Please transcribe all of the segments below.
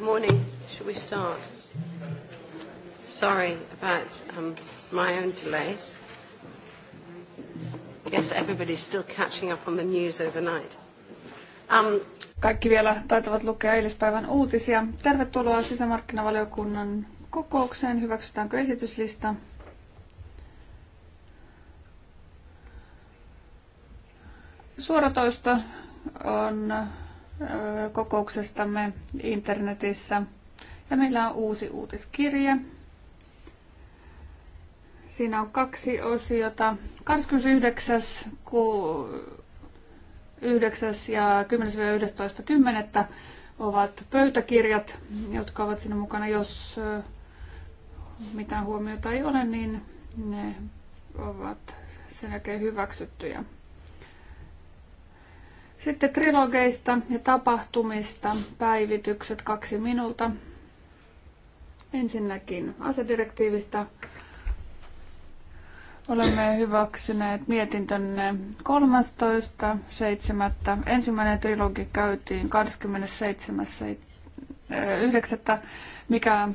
Good morning. Should we start? Sorry about um, my own delays. Guess everybody's still catching up on the news overnight. Um, Kaikki vielä taitavat lukea eilispäivän uutisia. Tervetuloa sisämarkkinavaliokunnan kokoukseen. Hyväksytäänkö esityslista? Suoratoisto on kokouksestamme internetissä. Ja meillä on uusi uutiskirje. Siinä on kaksi osiota. 29.9. ja 10.11.10. ovat pöytäkirjat, jotka ovat siinä mukana. Jos mitään huomiota ei ole, niin ne ovat sen jälkeen hyväksyttyjä. Sitten trilogeista ja tapahtumista päivitykset kaksi minulta. Ensinnäkin asedirektiivistä olemme hyväksyneet mietintönne 13.7. Ensimmäinen trilogi käytiin 27.9. mikä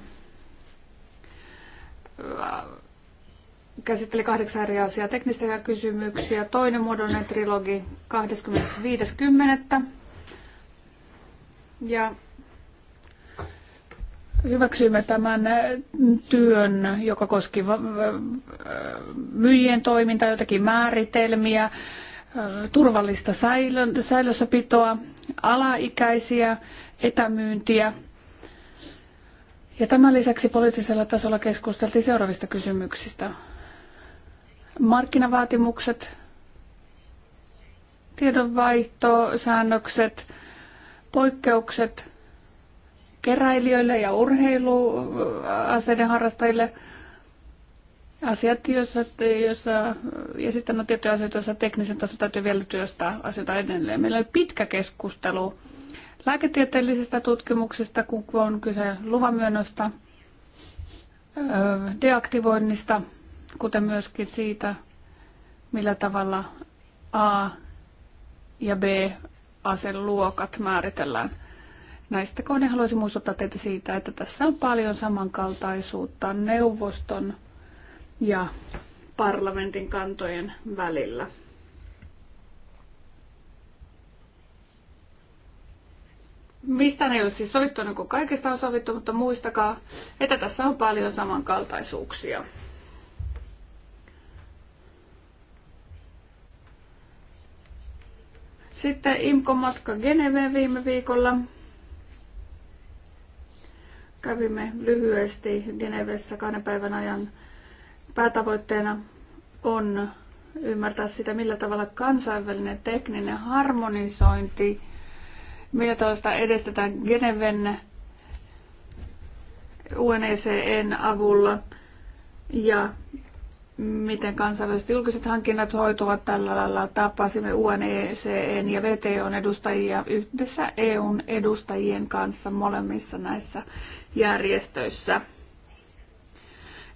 käsitteli kahdeksan eri asiaa teknistä kysymyksiä. Toinen muodollinen trilogi 25.10. Ja hyväksyimme tämän työn, joka koski myyjien toimintaa, jotakin määritelmiä, turvallista säilössäpitoa, alaikäisiä, etämyyntiä. Ja tämän lisäksi poliittisella tasolla keskusteltiin seuraavista kysymyksistä markkinavaatimukset, tiedonvaihto, säännökset, poikkeukset keräilijöille ja urheiluaseiden äh, harrastajille – asiat, joissa, joissa ja sitten on tiettyjä asioita, joissa teknisen tason täytyy vielä työstää asioita edelleen. Meillä oli pitkä keskustelu lääketieteellisistä tutkimuksista, kun on kyse luvamyönnöstä, deaktivoinnista kuten myöskin siitä, millä tavalla A ja B aseluokat määritellään. Näistä kohden haluaisin muistuttaa teitä siitä, että tässä on paljon samankaltaisuutta neuvoston ja parlamentin kantojen välillä. Mistään ei ole siis sovittu, niin kuin kaikista on sovittu, mutta muistakaa, että tässä on paljon samankaltaisuuksia. Sitten imko matka Geneveen viime viikolla. Kävimme lyhyesti Genevessä kahden päivän ajan. Päätavoitteena on ymmärtää sitä, millä tavalla kansainvälinen tekninen harmonisointi, millä tavalla sitä edistetään Geneven UNECEn e avulla ja miten kansainväliset julkiset hankinnat hoituvat tällä lailla. Tapasimme UNECEn ja VTOn edustajia yhdessä EUn edustajien kanssa molemmissa näissä järjestöissä.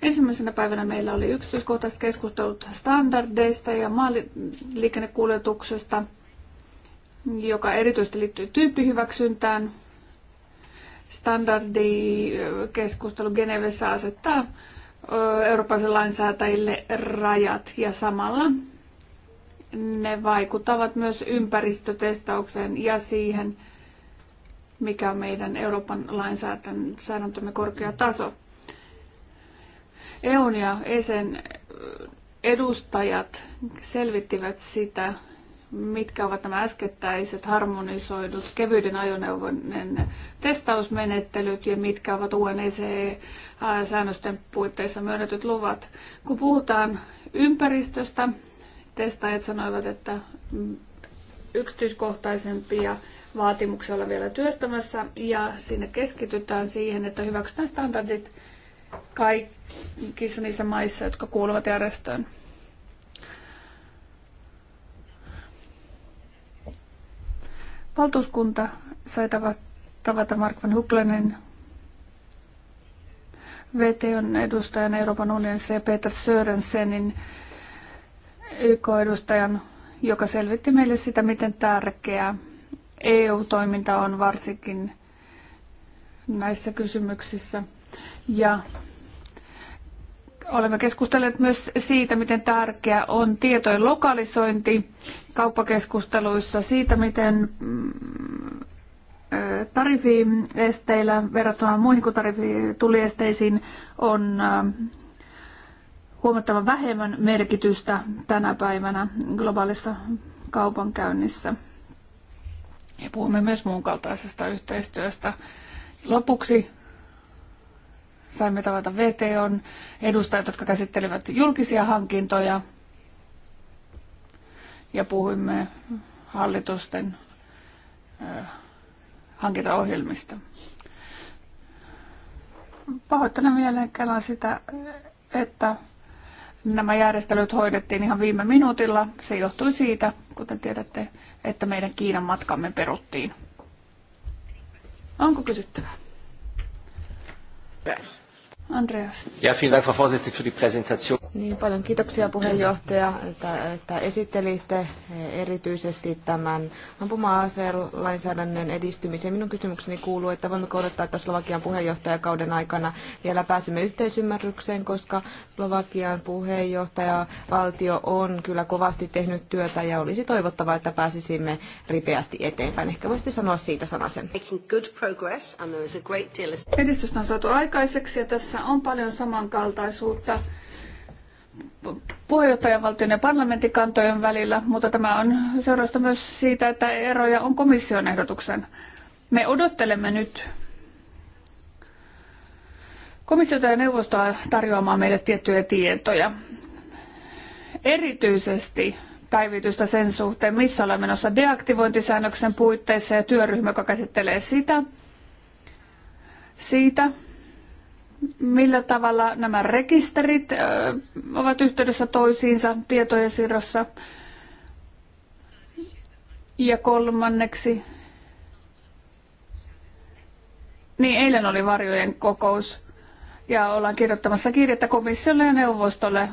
Ensimmäisenä päivänä meillä oli yksityiskohtaiset keskustelut standardeista ja maaliikennekuljetuksesta, joka erityisesti liittyy tyyppihyväksyntään. Standardikeskustelu Genevessä asettaa eurooppalaisille lainsäätäjille rajat ja samalla ne vaikuttavat myös ympäristötestaukseen ja siihen, mikä on meidän Euroopan lainsäädäntömme korkea taso. EUn ja ESEN edustajat selvittivät sitä, mitkä ovat nämä äskettäiset harmonisoidut kevyiden ajoneuvojen testausmenettelyt ja mitkä ovat UNEC-säännösten puitteissa myönnetyt luvat. Kun puhutaan ympäristöstä, testaajat sanoivat, että yksityiskohtaisempia vaatimuksia ollaan vielä työstämässä ja sinne keskitytään siihen, että hyväksytään standardit kaikissa niissä maissa, jotka kuuluvat järjestöön. Valtuuskunta sai tavata Mark van Huplenen VTOn edustajan Euroopan unionissa ja Peter Sörensenin YK-edustajan, joka selvitti meille sitä, miten tärkeää EU-toiminta on varsinkin näissä kysymyksissä. Ja Olemme keskustelleet myös siitä, miten tärkeää on tietojen lokalisointi kauppakeskusteluissa, siitä miten mm, tarifiesteillä verrattuna muihin kuin tarifituliesteisiin on äh, huomattavan vähemmän merkitystä tänä päivänä globaalissa kaupankäynnissä. Ja puhumme myös muunkaltaisesta yhteistyöstä. Lopuksi Saimme tavata VTOn edustajat, jotka käsittelivät julkisia hankintoja ja puhuimme hallitusten hankintaohjelmista. Pahoittelen mieleen sitä, että nämä järjestelyt hoidettiin ihan viime minuutilla. Se johtui siitä, kuten tiedätte, että meidän Kiinan matkamme peruttiin. Onko kysyttävää? Best. Andreas. Ja, vielen Dank, für die Präsentation. Niin paljon kiitoksia puheenjohtaja, että, että esittelitte erityisesti tämän ampuma lainsäädännön edistymisen. Minun kysymykseni kuuluu, että voimmeko odottaa, että Slovakian puheenjohtajakauden aikana vielä pääsemme yhteisymmärrykseen, koska Slovakian puheenjohtajavaltio on kyllä kovasti tehnyt työtä ja olisi toivottavaa, että pääsisimme ripeästi eteenpäin. Ehkä voisitte sanoa siitä sanasen. Edistystä on saatu aikaiseksi ja tässä tässä on paljon samankaltaisuutta puheenjohtajavaltion ja kantojen välillä, mutta tämä on seurausta myös siitä, että eroja on komission ehdotuksen. Me odottelemme nyt komissiota ja neuvostoa tarjoamaan meille tiettyjä tietoja. Erityisesti päivitystä sen suhteen, missä ollaan menossa deaktivointisäännöksen puitteissa ja työryhmä, joka käsittelee sitä, siitä, millä tavalla nämä rekisterit ovat yhteydessä toisiinsa tietojen siirrossa. Ja kolmanneksi, niin eilen oli varjojen kokous ja ollaan kirjoittamassa kirjettä komissiolle ja neuvostolle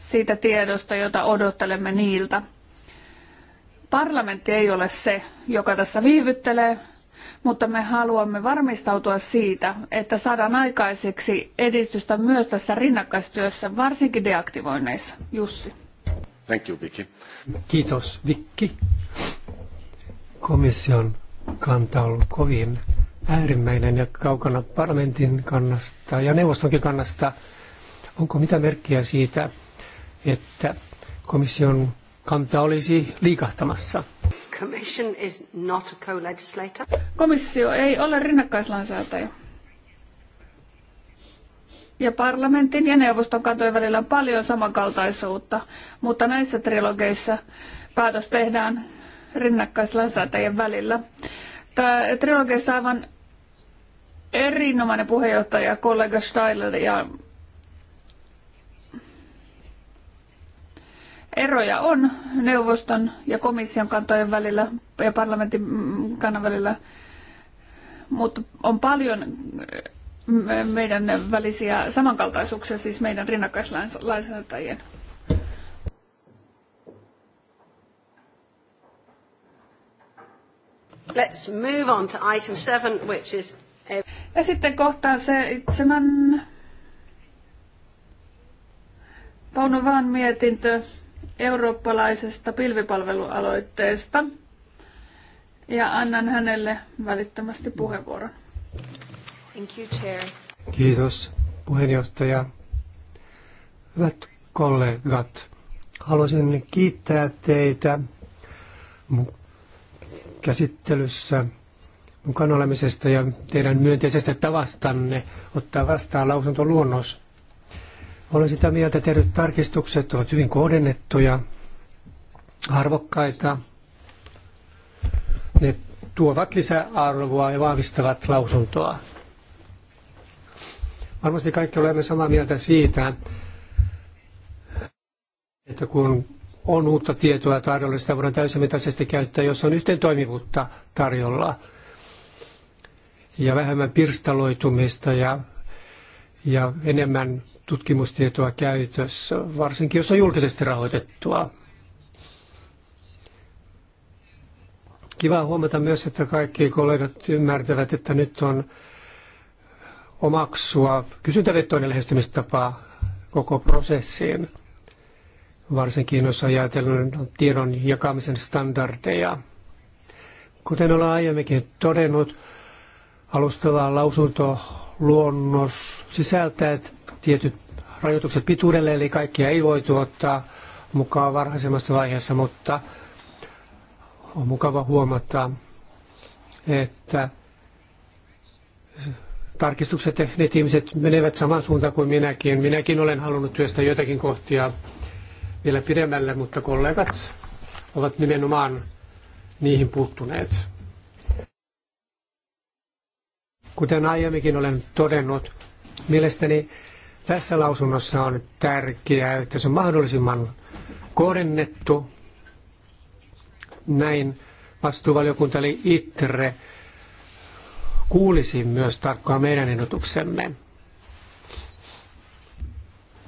siitä tiedosta, jota odottelemme niiltä. Parlamentti ei ole se, joka tässä viivyttelee, mutta me haluamme varmistautua siitä, että saadaan aikaiseksi edistystä myös tässä rinnakkaistyössä, varsinkin deaktivoinneissa. Jussi. Thank you, Vicky. Kiitos, Vikki. Komission kanta on ollut kovin äärimmäinen ja kaukana parlamentin kannasta ja neuvostonkin kannasta. Onko mitä merkkiä siitä, että komission kanta olisi liikahtamassa? commission is not a co-legislator. Komissio ei ole rinnakkaislainsäätäjä. Ja parlamentin ja neuvoston kantojen välillä on paljon samankaltaisuutta, mutta näissä trilogeissa päätös tehdään rinnakkaislainsäätäjien välillä. Tämä trilogeissa aivan erinomainen puheenjohtaja kollega Steiler ja eroja on neuvoston ja komission kantojen välillä ja parlamentin kannan välillä, mutta on paljon eh, meidän välisiä samankaltaisuuksia, siis meidän rinnakkaislainsäätäjien. Let's move on to item seven, which is... Ja sitten kohtaan se itsemän Pauno Vaan mietintö eurooppalaisesta pilvipalvelualoitteesta ja annan hänelle välittömästi puheenvuoron. Thank you, Chair. Kiitos puheenjohtaja. Hyvät kollegat, haluaisin kiittää teitä käsittelyssä mukana olemisesta ja teidän myönteisestä tavastanne ottaa vastaan lausuntoluonnos. Olen sitä mieltä, että tehdyt tarkistukset ovat hyvin kohdennettuja, arvokkaita. Ne tuovat lisäarvoa ja vahvistavat lausuntoa. Varmasti kaikki olemme samaa mieltä siitä, että kun on uutta tietoa tarjolla, sitä voidaan täysimittaisesti käyttää, jos on yhteen toimivuutta tarjolla ja vähemmän pirstaloitumista ja, ja enemmän tutkimustietoa käytössä, varsinkin jos on julkisesti rahoitettua. Kiva huomata myös, että kaikki kollegat ymmärtävät, että nyt on omaksua kysyntävetoinen lähestymistapa koko prosessiin, varsinkin jos ajatellaan tiedon jakamisen standardeja. Kuten ollaan aiemminkin todennut, alustava lausunto luonnos sisältää tietyt rajoitukset pituudelle, eli kaikkia ei voitu ottaa mukaan varhaisemmassa vaiheessa, mutta on mukava huomata, että tarkistukset tehneet ihmiset menevät samaan suuntaan kuin minäkin. Minäkin olen halunnut työstää jotakin kohtia vielä pidemmälle, mutta kollegat ovat nimenomaan niihin puuttuneet. Kuten aiemminkin olen todennut, mielestäni tässä lausunnossa on tärkeää, että se on mahdollisimman kohdennettu. Näin vastuuvaliokunta eli ITRE kuulisi myös tarkkaan meidän ehdotuksemme.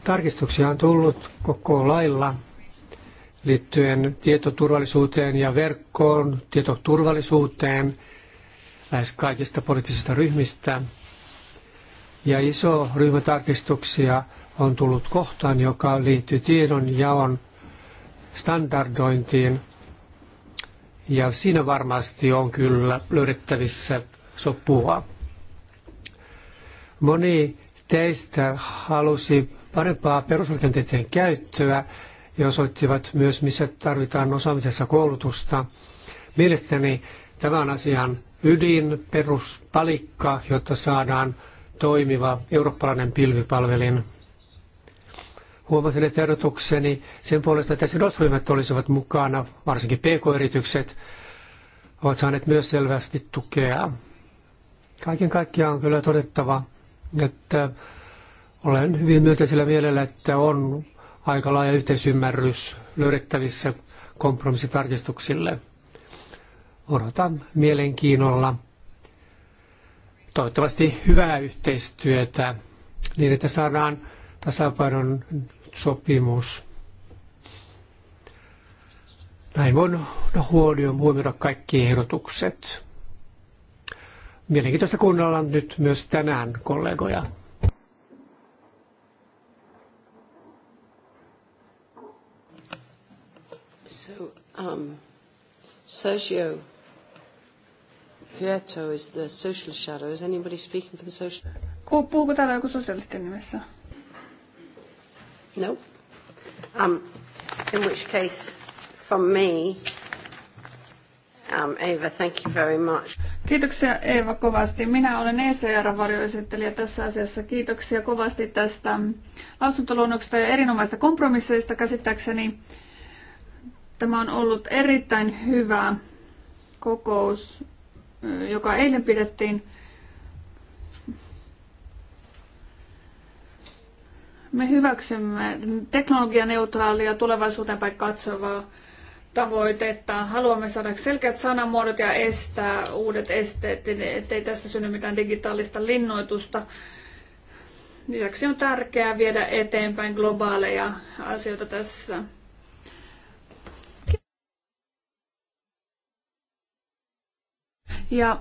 Tarkistuksia on tullut koko lailla liittyen tietoturvallisuuteen ja verkkoon, tietoturvallisuuteen – lähes kaikista poliittisista ryhmistä. Ja iso ryhmätarkistuksia on tullut kohtaan, joka liittyy tiedon jaon standardointiin. Ja siinä varmasti on kyllä löydettävissä sopua. Moni teistä halusi parempaa perusrakenteiden käyttöä ja osoittivat myös, missä tarvitaan osaamisessa koulutusta. Mielestäni tämän asian ydinperuspalikka, jotta saadaan toimiva eurooppalainen pilvipalvelin. Huomasin, että ehdotukseni sen puolesta, että sidosryhmät olisivat mukana, varsinkin pk-yritykset, ovat saaneet myös selvästi tukea. Kaiken kaikkiaan on kyllä todettava, että olen hyvin myönteisellä mielellä, että on aika laaja yhteisymmärrys löydettävissä kompromissitarkistuksille – odotan mielenkiinnolla toivottavasti hyvää yhteistyötä niin, että saadaan tasapainon sopimus. Näin voin huomioida kaikki ehdotukset. Mielenkiintoista kuunnella nyt myös tänään kollegoja. So, um... Sergio Hyeto is the social shadow. Is anybody speaking for the social... Puhuuko täällä joku nimessä? No. Um, in which case, from me, um, Eva, thank you very much. Kiitoksia Eva kovasti. Minä olen ECR-varjoesittelijä tässä asiassa. Kiitoksia kovasti tästä lausuntoluonnoksesta ja erinomaista kompromisseista käsittääkseni. Tämä on ollut erittäin hyvä kokous, joka eilen pidettiin. Me hyväksymme teknologianeutraalia tulevaisuuteen päin katsovaa tavoitetta. Haluamme saada selkeät sanamuodot ja estää uudet esteet, niin ettei tässä synny mitään digitaalista linnoitusta. Lisäksi on tärkeää viedä eteenpäin globaaleja asioita tässä Ja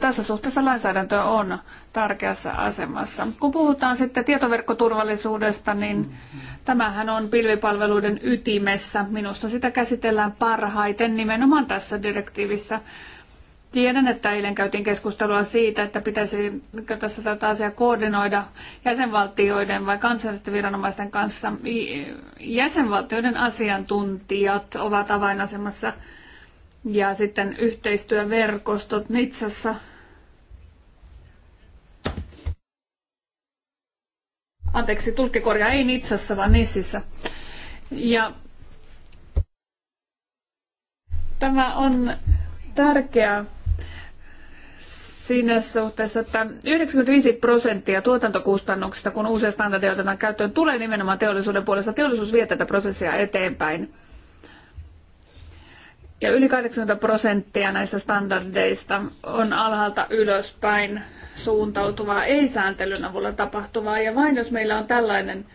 tässä suhteessa lainsäädäntö on tärkeässä asemassa. Kun puhutaan sitten tietoverkkoturvallisuudesta, niin tämähän on pilvipalveluiden ytimessä. Minusta sitä käsitellään parhaiten nimenomaan tässä direktiivissä. Tiedän, että eilen käytiin keskustelua siitä, että pitäisikö tässä tätä asiaa koordinoida jäsenvaltioiden vai kansallisten viranomaisten kanssa. Jäsenvaltioiden asiantuntijat ovat avainasemassa ja sitten yhteistyöverkostot Nitsassa. Anteeksi, tulkkikorja ei Nitsassa, vaan Nississä. Ja tämä on tärkeää siinä suhteessa, että 95 prosenttia tuotantokustannuksista, kun uusia standardeja otetaan käyttöön, tulee nimenomaan teollisuuden puolesta. Teollisuus vie tätä prosessia eteenpäin. Ja yli 80 prosenttia näistä standardeista on alhaalta ylöspäin suuntautuvaa, ei sääntelyn avulla tapahtuvaa. Ja vain jos meillä on tällainen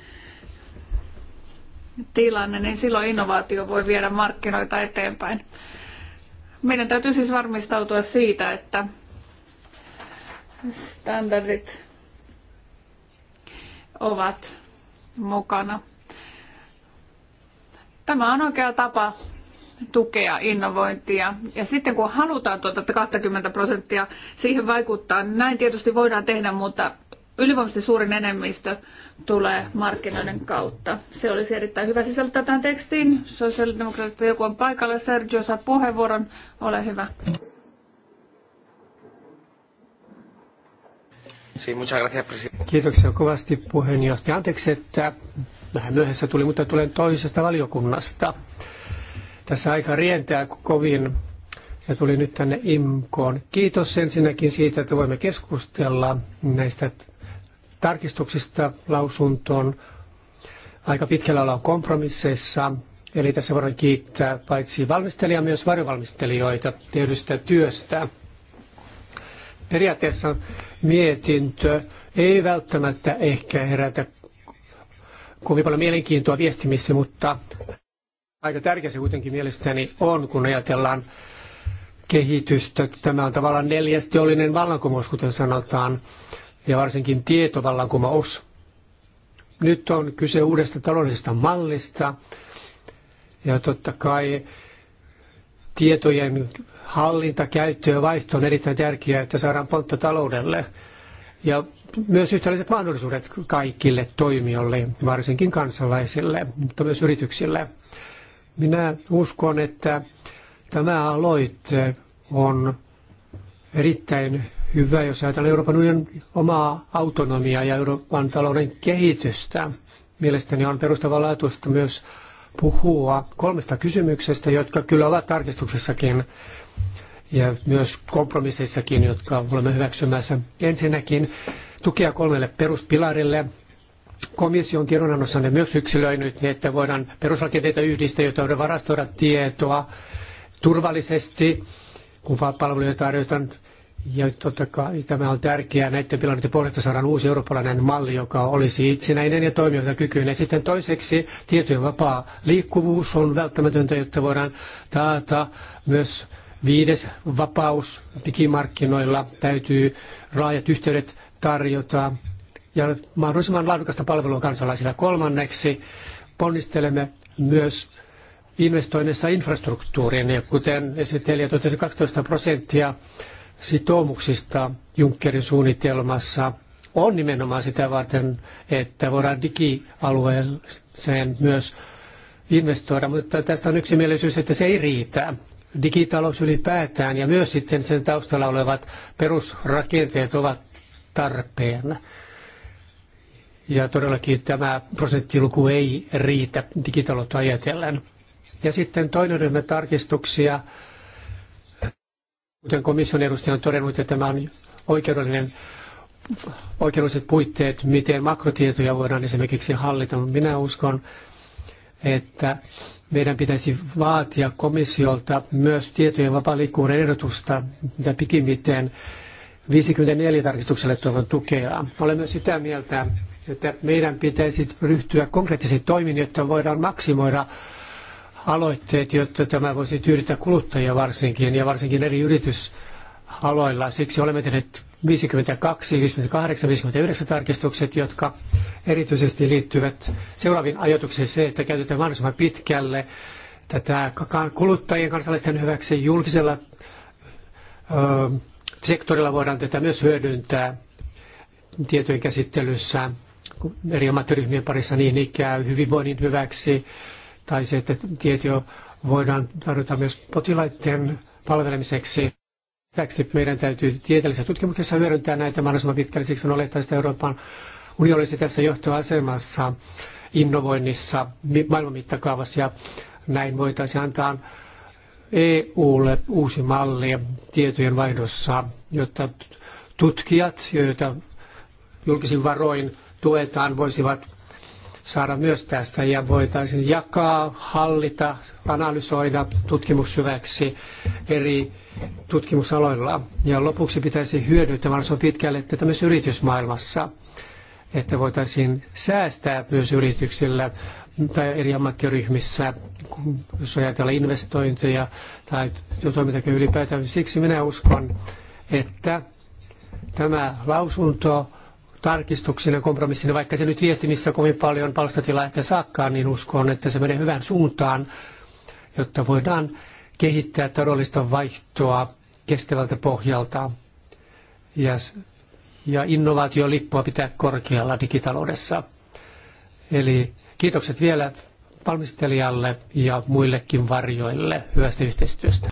tilanne, niin silloin innovaatio voi viedä markkinoita eteenpäin. Meidän täytyy siis varmistautua siitä, että standardit ovat mukana. Tämä on oikea tapa tukea innovointia. Ja sitten kun halutaan tuota 20 prosenttia siihen vaikuttaa, niin näin tietysti voidaan tehdä, mutta ylivoimaisesti suurin enemmistö tulee markkinoiden kautta. Se olisi erittäin hyvä sisältää tähän tekstiin. Sosiaalidemokraatista joku on paikalla. Sergio, saat puheenvuoron. Ole hyvä. Kiitoksia kovasti puheenjohtaja. Anteeksi, että vähän myöhässä tuli, mutta tulen toisesta valiokunnasta. Tässä aika rientää kovin ja tuli nyt tänne IMKOon. Kiitos ensinnäkin siitä, että voimme keskustella näistä tarkistuksista lausuntoon. Aika pitkällä ollaan kompromisseissa, eli tässä voidaan kiittää paitsi valmistelijaa myös varjovalmistelijoita tehdystä työstä. Periaatteessa mietintö ei välttämättä ehkä herätä kovin paljon mielenkiintoa viestimissä, mutta Aika tärkeä se kuitenkin mielestäni on, kun ajatellaan kehitystä. Tämä on tavallaan neljäs teollinen vallankumous, kuten sanotaan, ja varsinkin tietovallankumous. Nyt on kyse uudesta taloudellisesta mallista, ja totta kai tietojen hallinta, käyttö ja vaihto on erittäin tärkeää, että saadaan pontta taloudelle. Ja myös yhtäläiset mahdollisuudet kaikille toimijoille, varsinkin kansalaisille, mutta myös yrityksille. Minä uskon, että tämä aloite on erittäin hyvä, jos ajatellaan Euroopan unionin omaa autonomiaa ja Euroopan talouden kehitystä. Mielestäni on perustavanlaatuista myös puhua kolmesta kysymyksestä, jotka kyllä ovat tarkistuksessakin ja myös kompromisseissakin, jotka olemme hyväksymässä. Ensinnäkin tukea kolmelle peruspilarille, komission tiedonannossa on myös yksilöinyt, niin että voidaan peruslakenteita yhdistää, jotta voidaan varastoida tietoa turvallisesti, kun palveluja tarjotaan. Ja totta kai tämä on tärkeää näiden tilanteiden pohjalta saadaan uusi eurooppalainen malli, joka olisi itsenäinen ja toimintakykyinen. Sitten toiseksi tietojen vapaa liikkuvuus on välttämätöntä, jotta voidaan taata myös viides vapaus digimarkkinoilla. Täytyy laajat yhteydet tarjota ja mahdollisimman laadukasta palvelua kansalaisille. Kolmanneksi ponnistelemme myös investoinneissa infrastruktuuriin, ja kuten esittelijä totesi, 12 prosenttia sitoumuksista Junckerin suunnitelmassa on nimenomaan sitä varten, että voidaan digialueeseen myös investoida, mutta tästä on yksimielisyys, että se ei riitä. Digitalous ylipäätään ja myös sitten sen taustalla olevat perusrakenteet ovat tarpeen. Ja todellakin tämä prosenttiluku ei riitä digitaloutta ajatellen. Ja sitten toinen ryhmä tarkistuksia, kuten komission edustaja on todennut, että tämä on oikeudellinen oikeudelliset puitteet, miten makrotietoja voidaan esimerkiksi hallita. Minä uskon, että meidän pitäisi vaatia komissiolta myös tietojen vapaa-liikkuvuuden ehdotusta, mitä pikimmiten 54 tarkistukselle tuovan tukea. Olemme sitä mieltä, että meidän pitäisi ryhtyä konkreettisiin toimiin, jotta voidaan maksimoida aloitteet, jotta tämä voisi tyydyttää kuluttajia varsinkin ja varsinkin eri yritysaloilla. Siksi olemme tehneet 52, 58, 59 tarkistukset, jotka erityisesti liittyvät seuraaviin ajatuksiin se, että käytetään mahdollisimman pitkälle tätä kuluttajien kansalaisten hyväksi julkisella ö, sektorilla voidaan tätä myös hyödyntää tietojen käsittelyssä eri ammattiryhmien parissa niin ikään hyvinvoinnin hyväksi, tai se, että tietoa voidaan tarjota myös potilaiden palvelemiseksi. Lisäksi meidän täytyy tieteellisessä tutkimuksessa hyödyntää näitä mahdollisimman pitkälle. Siksi on että Euroopan unioni olisi tässä johtoasemassa innovoinnissa maailman mittakaavassa ja näin voitaisiin antaa EUlle uusi malli tietojen vaihdossa, jotta tutkijat, joita julkisin varoin tuetaan, voisivat saada myös tästä ja voitaisiin jakaa, hallita, analysoida tutkimushyväksi eri tutkimusaloilla. Ja lopuksi pitäisi hyödyntää mahdollisimman pitkälle tätä myös yritysmaailmassa, että voitaisiin säästää myös yrityksillä tai eri ammattiryhmissä, jos ajatellaan investointeja tai toimintakyy ylipäätään. Siksi minä uskon, että tämä lausunto tarkistuksina, kompromissina, vaikka se nyt viestimissä kovin paljon palstatilaa ehkä saakkaan, niin uskon, että se menee hyvään suuntaan, jotta voidaan kehittää taloudellista vaihtoa kestävältä pohjalta ja, ja innovaatiolippua pitää korkealla digitaloudessa. Eli kiitokset vielä valmistelijalle ja muillekin varjoille hyvästä yhteistyöstä.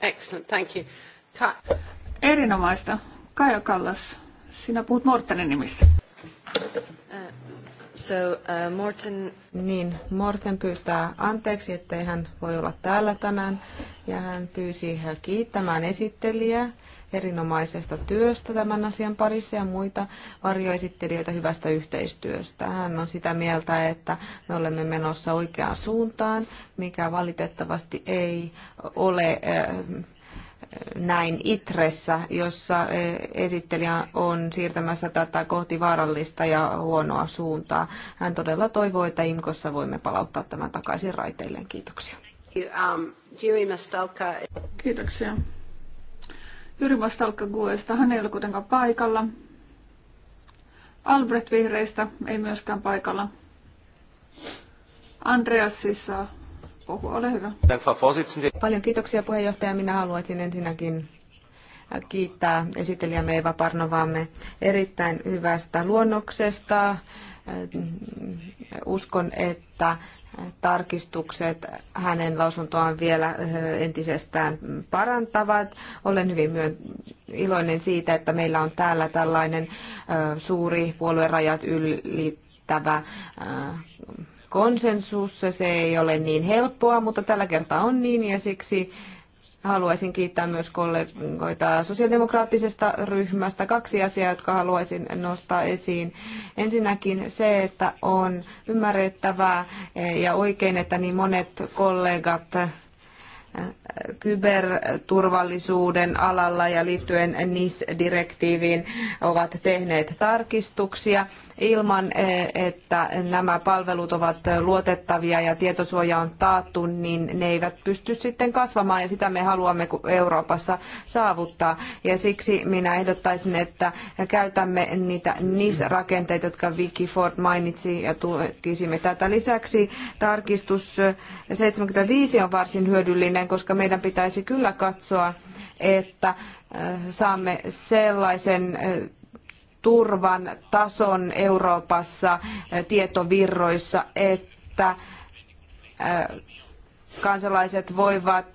Excellent, thank you. Ka- Erinomaista. Kaija Kallas, sinä puhut Mortenin nimissä. Uh, so, uh, Morten... Niin, Morten pyytää anteeksi, ettei hän voi olla täällä tänään. Ja hän pyysi kiittämään esittelijää erinomaisesta työstä tämän asian parissa ja muita varjoesittelijöitä hyvästä yhteistyöstä. Hän on sitä mieltä, että me olemme menossa oikeaan suuntaan, mikä valitettavasti ei ole eh, näin Itressä, jossa eh, esittelijä on siirtämässä tätä kohti vaarallista ja huonoa suuntaa. Hän todella toivoo, että IMKossa voimme palauttaa tämän takaisin raiteilleen. Kiitoksia. Um, Kiitoksia. Jyri Vastalkka Guesta, hän ei ole kuitenkaan paikalla. Albrecht Vihreistä ei myöskään paikalla. Andreas Sissa, puhu, ole hyvä. Paljon kiitoksia puheenjohtaja. Minä haluaisin ensinnäkin kiittää esittelijämme Eva Parnovaamme erittäin hyvästä luonnoksesta. Uskon, että tarkistukset hänen lausuntoaan vielä entisestään parantavat. Olen hyvin myön iloinen siitä, että meillä on täällä tällainen suuri puoluerajat ylittävä konsensus. Se ei ole niin helppoa, mutta tällä kertaa on niin ja siksi Haluaisin kiittää myös kollegoita sosiaalidemokraattisesta ryhmästä. Kaksi asiaa, jotka haluaisin nostaa esiin. Ensinnäkin se, että on ymmärrettävää ja oikein, että niin monet kollegat kyberturvallisuuden alalla ja liittyen NIS-direktiiviin ovat tehneet tarkistuksia ilman, e, että nämä palvelut ovat luotettavia ja tietosuoja on taattu, niin ne eivät pysty sitten kasvamaan ja sitä me haluamme Euroopassa saavuttaa. Ja siksi minä ehdottaisin, että käytämme niitä NIS-rakenteita, jotka Vicky Ford mainitsi ja tukisimme tätä. Lisäksi tarkistus 75 on varsin hyödyllinen, koska meidän pitäisi kyllä katsoa, että saamme sellaisen turvan tason Euroopassa tietovirroissa, että kansalaiset voivat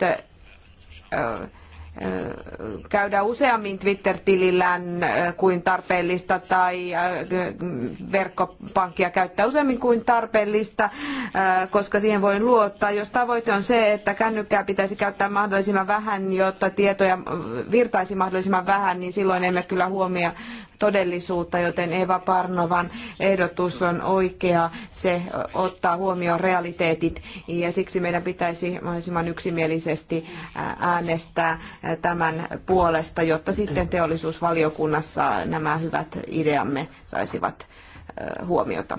käydä useammin Twitter-tilillään kuin tarpeellista tai verkkopankkia käyttää useammin kuin tarpeellista, koska siihen voi luottaa. Jos tavoite on se, että kännykkää pitäisi käyttää mahdollisimman vähän, jotta tietoja virtaisi mahdollisimman vähän, niin silloin emme kyllä huomioi todellisuutta, joten Eva Parnovan ehdotus on oikea. Se ottaa huomioon realiteetit ja siksi meidän pitäisi mahdollisimman yksimielisesti äänestää tämän puolesta, jotta sitten teollisuusvaliokunnassa nämä hyvät ideamme saisivat eh, huomiota.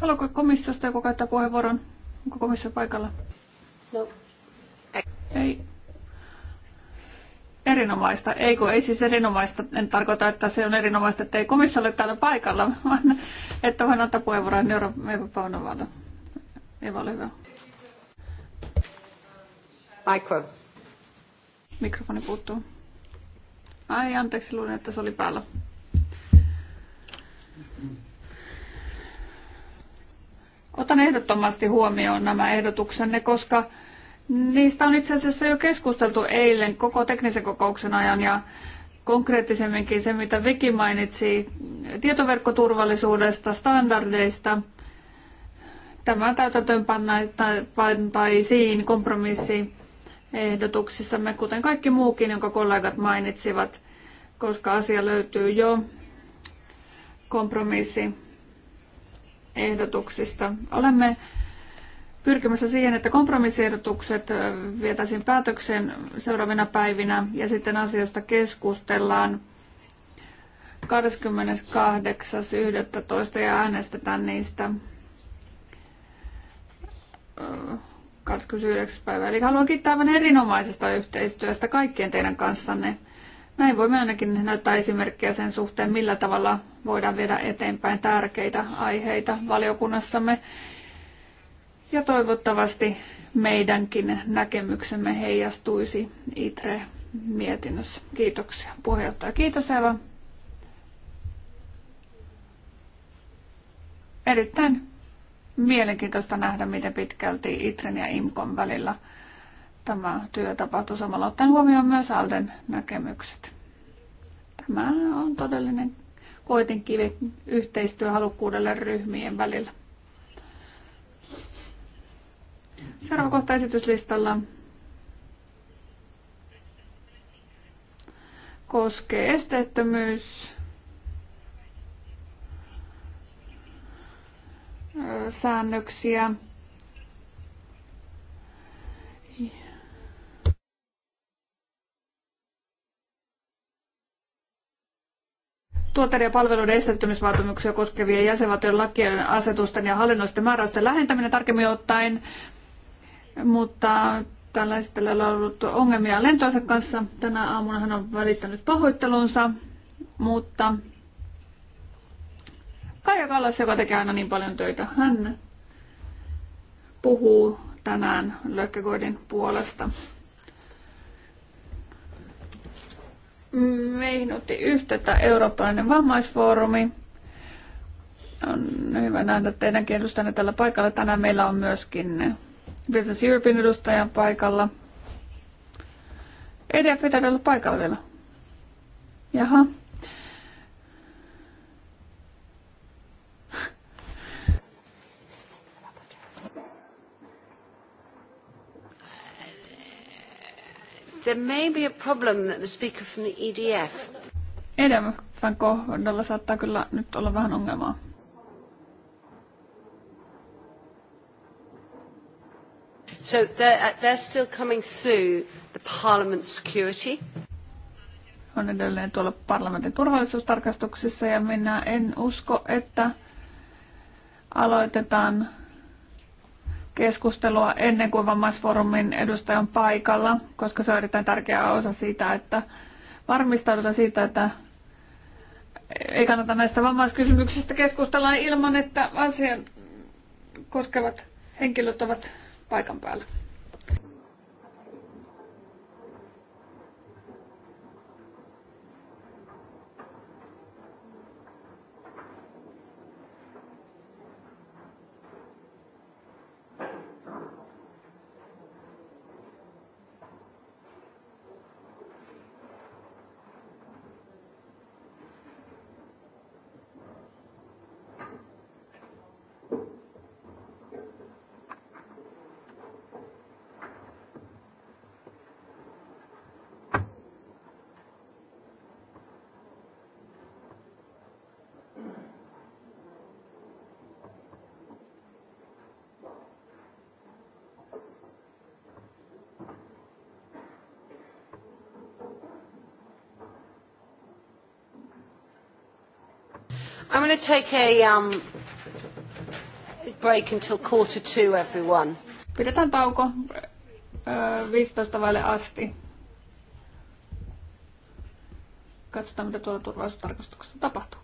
Haluatko komissiosta joku käyttää puheenvuoron? Onko komissio paikalla? No. Ei erinomaista. Ei kun ei siis erinomaista, en tarkoita, että se on erinomaista, että ei komissio ole täällä paikalla, vaan että voin antaa puheenvuoron Eeva Paunovalle. Eva, ole hyvä. Mikro. Mikrofoni puuttuu. Ai, anteeksi, luulin, että se oli päällä. Otan ehdottomasti huomioon nämä ehdotuksenne, koska Niistä on itse asiassa jo keskusteltu eilen koko teknisen kokouksen ajan ja konkreettisemminkin se, mitä Viki mainitsi tietoverkkoturvallisuudesta, standardeista. Tämä täytäntöönpantaisiin kompromissiehdotuksissamme, kuten kaikki muukin, jonka kollegat mainitsivat, koska asia löytyy jo kompromissiehdotuksista. Olemme pyrkimässä siihen, että kompromissiehdotukset vietäisiin päätökseen seuraavina päivinä ja sitten asioista keskustellaan 28.11. ja äänestetään niistä 29. päivä. Eli haluan kiittää aivan erinomaisesta yhteistyöstä kaikkien teidän kanssanne. Näin voimme ainakin näyttää esimerkkejä sen suhteen, millä tavalla voidaan viedä eteenpäin tärkeitä aiheita valiokunnassamme. Ja toivottavasti meidänkin näkemyksemme heijastuisi ITRE-mietinnössä. Kiitoksia puheenjohtaja. Kiitos Eva. Erittäin mielenkiintoista nähdä, miten pitkälti ITREN ja IMKON välillä tämä työ tapahtuu samalla ottaen huomioon myös Alden näkemykset. Tämä on todellinen koetinkivi yhteistyöhalukkuudelle ryhmien välillä. Seuraava kohta esityslistalla koskee esteettömyys. säännöksiä. Tuotteiden ja palveluiden esteettömyysvaatimuksia koskevien jäsenvaltion lakien asetusten ja hallinnollisten määräysten lähentäminen tarkemmin ottaen mutta tällä esittelyllä on ollut ongelmia lentonsa kanssa. Tänä aamuna hän on välittänyt pahoittelunsa, mutta Kaija Kallas, joka tekee aina niin paljon töitä, hän puhuu tänään Lökkegoidin puolesta. Meihin otti yhteyttä Eurooppalainen vammaisfoorumi. On hyvä nähdä teidänkin edustanne tällä paikalla. Tänään meillä on myöskin Business Europein edustajan paikalla. EDF ei olla paikalla vielä. Jaha. There may be a problem that the speaker from the EDF. EDFn kohdalla saattaa kyllä nyt olla vähän ongelmaa. So they're, uh, they're still coming through the Parliament security. On edelleen tuolla parlamentin turvallisuustarkastuksissa ja minä en usko, että aloitetaan keskustelua ennen kuin vammaisfoorumin edustaja on paikalla, koska se on erittäin tärkeä osa siitä, että varmistaudutaan siitä, että ei kannata näistä vammaiskysymyksistä keskustella ilman, että asian koskevat henkilöt ovat paikan päällä. going to take a um, break until quarter two, everyone. Pidetään tauko uh, 15 vaille asti. Katsotaan, mitä tuolla turvallisuustarkastuksessa tapahtuu.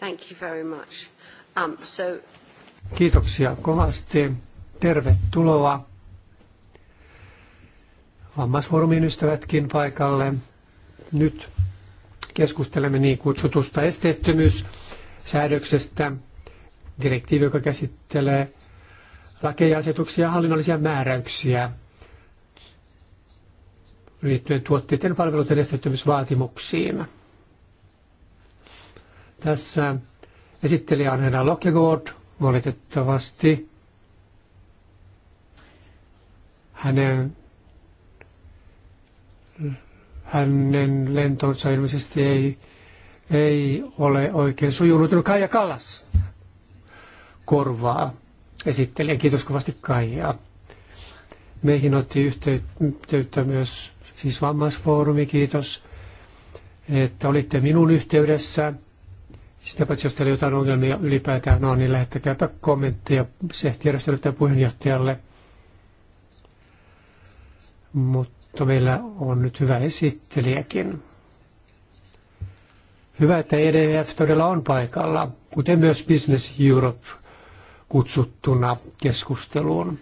Thank you very much. Um, so... Kiitoksia kovasti. Tervetuloa vammaisfoorumin ystävätkin paikalle. Nyt keskustelemme niin kutsutusta esteettömyyssäädöksestä, direktiivi, joka käsittelee lakeja, asetuksia ja hallinnollisia määräyksiä liittyen tuotteiden palveluiden esteettömyysvaatimuksiin. Tässä esittelijä on Hena Lokegaard, valitettavasti. Hänen, hänen lentonsa ilmeisesti ei, ei ole oikein sujunut. No Kaija Kallas korvaa esittelijä. Kiitos kovasti kaija. Meihin otti yhteyttä myös siis vammaisfoorumi, kiitos, että olitte minun yhteydessä. Sitä paitsi, jos teillä jotain ongelmia ylipäätään on, no niin lähettäkääpä kommentteja sehtijärjestelyttäjän puheenjohtajalle. Mutta meillä on nyt hyvä esittelijäkin. Hyvä, että EDF todella on paikalla, kuten myös Business Europe kutsuttuna keskusteluun.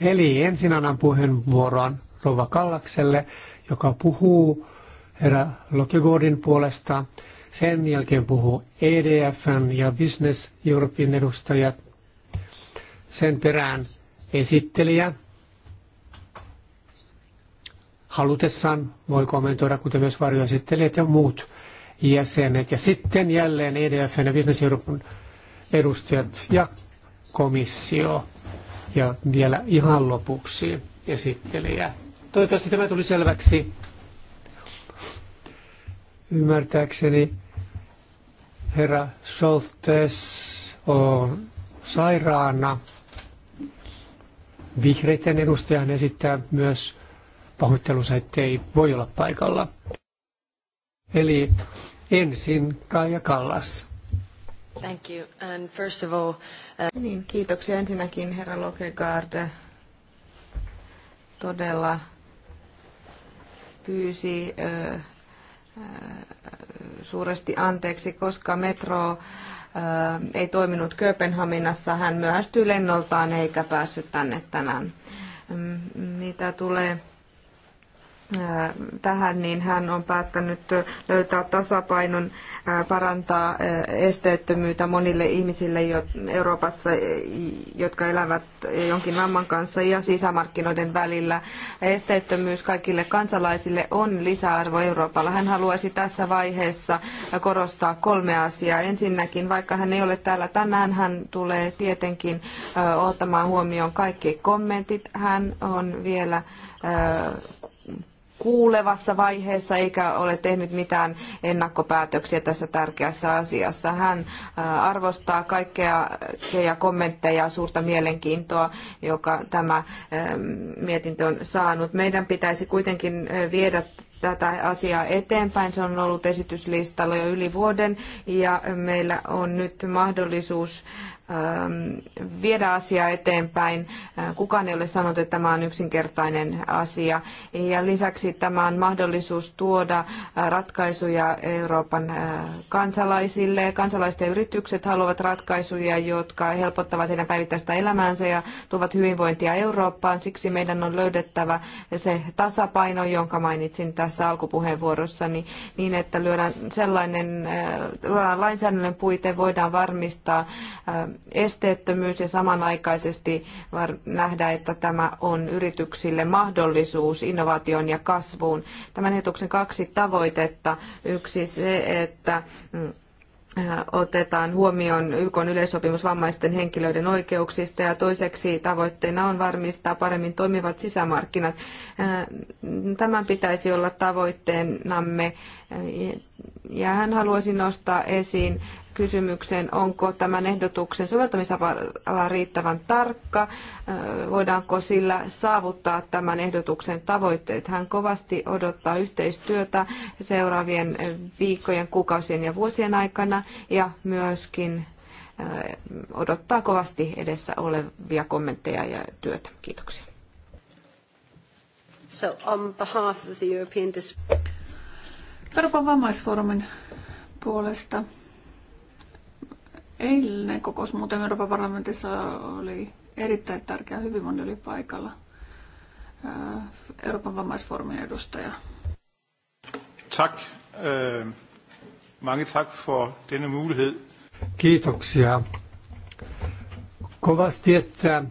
Eli ensin annan puheenvuoron Rova Kallakselle, joka puhuu herra Lokegordin puolesta – sen jälkeen puhuu EDFn ja Business Europein edustajat. Sen perään esittelijä halutessaan voi kommentoida, kuten myös varjoesittelijät ja muut jäsenet. Ja sitten jälleen EDF:n ja Business Euroopan edustajat ja komissio. Ja vielä ihan lopuksi esittelijä. Toivottavasti tämä tuli selväksi. Ymmärtääkseni Herra Soltes on sairaana. Vihreiden edustajan esittää myös pahoittelunsa, ettei voi olla paikalla. Eli ensin Kaija Kallas. Thank you. And first of all, uh... niin, kiitoksia ensinnäkin herra Lokegaard. Todella pyysi uh, uh, suuresti anteeksi, koska metro äh, ei toiminut Kööpenhaminassa. Hän myöhästyi lennoltaan eikä päässyt tänne tänään. Mm, mitä tulee tähän, niin hän on päättänyt löytää tasapainon, parantaa esteettömyyttä monille ihmisille Euroopassa, jotka elävät jonkin vamman kanssa ja sisämarkkinoiden välillä. Esteettömyys kaikille kansalaisille on lisäarvo Euroopalla. Hän haluaisi tässä vaiheessa korostaa kolme asiaa. Ensinnäkin, vaikka hän ei ole täällä tänään, hän tulee tietenkin ottamaan huomioon kaikki kommentit. Hän on vielä kuulevassa vaiheessa eikä ole tehnyt mitään ennakkopäätöksiä tässä tärkeässä asiassa. Hän äh, arvostaa kaikkea ja kommentteja ja suurta mielenkiintoa, joka tämä äh, mietintö on saanut. Meidän pitäisi kuitenkin äh, viedä tätä asiaa eteenpäin. Se on ollut esityslistalla jo yli vuoden ja meillä on nyt mahdollisuus Ähm, viedä asiaa eteenpäin. Äh, kukaan ei ole sanonut, että tämä on yksinkertainen asia. Ja lisäksi tämä on mahdollisuus tuoda äh, ratkaisuja Euroopan äh, kansalaisille. Kansalaisten yritykset haluavat ratkaisuja, jotka helpottavat heidän päivittäistä elämäänsä ja tuovat hyvinvointia Eurooppaan. Siksi meidän on löydettävä se tasapaino, jonka mainitsin tässä alkupuheenvuorossani, niin että lyödään sellainen, lyödään lainsäädännön puite, voidaan varmistaa esteettömyys ja samanaikaisesti nähdä, että tämä on yrityksille mahdollisuus innovaatioon ja kasvuun. Tämän ehdotuksen kaksi tavoitetta. Yksi se, että mm, äh, otetaan huomioon YK yleissopimus vammaisten henkilöiden oikeuksista ja toiseksi tavoitteena on varmistaa paremmin toimivat sisämarkkinat. Äh, tämän pitäisi olla tavoitteenamme äh, ja hän haluaisi nostaa esiin kysymykseen, onko tämän ehdotuksen soveltamisala riittävän tarkka, voidaanko sillä saavuttaa tämän ehdotuksen tavoitteet. Hän kovasti odottaa yhteistyötä seuraavien viikkojen, kuukausien ja vuosien aikana ja myöskin odottaa kovasti edessä olevia kommentteja ja työtä. Kiitoksia. So on behalf of the European Euroopan vammaisfoorumin puolesta Eilinen kokous muuten Euroopan parlamentissa oli erittäin tärkeä, hyvin moni oli paikalla. Äh, Euroopan vammaisfoorumin edustaja. Tack. Øh, mange tack för denna möjlighet. Kiitoksia. Kovasti, että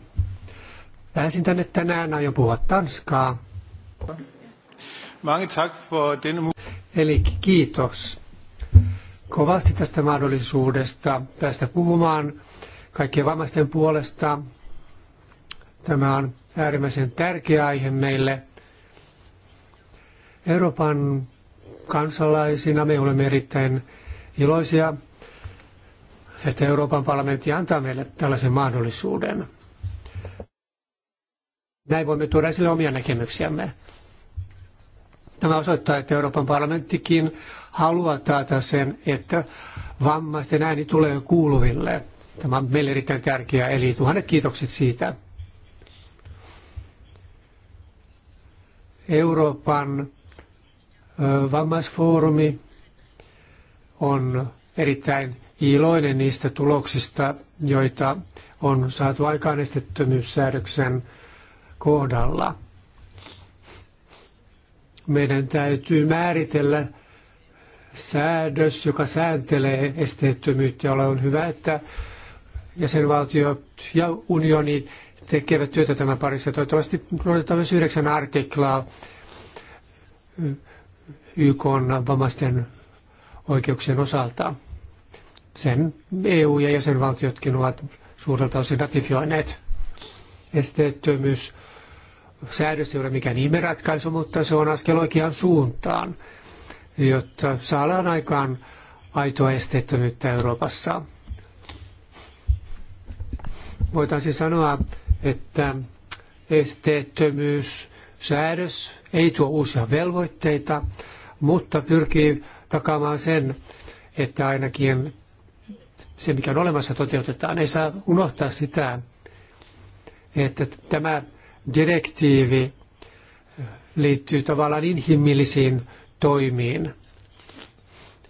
pääsin tänne tänään, aion puhua tanskaa. Mange tack för denna Eli kiitos kovasti tästä mahdollisuudesta päästä puhumaan kaikkien vammaisten puolesta. Tämä on äärimmäisen tärkeä aihe meille. Euroopan kansalaisina me olemme erittäin iloisia, että Euroopan parlamentti antaa meille tällaisen mahdollisuuden. Näin voimme tuoda esille omia näkemyksiämme. Tämä osoittaa, että Euroopan parlamenttikin haluaa taata sen, että vammaisten ääni tulee kuuluville. Tämä on meille erittäin tärkeää, eli tuhannet kiitokset siitä. Euroopan vammaisfoorumi on erittäin iloinen niistä tuloksista, joita on saatu aikaan esteettömyyssäädöksen kohdalla. Meidän täytyy määritellä säädös, joka sääntelee esteettömyyttä. On hyvä, että jäsenvaltiot ja unioni tekevät työtä tämän parissa. Toivottavasti noudatetaan myös yhdeksän artiklaa YK vammaisten oikeuksien osalta. Sen EU ja jäsenvaltiotkin ovat suurelta osin ratifioineet. Esteettömyys säädös ei ole mikään ihmeratkaisu, mutta se on askel oikeaan suuntaan, jotta saadaan aikaan aitoa esteettömyyttä Euroopassa. Voitaisiin sanoa, että esteettömyys säädös ei tuo uusia velvoitteita, mutta pyrkii takaamaan sen, että ainakin se, mikä on olemassa, toteutetaan. Ei saa unohtaa sitä, että tämä direktiivi liittyy tavallaan inhimillisiin toimiin.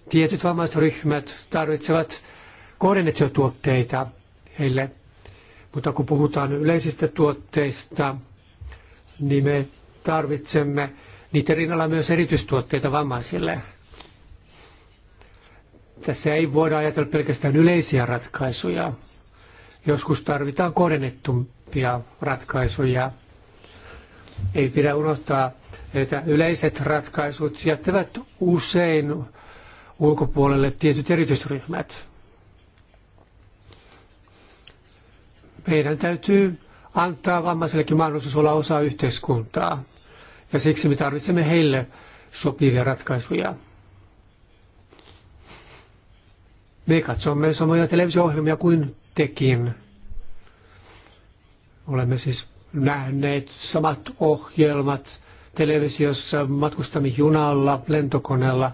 Tietyt vammaisryhmät tarvitsevat kohdennettuja tuotteita heille, mutta kun puhutaan yleisistä tuotteista, niin me tarvitsemme niiden rinnalla myös erityistuotteita vammaisille. Tässä ei voida ajatella pelkästään yleisiä ratkaisuja. Joskus tarvitaan kohdennettumpia ratkaisuja. Ei pidä unohtaa, että yleiset ratkaisut jättävät usein ulkopuolelle tietyt erityisryhmät. Meidän täytyy antaa vammaisellekin mahdollisuus olla osa yhteiskuntaa, ja siksi me tarvitsemme heille sopivia ratkaisuja. Me katsomme samoja televisio-ohjelmia kuin tekin. Olemme siis nähneet samat ohjelmat televisiossa, matkustamme junalla, lentokoneella,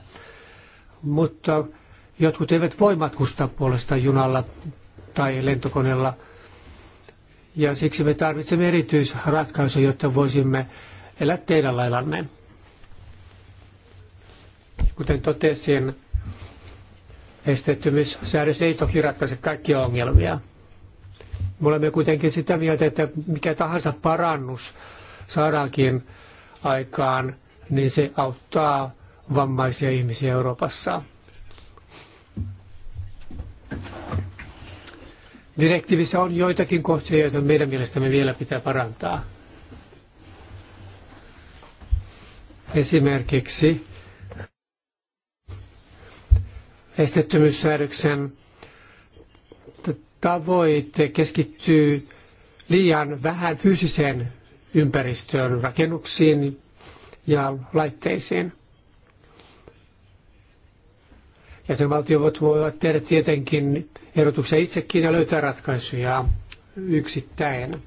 mutta jotkut eivät voi matkustaa puolesta junalla tai lentokoneella. Ja siksi me tarvitsemme erityisratkaisuja, jotta voisimme elää teidän laillanne. Kuten totesin, esteettömyyssäädös ei toki ratkaise kaikkia ongelmia. Me olemme kuitenkin sitä mieltä, että mikä tahansa parannus saadaankin aikaan, niin se auttaa vammaisia ihmisiä Euroopassa. Direktiivissä on joitakin kohtia, joita meidän mielestämme vielä pitää parantaa. Esimerkiksi estettömyyssäädöksen tavoit keskittyy liian vähän fyysiseen ympäristöön, rakennuksiin ja laitteisiin. Jäsenvaltiot voivat tehdä tietenkin ehdotuksia itsekin ja löytää ratkaisuja yksittäin.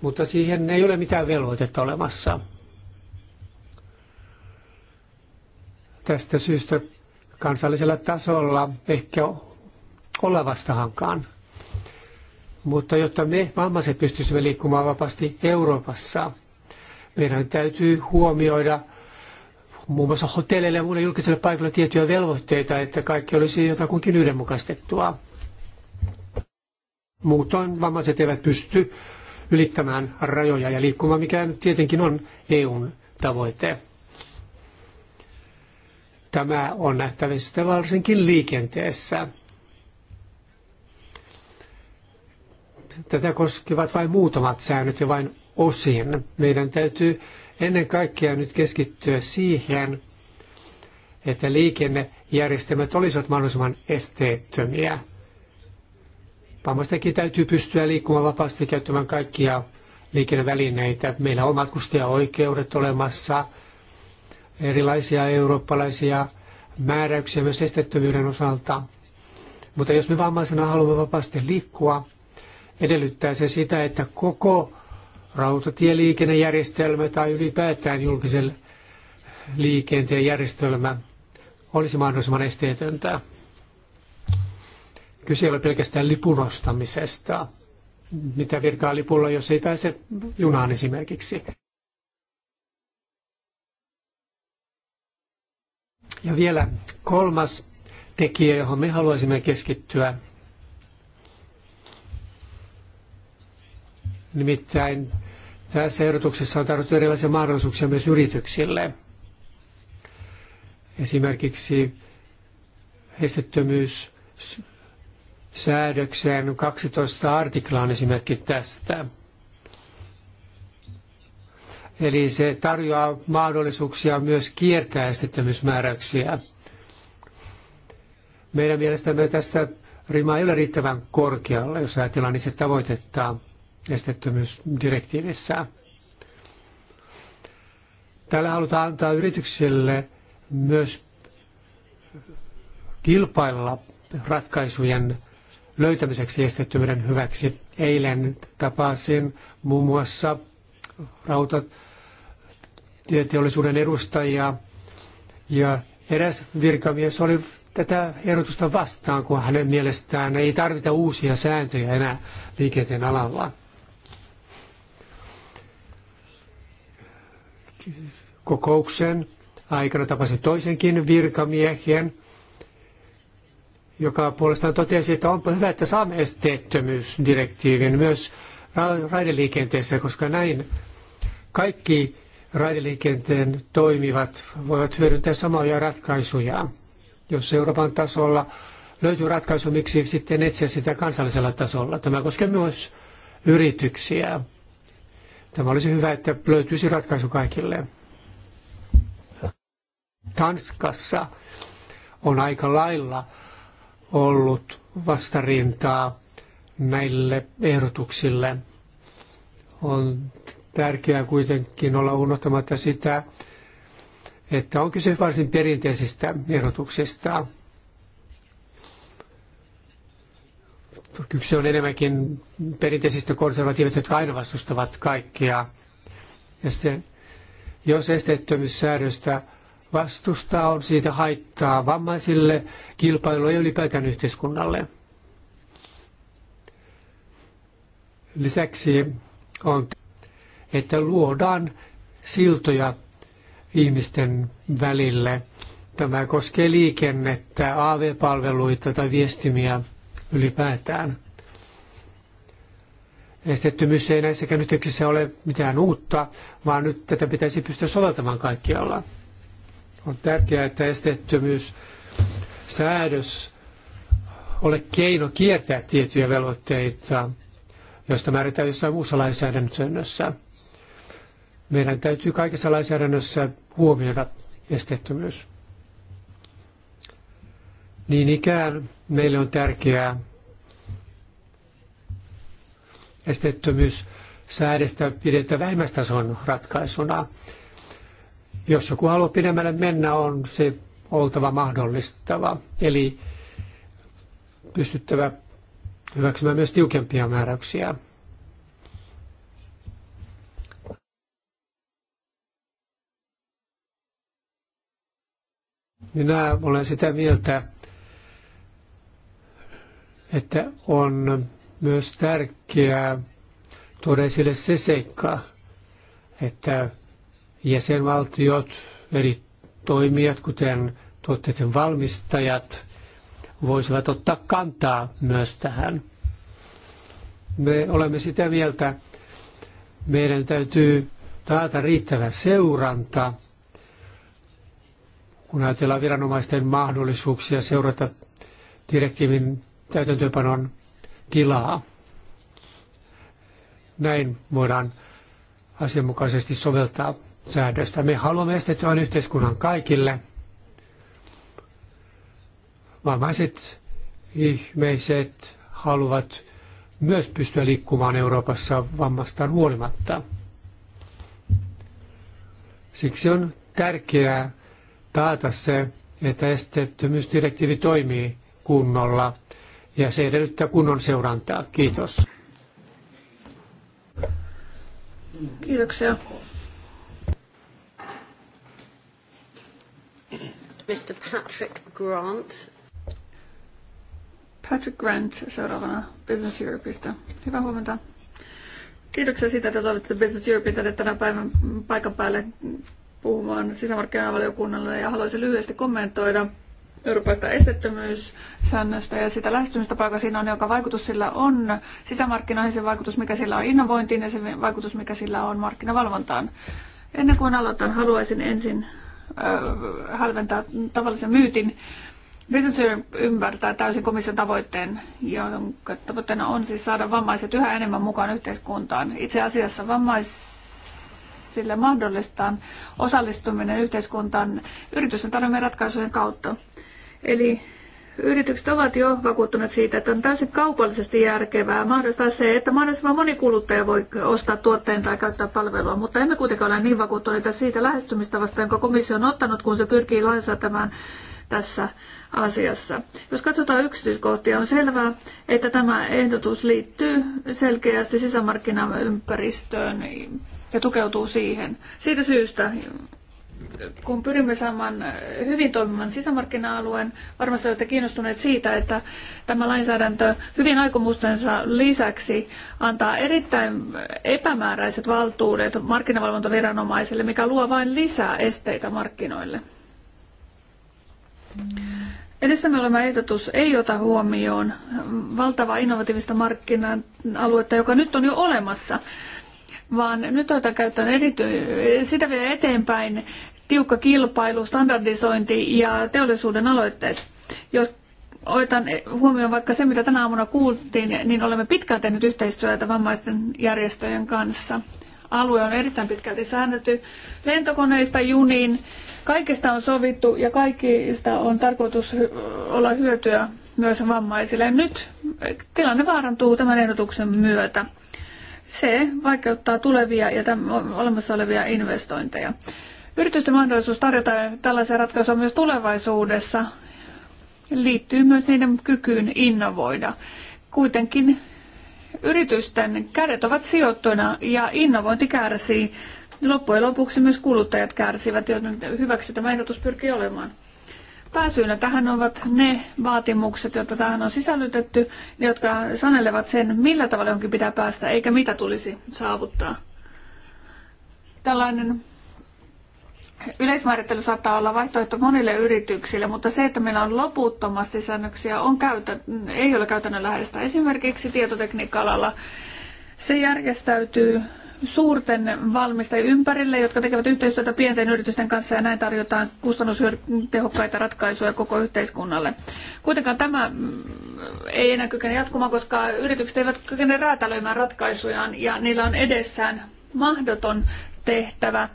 Mutta siihen ei ole mitään velvoitetta olemassa. Tästä syystä kansallisella tasolla ehkä olevastahankaan. Mutta jotta me vammaiset pystyisimme liikkumaan vapaasti Euroopassa, meidän täytyy huomioida muun muassa hotelleille ja muille julkiselle paikalle tiettyjä velvoitteita, että kaikki olisi jotakuinkin yhdenmukaistettua. Muutoin vammaiset eivät pysty ylittämään rajoja ja liikkumaan, mikä nyt tietenkin on EUn tavoite. Tämä on nähtävissä varsinkin liikenteessä. Tätä koskevat vain muutamat säännöt ja vain osin. Meidän täytyy ennen kaikkea nyt keskittyä siihen, että liikennejärjestelmät olisivat mahdollisimman esteettömiä. Vammaistenkin täytyy pystyä liikkumaan vapaasti käyttämään kaikkia liikennevälineitä. Meillä on matkustajaoikeudet olemassa, erilaisia eurooppalaisia määräyksiä myös esteettömyyden osalta. Mutta jos me vammaisena haluamme vapaasti liikkua, edellyttää se sitä, että koko rautatieliikennejärjestelmä tai ylipäätään julkisen liikenteen järjestelmä olisi mahdollisimman esteetöntä. Kyse ei ole pelkästään lipun ostamisesta, mitä virkaa lipulla, jos ei pääse junaan esimerkiksi. Ja vielä kolmas tekijä, johon me haluaisimme keskittyä, Nimittäin tässä ehdotuksessa on tarjottu erilaisia mahdollisuuksia myös yrityksille. Esimerkiksi säädökseen 12 artiklaan esimerkki tästä. Eli se tarjoaa mahdollisuuksia myös kiertää esteettömyysmääräyksiä. Meidän mielestämme tässä rima ei ole riittävän korkealla, jos ajatellaan itse tavoitettaan esteettömyysdirektiivissä. Tällä halutaan antaa yrityksille myös kilpailla ratkaisujen löytämiseksi esteettömyyden hyväksi. Eilen tapasin muun muassa rautatieteollisuuden edustajia ja eräs virkamies oli tätä ehdotusta vastaan, kun hänen mielestään ei tarvita uusia sääntöjä enää liikenteen alalla. kokouksen aikana tapasin toisenkin virkamiehen, joka puolestaan totesi, että onpa hyvä, että saamme esteettömyysdirektiivin myös ra- raideliikenteessä, koska näin kaikki raideliikenteen toimivat voivat hyödyntää samoja ratkaisuja. Jos Euroopan tasolla löytyy ratkaisu, miksi sitten etsiä sitä kansallisella tasolla. Tämä koskee myös yrityksiä. Tämä olisi hyvä, että löytyisi ratkaisu kaikille. Tanskassa on aika lailla ollut vastarintaa näille ehdotuksille. On tärkeää kuitenkin olla unohtamatta sitä, että on kyse varsin perinteisistä ehdotuksista. kyse on enemmänkin perinteisistä konservatiivista, jotka aina vastustavat kaikkea. Ja se, jos esteettömyyssäädöstä vastustaa, on siitä haittaa vammaisille, kilpailu ja ylipäätään yhteiskunnalle. Lisäksi on, että luodaan siltoja ihmisten välille. Tämä koskee liikennettä, AV-palveluita tai viestimiä ylipäätään. Esteettömyys ei näissäkään yhteyksissä ole mitään uutta, vaan nyt tätä pitäisi pystyä soveltamaan kaikkialla. On tärkeää, että esteettömyys säädös ole keino kiertää tiettyjä velvoitteita, joista määritään jossain muussa lainsäädännössä. Meidän täytyy kaikessa lainsäädännössä huomioida esteettömyys. Niin ikään meille on tärkeää esteettömyys säädestä pidetä vähimmäistason ratkaisuna. Jos joku haluaa pidemmälle mennä, on se oltava mahdollistava. Eli pystyttävä hyväksymään myös tiukempia määräyksiä. Minä olen sitä mieltä, että on myös tärkeää tuoda esille se seikka, että jäsenvaltiot, eri toimijat, kuten tuotteiden valmistajat, voisivat ottaa kantaa myös tähän. Me olemme sitä mieltä, meidän täytyy taata riittävä seuranta, kun ajatellaan viranomaisten mahdollisuuksia seurata direktiivin täytäntöönpanon tilaa. Näin voidaan asianmukaisesti soveltaa säädöstä. Me haluamme estettyä yhteiskunnan kaikille. Vammaiset ihmiset haluavat myös pystyä liikkumaan Euroopassa vammasta huolimatta. Siksi on tärkeää taata se, että esteettömyysdirektiivi toimii kunnolla ja se edellyttää kunnon seurantaa. Kiitos. Kiitoksia. Mr. Patrick Grant. Patrick Grant seuraavana Business Europeista. Hyvää huomenta. Kiitoksia siitä, että toivotte Business Europein tänne tänä päivän paikan päälle puhumaan sisämarkkinavaliokunnalle ja haluaisin lyhyesti kommentoida Euroopasta esteettömyyssäännöstä ja sitä lähestymistapaa, siinä on, joka vaikutus sillä on sisämarkkinoihin, se vaikutus, mikä sillä on innovointiin ja se vaikutus, mikä sillä on markkinavalvontaan. Ennen kuin aloitan, haluaisin ensin äh, halventaa tavallisen myytin. Business ymmärtää täysin komission tavoitteen, jonka tavoitteena on siis saada vammaiset yhä enemmän mukaan yhteiskuntaan. Itse asiassa vammais, sille mahdollistaan osallistuminen yhteiskuntaan yritysten tarjoamien ratkaisujen kautta. Eli yritykset ovat jo vakuuttuneet siitä, että on täysin kaupallisesti järkevää mahdollistaa se, että mahdollisimman moni kuluttaja voi ostaa tuotteen tai käyttää palvelua, mutta emme kuitenkaan ole niin vakuuttuneita siitä lähestymistavasta, jonka komissio on ottanut, kun se pyrkii lainsäätämään tässä asiassa. Jos katsotaan yksityiskohtia, on selvää, että tämä ehdotus liittyy selkeästi sisämarkkinaympäristöön ja tukeutuu siihen. Siitä syystä kun pyrimme saamaan hyvin toimivan sisämarkkina-alueen, varmasti olette kiinnostuneet siitä, että tämä lainsäädäntö hyvin aikomustensa lisäksi antaa erittäin epämääräiset valtuudet markkinavalvontaviranomaisille, mikä luo vain lisää esteitä markkinoille. Edessämme oleva ehdotus ei ota huomioon valtavaa innovatiivista markkina-aluetta, joka nyt on jo olemassa, vaan nyt otetaan käyttöön erity- sitä vielä eteenpäin tiukka kilpailu, standardisointi ja teollisuuden aloitteet. Jos otan huomioon vaikka se, mitä tänä aamuna kuultiin, niin olemme pitkään tehneet yhteistyötä vammaisten järjestöjen kanssa. Alue on erittäin pitkälti säännöty. Lentokoneista juniin, kaikesta on sovittu ja kaikista on tarkoitus olla hyötyä myös vammaisille. Nyt tilanne vaarantuu tämän ehdotuksen myötä. Se vaikeuttaa tulevia ja olemassa olevia investointeja. Yritysten mahdollisuus tarjota tällaisia ratkaisuja myös tulevaisuudessa liittyy myös niiden kykyyn innovoida. Kuitenkin yritysten kädet ovat sijoittuna ja innovointi kärsii. Loppujen lopuksi myös kuluttajat kärsivät, joten hyväksi tämä ehdotus pyrkii olemaan. Pääsyynä tähän ovat ne vaatimukset, joita tähän on sisällytetty, jotka sanelevat sen, millä tavalla jonkin pitää päästä, eikä mitä tulisi saavuttaa. Tällainen Yleismäärittely saattaa olla vaihtoehto monille yrityksille, mutta se, että meillä on loputtomasti säännöksiä, on käytä, ei ole käytännönläheistä. Esimerkiksi tietotekniikka-alalla se järjestäytyy suurten valmistajien ympärille, jotka tekevät yhteistyötä pienten yritysten kanssa ja näin tarjotaan kustannustehokkaita ratkaisuja koko yhteiskunnalle. Kuitenkaan tämä mm, ei enää kykene jatkumaan, koska yritykset eivät kykene räätälöimään ratkaisujaan ja niillä on edessään mahdoton tehtävä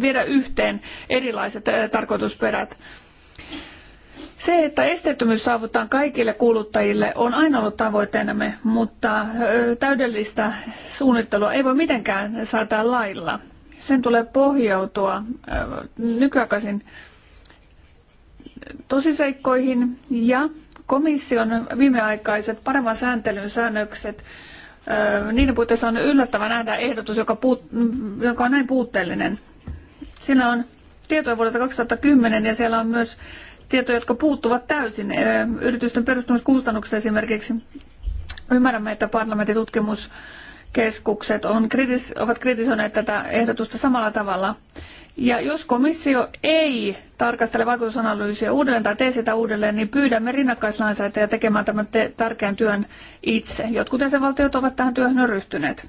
viedä yhteen erilaiset tarkoitusperät. Se, että esteettömyys saavutaan kaikille kuluttajille, on aina ollut tavoitteenamme, mutta täydellistä suunnittelua ei voi mitenkään saada lailla. Sen tulee pohjautua nykyaikaisin tosiseikkoihin ja komission viimeaikaiset paremman sääntelyn säännökset niiden puitteissa on yllättävää nähdä ehdotus, joka, puut, joka on näin puutteellinen. Siinä on tietoja vuodelta 2010 ja siellä on myös tietoja, jotka puuttuvat täysin. Yritysten perustamiskustannuksista esimerkiksi. Ymmärrämme, että parlamentin tutkimuskeskukset on, kritis, ovat kritisoineet tätä ehdotusta samalla tavalla. Ja jos komissio ei tarkastele vaikutusanalyysiä uudelleen tai tee sitä uudelleen, niin pyydämme rinnakkaislainsäätäjä tekemään tämän te- tärkeän työn itse. Jotkut jäsenvaltiot ovat tähän työhön ryhtyneet.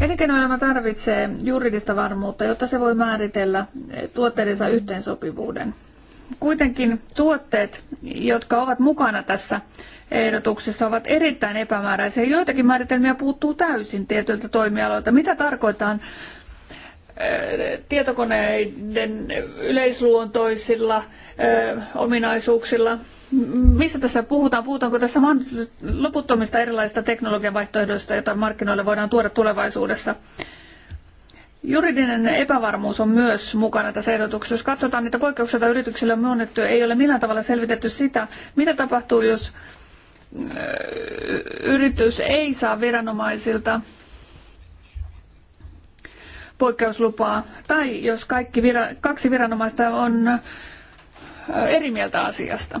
Elinkeinoelämä tarvitsee juridista varmuutta, jotta se voi määritellä tuotteidensa yhteensopivuuden. Kuitenkin tuotteet, jotka ovat mukana tässä ehdotuksessa, ovat erittäin epämääräisiä. Joitakin määritelmiä puuttuu täysin tietyiltä toimialoilta. Mitä tarkoitaan tietokoneiden yleisluontoisilla ominaisuuksilla. Mistä tässä puhutaan? Puhutaanko tässä loputtomista erilaisista teknologian vaihtoehdoista, joita markkinoille voidaan tuoda tulevaisuudessa? Juridinen epävarmuus on myös mukana tässä ehdotuksessa. Jos katsotaan niitä poikkeuksia, joita yrityksille on myönnetty, ei ole millään tavalla selvitetty sitä, mitä tapahtuu, jos yritys ei saa viranomaisilta poikkeuslupaa tai jos kaikki vira- kaksi viranomaista on eri mieltä asiasta.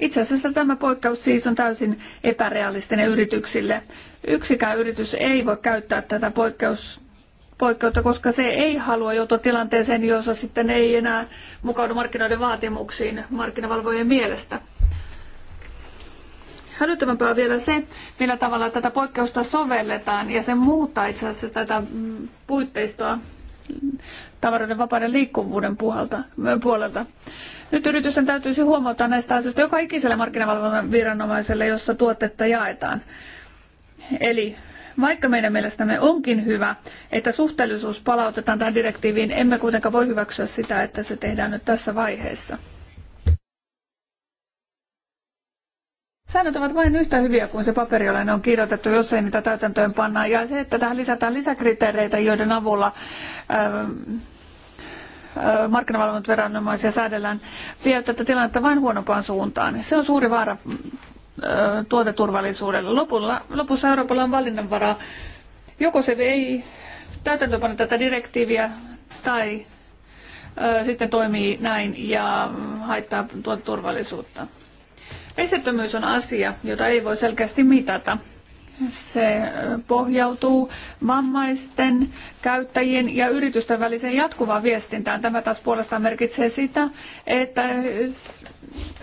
Itse asiassa tämä poikkeus siis on täysin epärealistinen yrityksille. Yksikään yritys ei voi käyttää tätä poikkeus, poikkeutta, koska se ei halua joutua tilanteeseen, jossa sitten ei enää mukaudu markkinoiden vaatimuksiin markkinavalvojen mielestä. Hälyttävämpää on vielä se, millä tavalla tätä poikkeusta sovelletaan ja se muuttaa itse asiassa tätä mm, puitteistoa tavaroiden vapaiden liikkuvuuden puolelta. puolelta. Nyt yritysten täytyisi huomauttaa näistä asioista joka ikiselle markkinavalvonnan viranomaiselle, jossa tuotetta jaetaan. Eli vaikka meidän mielestämme onkin hyvä, että suhteellisuus palautetaan tähän direktiiviin, emme kuitenkaan voi hyväksyä sitä, että se tehdään nyt tässä vaiheessa. Säännöt ovat vain yhtä hyviä kuin se paperi, jolle ne on kirjoitettu, jos ei niitä täytäntöön panna. Ja se, että tähän lisätään lisäkriteereitä, joiden avulla ähm, äh, markkinavalvontaviranomaisia säädellään, vie tätä tilannetta vain huonompaan suuntaan. Se on suuri vaara ö, äh, tuoteturvallisuudelle. Lopulla, lopussa Euroopalla on valinnanvaraa. Joko se ei täytäntöönpano tätä direktiiviä tai äh, sitten toimii näin ja haittaa tuoteturvallisuutta. Esteettömyys on asia, jota ei voi selkeästi mitata. Se pohjautuu vammaisten, käyttäjien ja yritysten väliseen jatkuvaan viestintään. Tämä taas puolestaan merkitsee sitä, että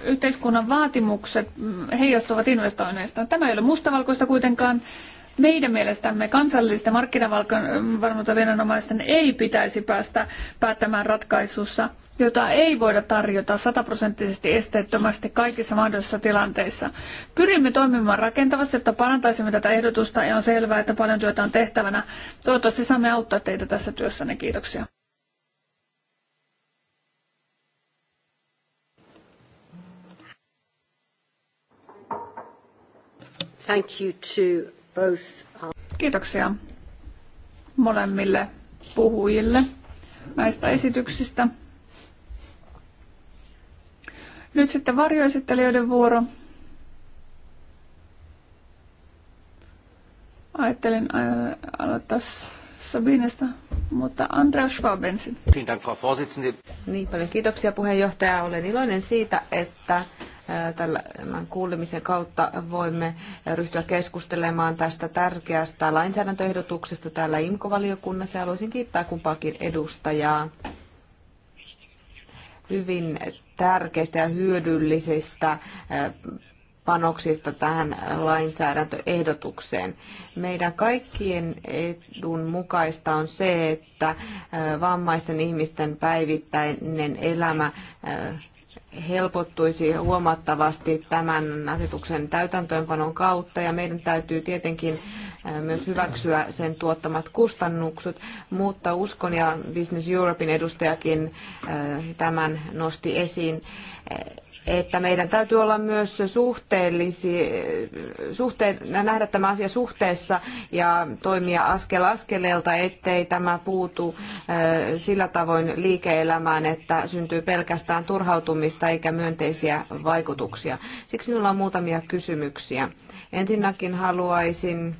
yhteiskunnan vaatimukset mm, heijastuvat investoinneista. Tämä ei ole mustavalkoista kuitenkaan meidän mielestämme kansallisten markkinavalvontaviranomaisten ei pitäisi päästä päättämään ratkaisussa, jota ei voida tarjota sataprosenttisesti esteettömästi kaikissa mahdollisissa tilanteissa. Pyrimme toimimaan rakentavasti, jotta parantaisimme tätä ehdotusta ja on selvää, että paljon työtä on tehtävänä. Toivottavasti saamme auttaa teitä tässä työssänne. Kiitoksia. Thank you to Kiitoksia molemmille puhujille näistä esityksistä. Nyt sitten varjoesittelijöiden vuoro. Ajattelin äh, aloittaa Sabinesta, mutta Andreas Schwab ensin. Niin paljon kiitoksia puheenjohtaja. Olen iloinen siitä, että Tämän kuulemisen kautta voimme ryhtyä keskustelemaan tästä tärkeästä lainsäädäntöehdotuksesta täällä IMKO-valiokunnassa. Haluaisin kiittää kumpaakin edustajaa hyvin tärkeistä ja hyödyllisistä panoksista tähän lainsäädäntöehdotukseen. Meidän kaikkien edun mukaista on se, että vammaisten ihmisten päivittäinen elämä helpottuisi huomattavasti tämän asetuksen täytäntöönpanon kautta ja meidän täytyy tietenkin myös hyväksyä sen tuottamat kustannukset, mutta uskon ja Business Europein edustajakin tämän nosti esiin, että meidän täytyy olla myös suhteellisia, nähdä tämä asia suhteessa ja toimia askel askeleelta, ettei tämä puutu sillä tavoin liike-elämään, että syntyy pelkästään turhautumista eikä myönteisiä vaikutuksia. Siksi minulla on muutamia kysymyksiä. Ensinnäkin haluaisin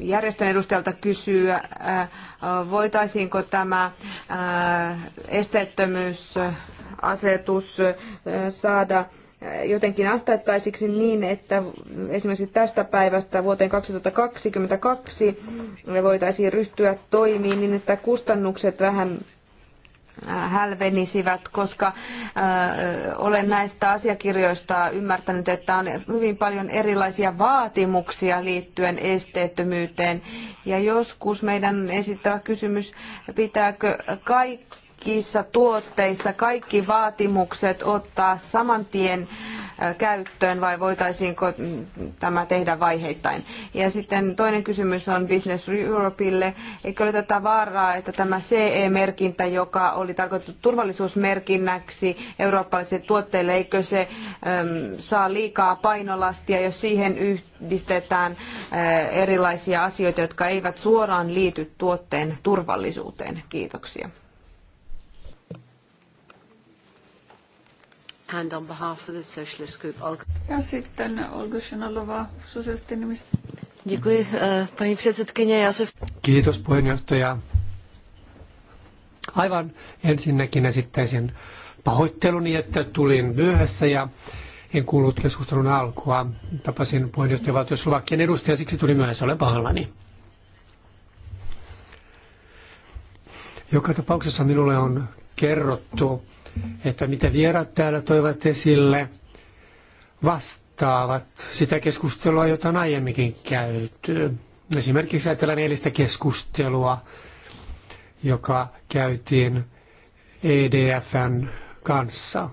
järjestön edustajalta kysyä, äh, voitaisiinko tämä äh, esteettömyysasetus äh, saada jotenkin asteittaisiksi niin, että esimerkiksi tästä päivästä vuoteen 2022 me voitaisiin ryhtyä toimiin niin, että kustannukset vähän hälvenisivät, koska äh, olen näistä asiakirjoista ymmärtänyt, että on hyvin paljon erilaisia vaatimuksia liittyen esteettömyyteen. Ja joskus meidän esittävä kysymys, pitääkö kaikissa tuotteissa kaikki vaatimukset ottaa saman tien käyttöön vai voitaisiinko tämä tehdä vaiheittain? Ja sitten toinen kysymys on Business Europeille. Eikö ole tätä vaaraa, että tämä CE-merkintä, joka oli tarkoitettu turvallisuusmerkinnäksi eurooppalaisille tuotteille, eikö se saa liikaa painolastia, jos siihen yhdistetään äh, erilaisia asioita, jotka eivät suoraan liity tuotteen turvallisuuteen? Kiitoksia. And on behalf of the Socialist Group, Olga. sitten Olga Shanalova, sosialistien Děkuji, eh, paní předsedkyně. Já se... Kiitos puheenjohtaja. Aivan ensinnäkin esittäisin pahoitteluni, että tulin myöhässä ja en kuullut keskustelun alkua. Tapasin valtios Slovakian edustaja, siksi tuli myöhässä, olen pahallani. Joka tapauksessa minulle on kerrottu, että mitä vierat täällä toivat esille, vastaavat sitä keskustelua, jota on aiemminkin käyty. Esimerkiksi ajatellaan eilistä keskustelua, joka käytiin EDFn kanssa.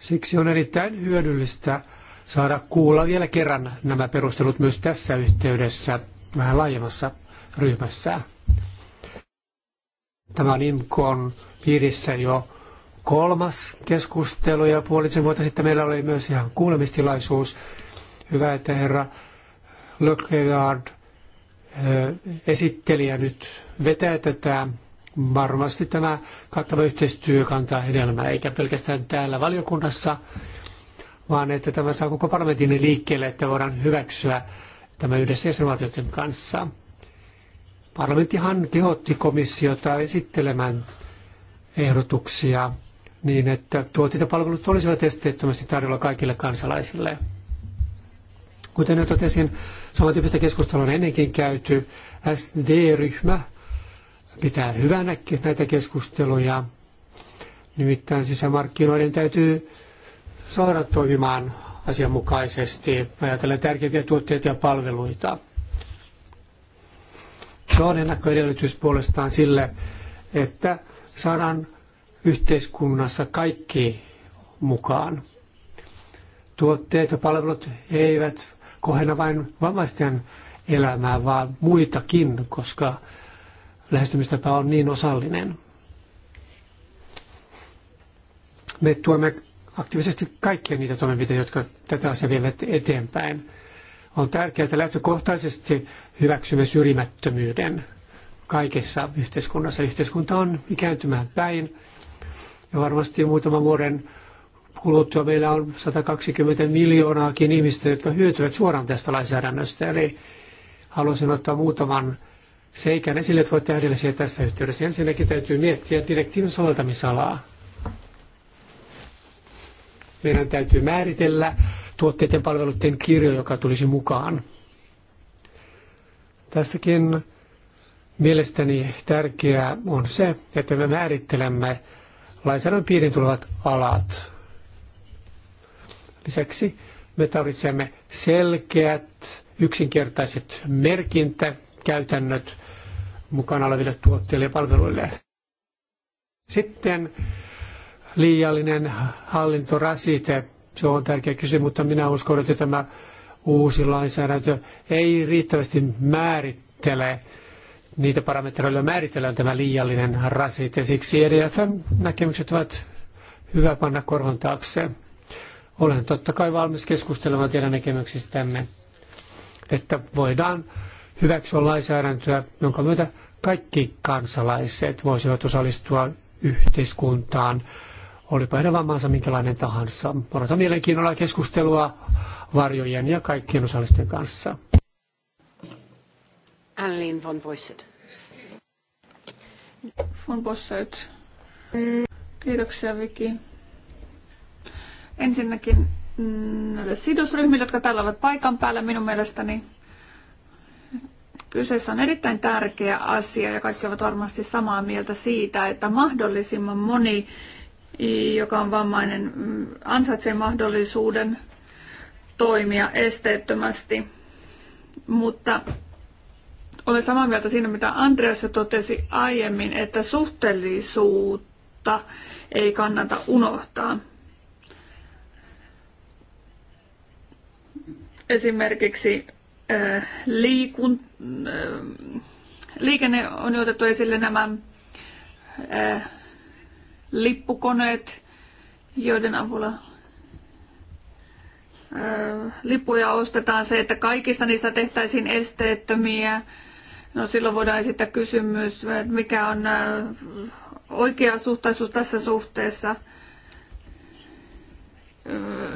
Siksi on erittäin hyödyllistä saada kuulla vielä kerran nämä perustelut myös tässä yhteydessä vähän laajemmassa ryhmässä. Tämä on IMKON piirissä jo kolmas keskustelu ja puolisen vuotta sitten meillä oli myös ihan kuulemistilaisuus. Hyvä, että herra Lökkegaard eh, ja nyt vetää tätä. Varmasti tämä kattava yhteistyö kantaa hedelmää, eikä pelkästään täällä valiokunnassa, vaan että tämä saa koko parlamentin liikkeelle, että voidaan hyväksyä tämä yhdessä jäsenvaltioiden kanssa. Parlamenttihan kehotti komissiota esittelemään ehdotuksia niin, että palvelut olisivat esteettömästi tarjolla kaikille kansalaisille. Kuten jo totesin, samantyyppistä keskustelua on ennenkin käyty. SD-ryhmä pitää hyvänä näitä keskusteluja. Nimittäin sisämarkkinoiden täytyy saada toimimaan asianmukaisesti, ajatellen tärkeitä tuotteita ja palveluita. Se on ennakkoedellytys puolestaan sille, että saadaan yhteiskunnassa kaikki mukaan. Tuotteet ja palvelut eivät kohenna vain vammaisten elämää, vaan muitakin, koska lähestymistapa on niin osallinen. Me tuemme aktiivisesti kaikkia niitä toimenpiteitä, jotka tätä asiaa vievät eteenpäin. On tärkeää, että lähtökohtaisesti hyväksymme syrjimättömyyden – kaikessa yhteiskunnassa. Yhteiskunta on ikääntymään päin ja varmasti muutaman vuoden kuluttua meillä on 120 miljoonaakin ihmistä, jotka hyötyvät suoraan tästä lainsäädännöstä. Eli haluaisin ottaa muutaman seikän esille, jotka voitte edellisiä tässä yhteydessä. Ensinnäkin täytyy miettiä direktiivin soveltamisalaa. Meidän täytyy määritellä tuotteiden palveluiden kirjo, joka tulisi mukaan. Tässäkin Mielestäni tärkeää on se, että me määrittelemme lainsäädännön piirin tulevat alat. Lisäksi me tarvitsemme selkeät, yksinkertaiset merkintäkäytännöt mukana oleville tuotteille ja palveluille. Sitten liiallinen hallintorasite, se on tärkeä kysymys, mutta minä uskon, että tämä uusi lainsäädäntö ei riittävästi määrittele niitä parametreilla määritellään tämä liiallinen rasite. Siksi EDFM-näkemykset ovat hyvä panna korvan taakse. Olen totta kai valmis keskustelemaan teidän näkemyksistänne, että voidaan hyväksyä lainsäädäntöä, jonka myötä kaikki kansalaiset voisivat osallistua yhteiskuntaan, olipa heidän vammansa minkälainen tahansa. Odotan mielenkiinnolla keskustelua varjojen ja kaikkien osallisten kanssa. Annelien von Boisset. Von Boisset. Kiitoksia Viki. Ensinnäkin mm, näille sidosryhmille, jotka täällä ovat paikan päällä minun mielestäni. Kyseessä on erittäin tärkeä asia ja kaikki ovat varmasti samaa mieltä siitä, että mahdollisimman moni, joka on vammainen, mm, ansaitsee mahdollisuuden toimia esteettömästi. Mutta olen samaa mieltä siinä, mitä Andreas totesi aiemmin, että suhteellisuutta ei kannata unohtaa. Esimerkiksi äh, liikun, äh, liikenne on otettu esille nämä äh, lippukoneet, joiden avulla äh, lippuja ostetaan, se, että kaikista niistä tehtäisiin esteettömiä, No silloin voidaan esittää kysymys, mikä on äh, oikea suhtaisuus tässä suhteessa. Äh,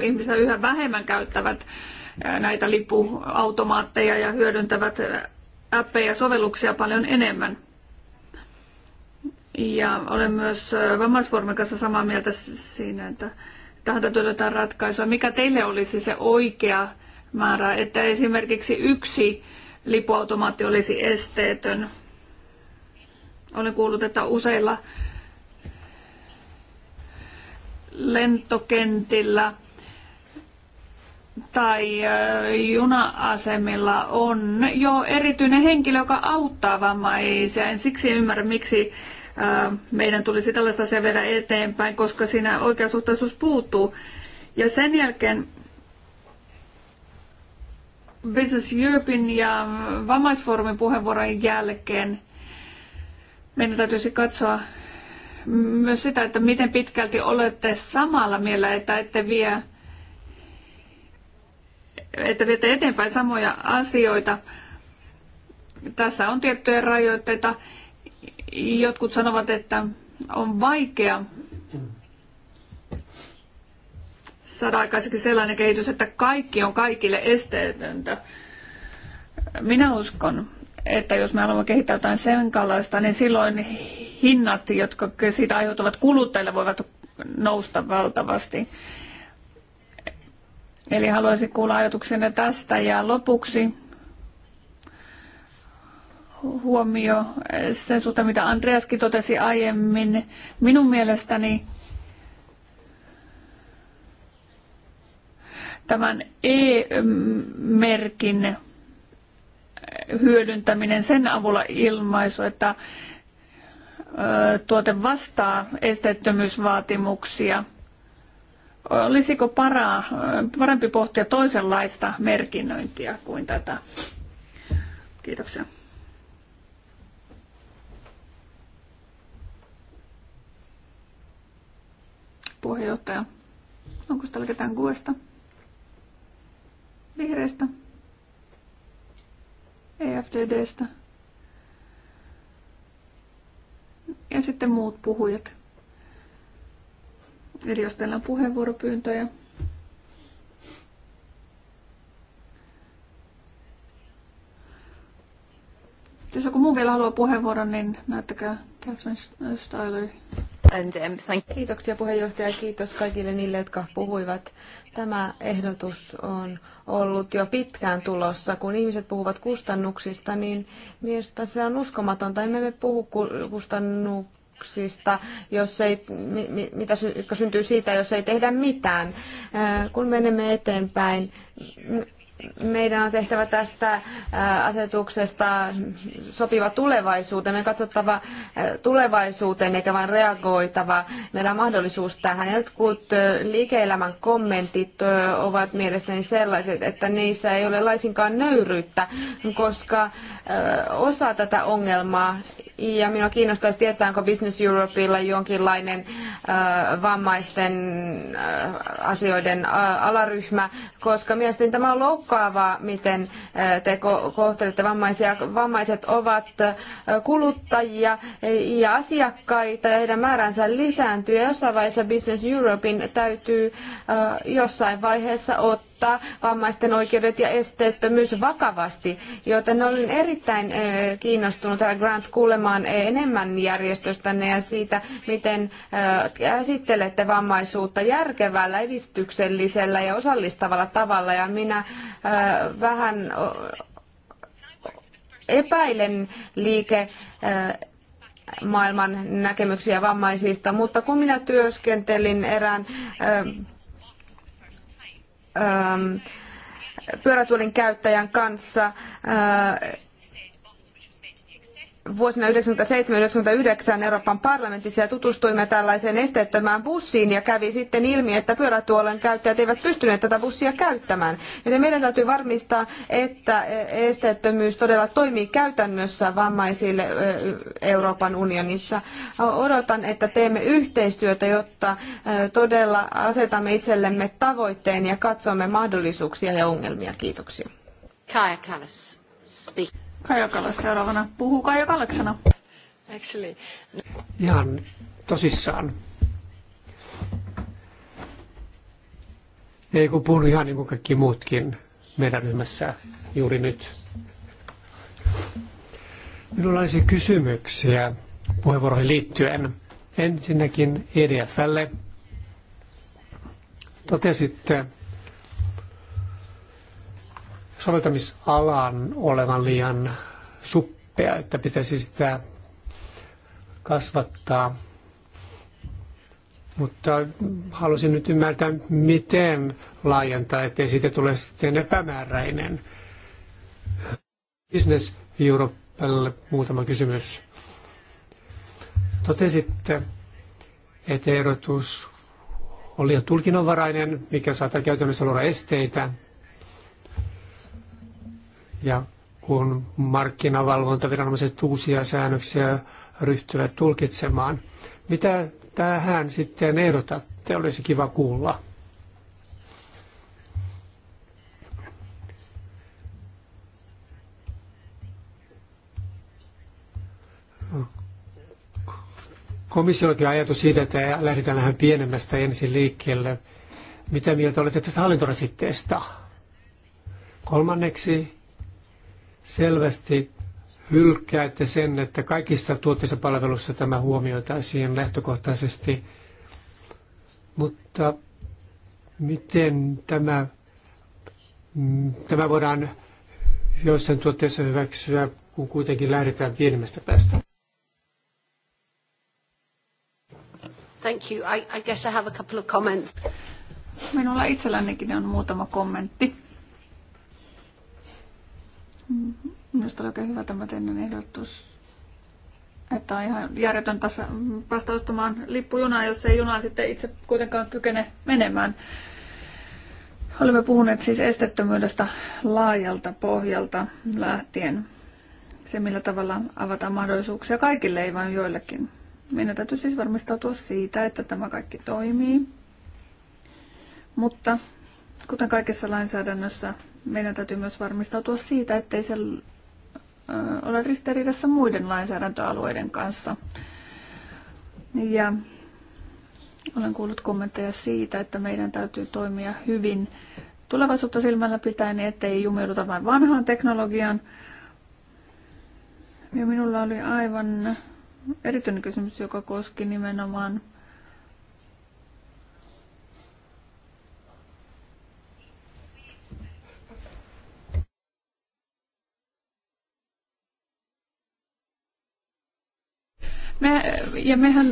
ihmiset yhä vähemmän käyttävät äh, näitä lipuautomaatteja ja hyödyntävät appeja ja sovelluksia paljon enemmän. Ja olen myös vammaisfoorumin kanssa samaa mieltä siinä, että tähän todetaan ratkaisua. Mikä teille olisi se oikea määrä, että esimerkiksi yksi lipuautomaatti olisi esteetön. Olen kuullut, että useilla lentokentillä tai juna-asemilla on jo erityinen henkilö, joka auttaa vammaisia. En siksi ymmärrä, miksi meidän tulisi tällaista asiaa viedä eteenpäin, koska siinä oikeasuhtaisuus puuttuu. Ja sen jälkeen Business Europein ja vammaisfoorumin puheenvuorojen jälkeen meidän täytyisi katsoa myös sitä, että miten pitkälti olette samalla mielellä, että ette vie että viette eteenpäin samoja asioita. Tässä on tiettyjä rajoitteita. Jotkut sanovat, että on vaikea saada aikaiseksi sellainen kehitys, että kaikki on kaikille esteetöntä. Minä uskon, että jos me haluamme kehittää jotain sen kalaista, niin silloin hinnat, jotka siitä aiheutuvat kuluttajille, voivat nousta valtavasti. Eli haluaisin kuulla ajatuksenne tästä. Ja lopuksi huomio sen suhteen, mitä Andreaskin totesi aiemmin. Minun mielestäni tämän E-merkin hyödyntäminen sen avulla ilmaisu, että tuote vastaa esteettömyysvaatimuksia. Olisiko paraa, parempi pohtia toisenlaista merkinnöintiä kuin tätä? Kiitoksia. Puheenjohtaja, onko täällä ketään kuvasta? vihreästä EFDDstä. Ja sitten muut puhujat. Eli jos teillä on puheenvuoropyyntöjä. Jos joku muu vielä haluaa puheenvuoron, niin näyttäkää Catherine Styler. Äh, um, Kiitoksia puheenjohtaja kiitos kaikille niille, jotka puhuivat. Tämä ehdotus on ollut jo pitkään tulossa. Kun ihmiset puhuvat kustannuksista, niin miestä se on uskomatonta. Emme me puhu kustannuksista, jos ei, mitä, jotka syntyy siitä, jos ei tehdä mitään. Kun menemme eteenpäin, meidän on tehtävä tästä asetuksesta sopiva tulevaisuuteen. Meidän on katsottava tulevaisuuteen eikä vain reagoitava. Meillä on mahdollisuus tähän. Jotkut liike-elämän kommentit ovat mielestäni sellaiset, että niissä ei ole laisinkaan nöyryyttä, koska osa tätä ongelmaa, ja minua kiinnostaisi tietää, onko Business Europeilla jonkinlainen vammaisten asioiden alaryhmä, koska mielestäni tämä on loukkaus uhkaavaa, miten eh, te kohtelette vammaisia. Vammaiset ovat eh, kuluttajia ja asiakkaita ja heidän määränsä lisääntyy. Jossain vaiheessa Business Europein täytyy eh, jossain vaiheessa ottaa ottaa vammaisten oikeudet ja esteettömyys vakavasti, joten olin erittäin kiinnostunut herra Grant kuulemaan enemmän järjestöstänne ja siitä, miten käsittelette vammaisuutta järkevällä, edistyksellisellä ja osallistavalla tavalla ja minä vähän epäilen liike maailman näkemyksiä vammaisista, mutta kun minä työskentelin erään Ähm, pyörätuolin käyttäjän kanssa. Äh, vuosina 1997-1999 Euroopan parlamentissa ja tutustuimme tällaiseen esteettömään bussiin ja kävi sitten ilmi, että pyörätuolen käyttäjät eivät pystyneet tätä bussia käyttämään. Joten meidän täytyy varmistaa, että esteettömyys todella toimii käytännössä vammaisille Euroopan unionissa. Odotan, että teemme yhteistyötä, jotta todella asetamme itsellemme tavoitteen ja katsomme mahdollisuuksia ja ongelmia. Kiitoksia. Kaja Speak. Kajakala seuraavana. Puhuu Kajakalaksena. Actually. Ihan tosissaan. Ei kun puhun ihan niin kuin kaikki muutkin meidän ryhmässä juuri nyt. Minulla olisi kysymyksiä puheenvuoroihin liittyen. Ensinnäkin EDFlle. Totesitte, soveltamisalan olevan liian suppea, että pitäisi sitä kasvattaa. Mutta halusin nyt ymmärtää, miten laajentaa, ettei siitä tule sitten epämääräinen. Business Europelle muutama kysymys. Totesitte, että erotus oli jo tulkinnanvarainen, mikä saattaa käytännössä luoda esteitä ja kun markkinavalvontaviranomaiset uusia säännöksiä ryhtyvät tulkitsemaan. Mitä tähän sitten ehdotatte? Olisi kiva kuulla. Komissiollakin ajatus siitä, että lähdetään vähän pienemmästä ensin liikkeelle. Mitä mieltä olette tästä hallintorasitteesta? Kolmanneksi, selvästi hylkäätte sen, että kaikissa tuotteissa palveluissa tämä huomioitaisiin lähtökohtaisesti. Mutta miten tämä, tämä voidaan joissain tuotteissa hyväksyä, kun kuitenkin lähdetään pienemmästä päästä? Thank you. I, I guess I have a couple of comments. Minulla itsellänikin on muutama kommentti. Minusta oli oikein hyvä tämä teidän ehdotus, että on ihan tässä päästä ostamaan lippujunaa, jos ei junaa sitten itse kuitenkaan kykene menemään. Olemme puhuneet siis estettömyydestä laajalta pohjalta lähtien. Se, millä tavalla avataan mahdollisuuksia kaikille, ei vain joillekin. Meidän täytyy siis varmistautua siitä, että tämä kaikki toimii. Mutta kuten kaikessa lainsäädännössä, meidän täytyy myös varmistautua siitä, ettei se ole ristiriidassa muiden lainsäädäntöalueiden kanssa. Ja olen kuullut kommentteja siitä, että meidän täytyy toimia hyvin tulevaisuutta silmällä pitäen, niin ettei jumiuduta vain vanhaan teknologiaan. Ja minulla oli aivan erityinen kysymys, joka koski nimenomaan Me, ja mehän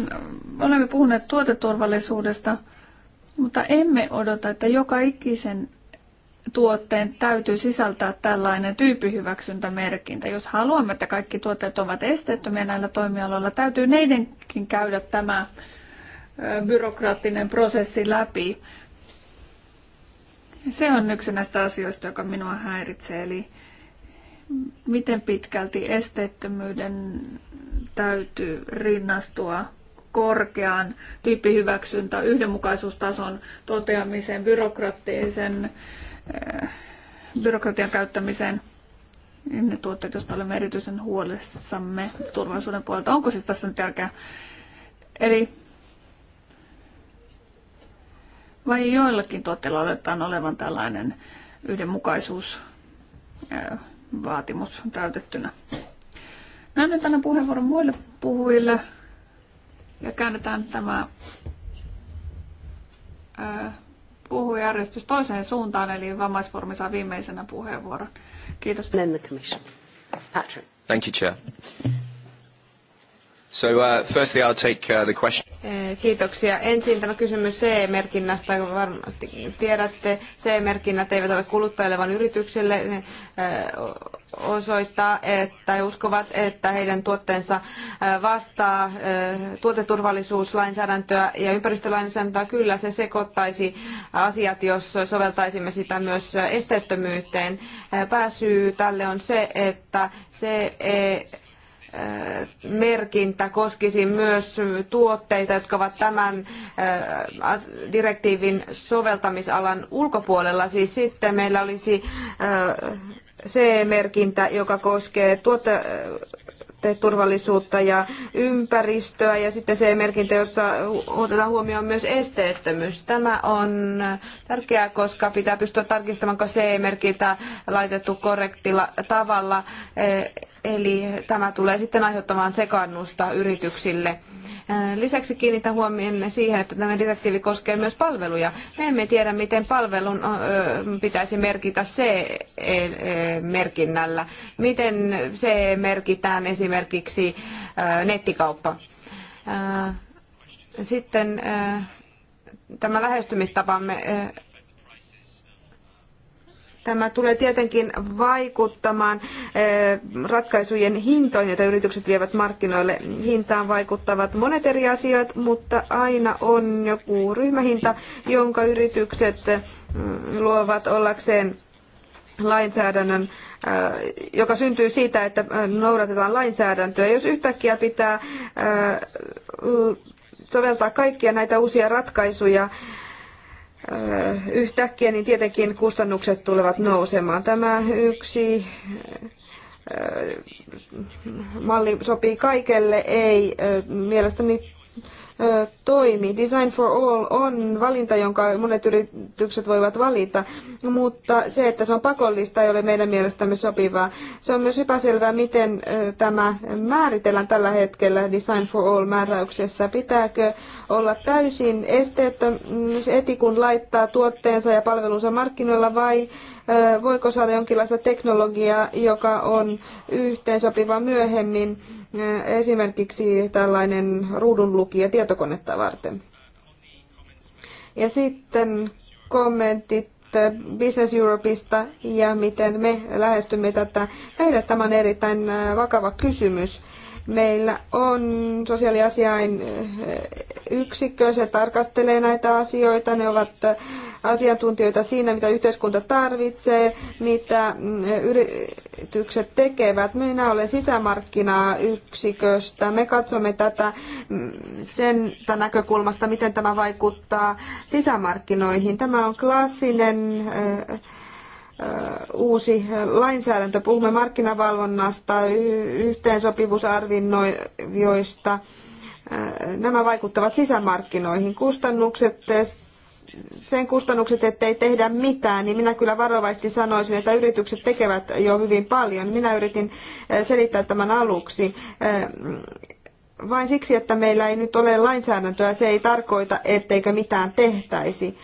olemme puhuneet tuoteturvallisuudesta, mutta emme odota, että joka ikisen tuotteen täytyy sisältää tällainen tyyppihyväksyntämerkintä. Jos haluamme, että kaikki tuotteet ovat esteettömiä näillä toimialoilla, täytyy neidenkin käydä tämä byrokraattinen prosessi läpi. Se on yksi näistä asioista, joka minua häiritsee. Eli miten pitkälti esteettömyyden täytyy rinnastua korkean tyyppihyväksyntä, yhdenmukaisuustason toteamiseen, byrokraattisen eh, byrokratian käyttämiseen ne tuotteet, joista olemme erityisen huolissamme turvallisuuden puolelta. Onko siis tässä nyt järkeä? Eli vai joillakin tuotteilla oletetaan olevan tällainen yhdenmukaisuus eh, vaatimus täytettynä. Näin no, nyt puheenvuoron muille puhujille ja käännetään tämä äh, puhujärjestys toiseen suuntaan, eli vammaisfoorumi saa viimeisenä puheenvuoron. Kiitos. Then the commission. Patrick. Thank you, Chair. So, uh, firstly I'll take uh, the question. Eh, kiitoksia. Ensin tämä kysymys CE-merkinnästä. Varmasti tiedätte, CE-merkinnät eivät ole kuluttajille, vaan yrityksille. Ne eh, osoittaa, että he uskovat, että heidän tuotteensa eh, vastaa tuoteturvallisuuslainsäädäntöä ja ympäristölainsäädäntöä. Kyllä se sekoittaisi asiat, jos soveltaisimme sitä myös esteettömyyteen. Pääsyy tälle on se, että CE merkintä koskisi myös tuotteita, jotka ovat tämän äh, direktiivin soveltamisalan ulkopuolella. Siis sitten meillä olisi äh, CE-merkintä, joka koskee tuote, turvallisuutta ja ympäristöä ja sitten se merkintä, jossa otetaan huomioon myös esteettömyys. Tämä on tärkeää, koska pitää pystyä tarkistamaan, onko CE-merkintä laitettu korrektilla tavalla. Eh, eli tämä tulee sitten aiheuttamaan sekannusta yrityksille Lisäksi kiinnitän huomioon siihen, että tämä direktiivi koskee myös palveluja. Me emme tiedä, miten palvelun pitäisi merkitä CE-merkinnällä. E, miten CE merkitään esimerkiksi nettikauppa. Sitten tämä lähestymistapamme Tämä tulee tietenkin vaikuttamaan eh, ratkaisujen hintoihin, joita yritykset vievät markkinoille. Hintaan vaikuttavat monet eri asiat, mutta aina on joku ryhmähinta, jonka yritykset eh, luovat ollakseen lainsäädännön, eh, joka syntyy siitä, että noudatetaan lainsäädäntöä. Jos yhtäkkiä pitää soveltaa kaikkia näitä uusia ratkaisuja, yhtäkkiä, niin tietenkin kustannukset tulevat nousemaan. Tämä yksi malli sopii kaikelle, ei mielestäni toimi. Design for all on valinta, jonka monet yritykset voivat valita, mutta se, että se on pakollista, ei ole meidän mielestämme sopivaa. Se on myös epäselvää, miten tämä määritellään tällä hetkellä Design for all määräyksessä. Pitääkö olla täysin esteettömyys eti, kun laittaa tuotteensa ja palvelunsa markkinoilla vai voiko saada jonkinlaista teknologiaa, joka on yhteensopiva myöhemmin esimerkiksi tällainen ruudunlukija tietokonetta varten. Ja sitten kommentit Business Europeista ja miten me lähestymme tätä. Meille tämä on erittäin äh, vakava kysymys Meillä on sosiaaliasiain eh, yksikkö, se tarkastelee näitä asioita. Ne ovat eh, asiantuntijoita siinä, mitä yhteiskunta tarvitsee, mitä mm, yritykset tekevät. Minä olen sisämarkkinayksiköstä. Me katsomme tätä mm, sen näkökulmasta, miten tämä vaikuttaa sisämarkkinoihin. Tämä on klassinen äh, uusi lainsäädäntö. Puhumme markkinavalvonnasta, yhteensopivuusarvioista. Nämä vaikuttavat sisämarkkinoihin. Kustannukset, sen kustannukset, ettei tehdä mitään, niin minä kyllä varovaisesti sanoisin, että yritykset tekevät jo hyvin paljon. Minä yritin selittää tämän aluksi vain siksi, että meillä ei nyt ole lainsäädäntöä, se ei tarkoita, etteikö mitään tehtäisi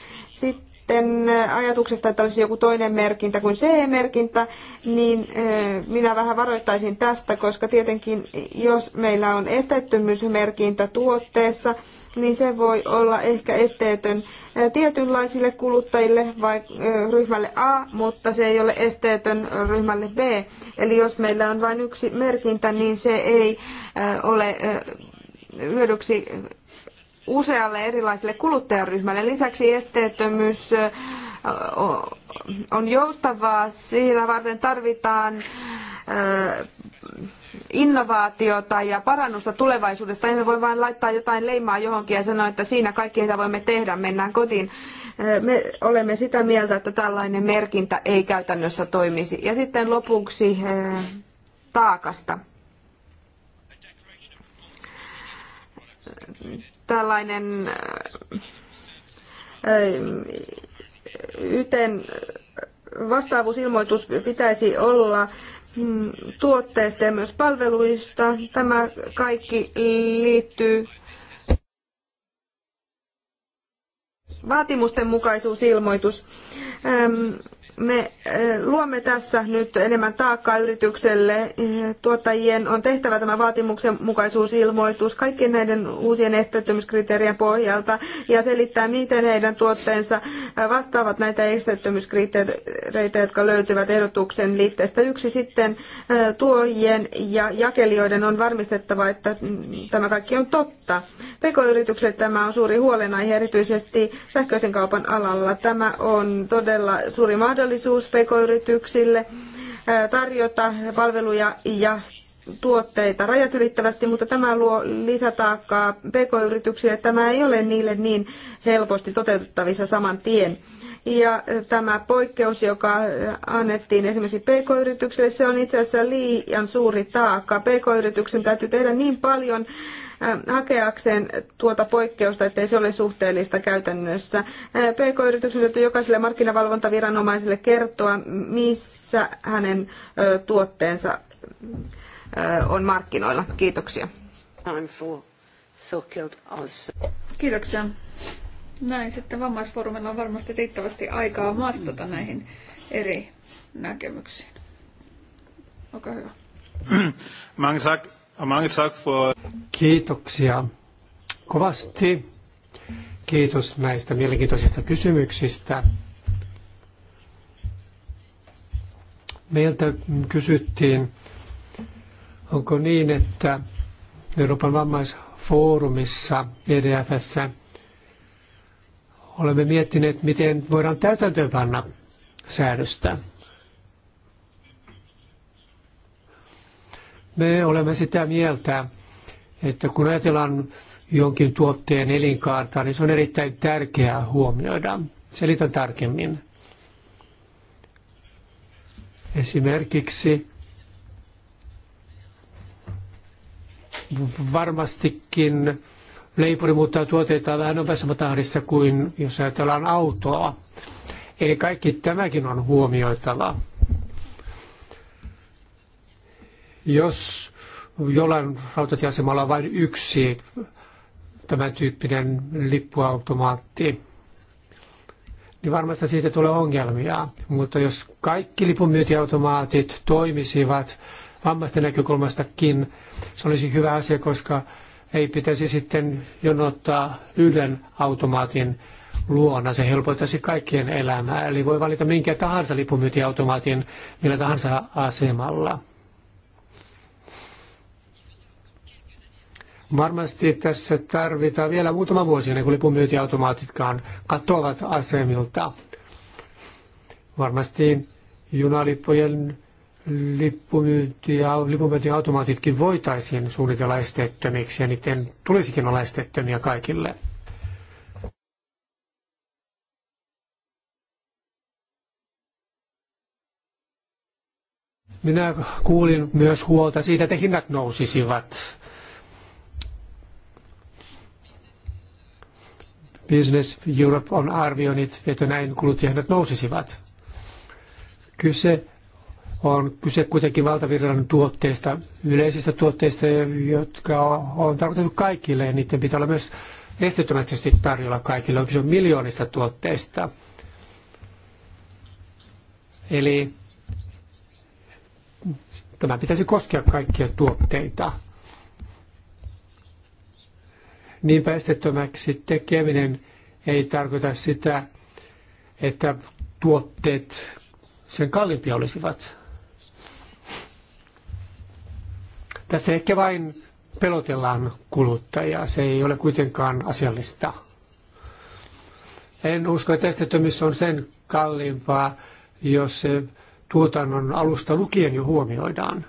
sitten äh, ajatuksesta, että olisi joku toinen merkintä kuin CE-merkintä, niin äh, minä vähän varoittaisin tästä, koska tietenkin jos meillä on esteettömyysmerkintä tuotteessa, niin se voi olla ehkä esteetön äh, tietynlaisille kuluttajille vai ryhmälle A, mutta se ei ole esteetön ryhmälle B. Eli jos meillä on vain yksi merkintä, niin se ei ole hyödyksi usealle erilaiselle kuluttajaryhmälle. Lisäksi esteettömyys on joustavaa, sillä varten tarvitaan innovaatiota ja parannusta tulevaisuudesta. Emme voi vain laittaa jotain leimaa johonkin ja sanoa, että siinä kaikki mitä voimme tehdä, mennään kotiin. Me olemme sitä mieltä, että tällainen merkintä ei käytännössä toimisi. Ja sitten lopuksi taakasta. tällainen yten vastaavuusilmoitus pitäisi olla tuotteista ja myös palveluista. Tämä kaikki liittyy vaatimusten mukaisuusilmoitus me eh, luomme tässä nyt enemmän taakkaa yritykselle. Eh, tuottajien on tehtävä tämä vaatimuksenmukaisuusilmoitus kaikkien näiden uusien esteettömyyskriteerien pohjalta ja selittää, miten heidän tuotteensa eh, vastaavat näitä esteettömyyskriteereitä, jotka löytyvät ehdotuksen liitteestä. Yksi sitten tuojien ja jakelijoiden on varmistettava, että tämä kaikki on totta. pk tämä on suuri huolenaihe, erityisesti sähköisen kaupan alalla. Tämä on todella suuri mahdollisuus mahdollisuus pk-yrityksille tarjota palveluja ja tuotteita rajat ylittävästi, mutta tämä luo lisätaakkaa pk-yrityksille. Tämä ei ole niille niin helposti toteutettavissa saman tien. Ja tämä poikkeus, joka annettiin esimerkiksi pk-yritykselle, se on itse asiassa liian suuri taakka. Pk-yrityksen täytyy tehdä niin paljon Äh, hakeakseen tuota poikkeusta, ettei se ole suhteellista käytännössä. Äh, PK-yrityksen täytyy jokaiselle markkinavalvontaviranomaiselle kertoa, missä hänen tuotteensa on markkinoilla. Kiitoksia. Kiitoksia. Näin sitten vammaisfoorumilla on varmasti riittävästi aikaa vastata näihin eri näkemyksiin. Olkaa hyvä. Kiitoksia kovasti. Kiitos näistä mielenkiintoisista kysymyksistä. Meiltä kysyttiin, onko niin, että Euroopan vammaisfoorumissa EDFssä olemme miettineet, miten voidaan täytäntöönpanna säädöstä. Me olemme sitä mieltä, että kun ajatellaan jonkin tuotteen elinkaarta, niin se on erittäin tärkeää huomioida. Selitän tarkemmin. Esimerkiksi varmastikin leipuri muuttaa tuotteita, vähän nopeammassa tahdissa kuin jos ajatellaan autoa. Eli kaikki tämäkin on huomioitava. Jos jollain rautatieasemalla on vain yksi tämän tyyppinen lippuautomaatti, niin varmasti siitä tulee ongelmia. Mutta jos kaikki lipunmyyntiautomaatit toimisivat vammaisten näkökulmastakin, se olisi hyvä asia, koska ei pitäisi sitten jonottaa yhden automaatin luona. Se helpottaisi kaikkien elämää. Eli voi valita minkä tahansa lipunmyyntiautomaatin millä tahansa asemalla. Varmasti tässä tarvitaan vielä muutama vuosi ennen kuin lipunmyyntiautomaatitkaan katoavat asemilta. Varmasti junalippujen lipunmyyntiautomaatitkin voitaisiin suunnitella esteettömiksi ja niiden tulisikin olla esteettömiä kaikille. Minä kuulin myös huolta siitä, että hinnat nousisivat Business Europe on arvioinut, että näin kuluttajahinnat nousisivat. Kyse on kyse kuitenkin valtavirran tuotteista, yleisistä tuotteista, jotka on tarkoitettu kaikille ja niiden pitää olla myös estettömästi tarjolla kaikille. On kyse miljoonista tuotteista. Eli tämä pitäisi koskea kaikkia tuotteita niin päästettömäksi tekeminen ei tarkoita sitä, että tuotteet sen kalliimpia olisivat. Tässä ehkä vain pelotellaan kuluttajaa. Se ei ole kuitenkaan asiallista. En usko, että esteettömyys on sen kalliimpaa, jos se tuotannon alusta lukien jo huomioidaan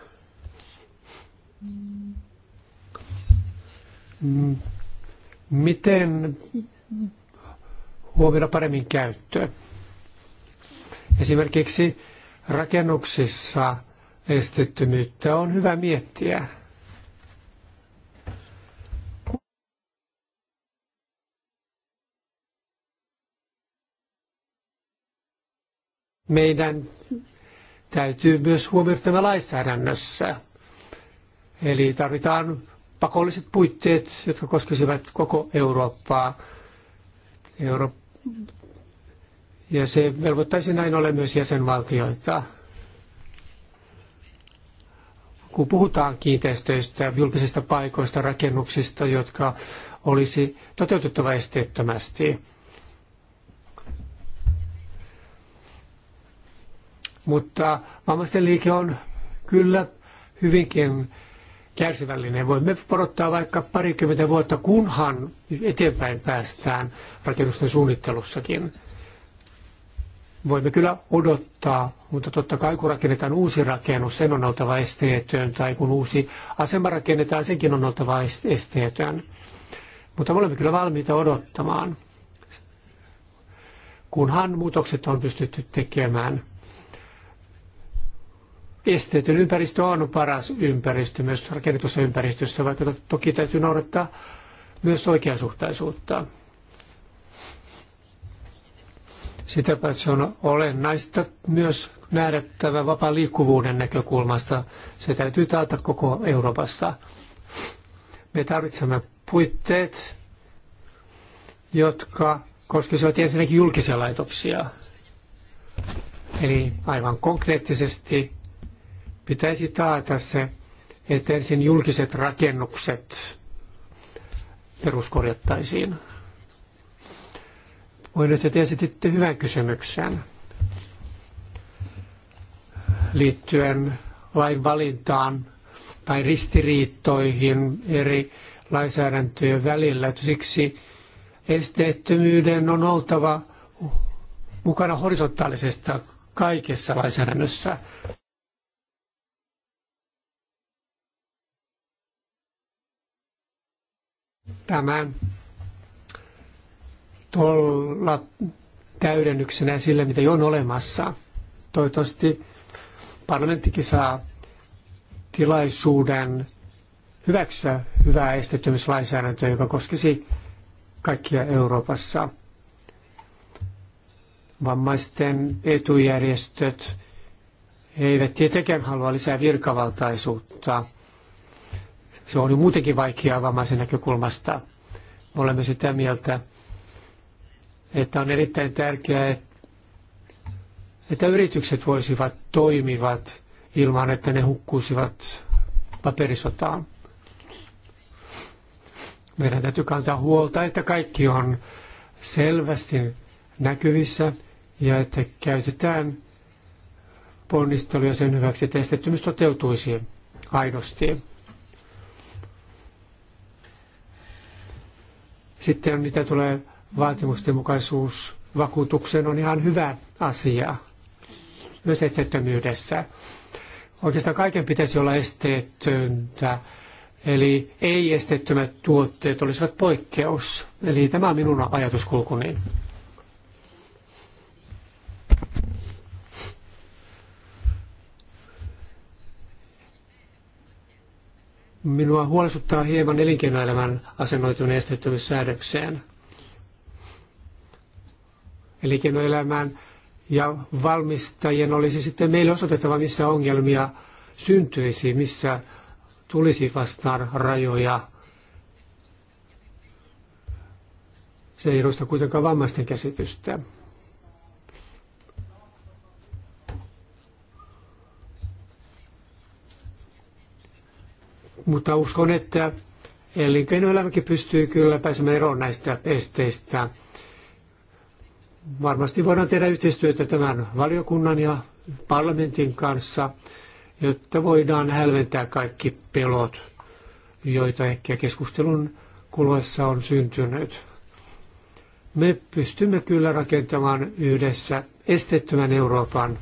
miten huomioida paremmin käyttö. Esimerkiksi rakennuksissa esteettömyyttä on hyvä miettiä. Meidän täytyy myös huomioida tämä lainsäädännössä. Eli tarvitaan pakolliset puitteet, jotka koskisivat koko Eurooppaa. ja se velvoittaisi näin ollen myös jäsenvaltioita. Kun puhutaan kiinteistöistä, julkisista paikoista, rakennuksista, jotka olisi toteutettava esteettömästi, mutta vammaisten liike on kyllä hyvinkin kärsivällinen. Voimme porottaa vaikka parikymmentä vuotta, kunhan eteenpäin päästään rakennusten suunnittelussakin. Voimme kyllä odottaa, mutta totta kai kun rakennetaan uusi rakennus, sen on oltava esteetön, tai kun uusi asema rakennetaan, senkin on oltava esteetön. Mutta me olemme kyllä valmiita odottamaan, kunhan muutokset on pystytty tekemään esteetön ympäristö on paras ympäristö myös rakennetussa ympäristössä, vaikka toki täytyy noudattaa myös oikeasuhtaisuutta. Sitä paitsi on olennaista myös nähdettävä vapaan liikkuvuuden näkökulmasta. Se täytyy taata koko Euroopassa. Me tarvitsemme puitteet, jotka koskisivat ensinnäkin julkisia laitoksia. Eli aivan konkreettisesti Pitäisi taata se, että ensin julkiset rakennukset peruskorjattaisiin. Voi nyt, että esititte hyvän kysymyksen liittyen lain valintaan tai ristiriittoihin eri lainsäädäntöjen välillä. Siksi esteettömyyden on oltava mukana horisontaalisesta kaikessa lainsäädännössä. tämän tuolla täydennyksenä sille, mitä jo on olemassa. Toivottavasti parlamenttikin saa tilaisuuden hyväksyä hyvää esteettömyyslainsäädäntöä, joka koskisi kaikkia Euroopassa. Vammaisten etujärjestöt eivät tietenkään halua lisää virkavaltaisuutta, se on jo muutenkin vaikeaa vammaisen näkökulmasta. Me olemme sitä mieltä, että on erittäin tärkeää, että yritykset voisivat toimivat ilman, että ne hukkuisivat paperisotaan. Meidän täytyy kantaa huolta, että kaikki on selvästi näkyvissä ja että käytetään ponnisteluja sen hyväksi, että esteettömyys toteutuisi aidosti. Sitten mitä tulee mukaisuus, vakuutukseen on ihan hyvä asia myös esteettömyydessä. Oikeastaan kaiken pitäisi olla esteettöntä, eli ei-esteettömät tuotteet olisivat poikkeus. Eli tämä on minun ajatuskulkuni. Minua huolestuttaa hieman elinkeinoelämän asennoituneen esteettömyyssäädökseen. Elinkeinoelämän ja valmistajien olisi sitten meille osoitettava, missä ongelmia syntyisi, missä tulisi vastaan rajoja. Se ei edusta kuitenkaan vammaisten käsitystä. Mutta uskon, että elinkeinoelämäkin pystyy kyllä pääsemään eroon näistä esteistä. Varmasti voidaan tehdä yhteistyötä tämän valiokunnan ja parlamentin kanssa, jotta voidaan hälventää kaikki pelot, joita ehkä keskustelun kuluessa on syntynyt. Me pystymme kyllä rakentamaan yhdessä esteettömän Euroopan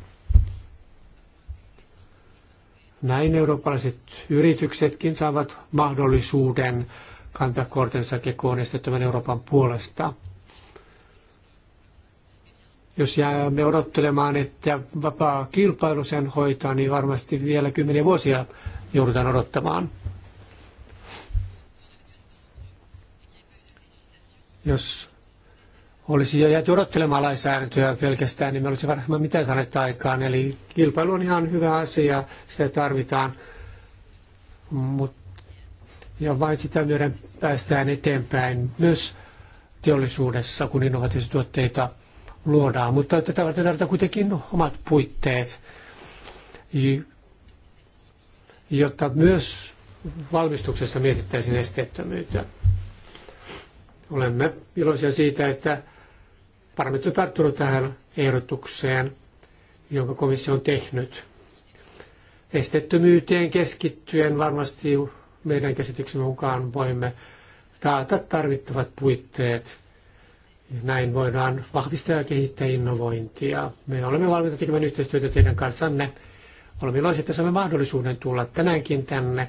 näin eurooppalaiset yrityksetkin saavat mahdollisuuden kantaa kortensa kekoon estettömän Euroopan puolesta. Jos jäämme odottelemaan, että vapaa kilpailu sen hoitaa, niin varmasti vielä kymmeniä vuosia joudutaan odottamaan. Jos olisi jo jääty odottelemaan lainsäädäntöä pelkästään, niin me olisi varmaan mitään saaneet aikaan. Eli kilpailu on ihan hyvä asia, sitä tarvitaan. Mut, ja vain sitä myöden päästään eteenpäin myös teollisuudessa, kun innovatiivisia tuotteita luodaan. Mutta tätä varten tarvitaan kuitenkin omat puitteet, jotta myös valmistuksessa mietittäisiin esteettömyyttä. Olemme iloisia siitä, että parlamentti on tarttunut tähän ehdotukseen, jonka komissio on tehnyt. Estettömyyteen keskittyen varmasti meidän käsityksemme mukaan voimme taata tarvittavat puitteet. Näin voidaan vahvistaa ja kehittää innovointia. Me olemme valmiita tekemään yhteistyötä teidän kanssanne. Olemme iloisia, että saamme mahdollisuuden tulla tänäänkin tänne.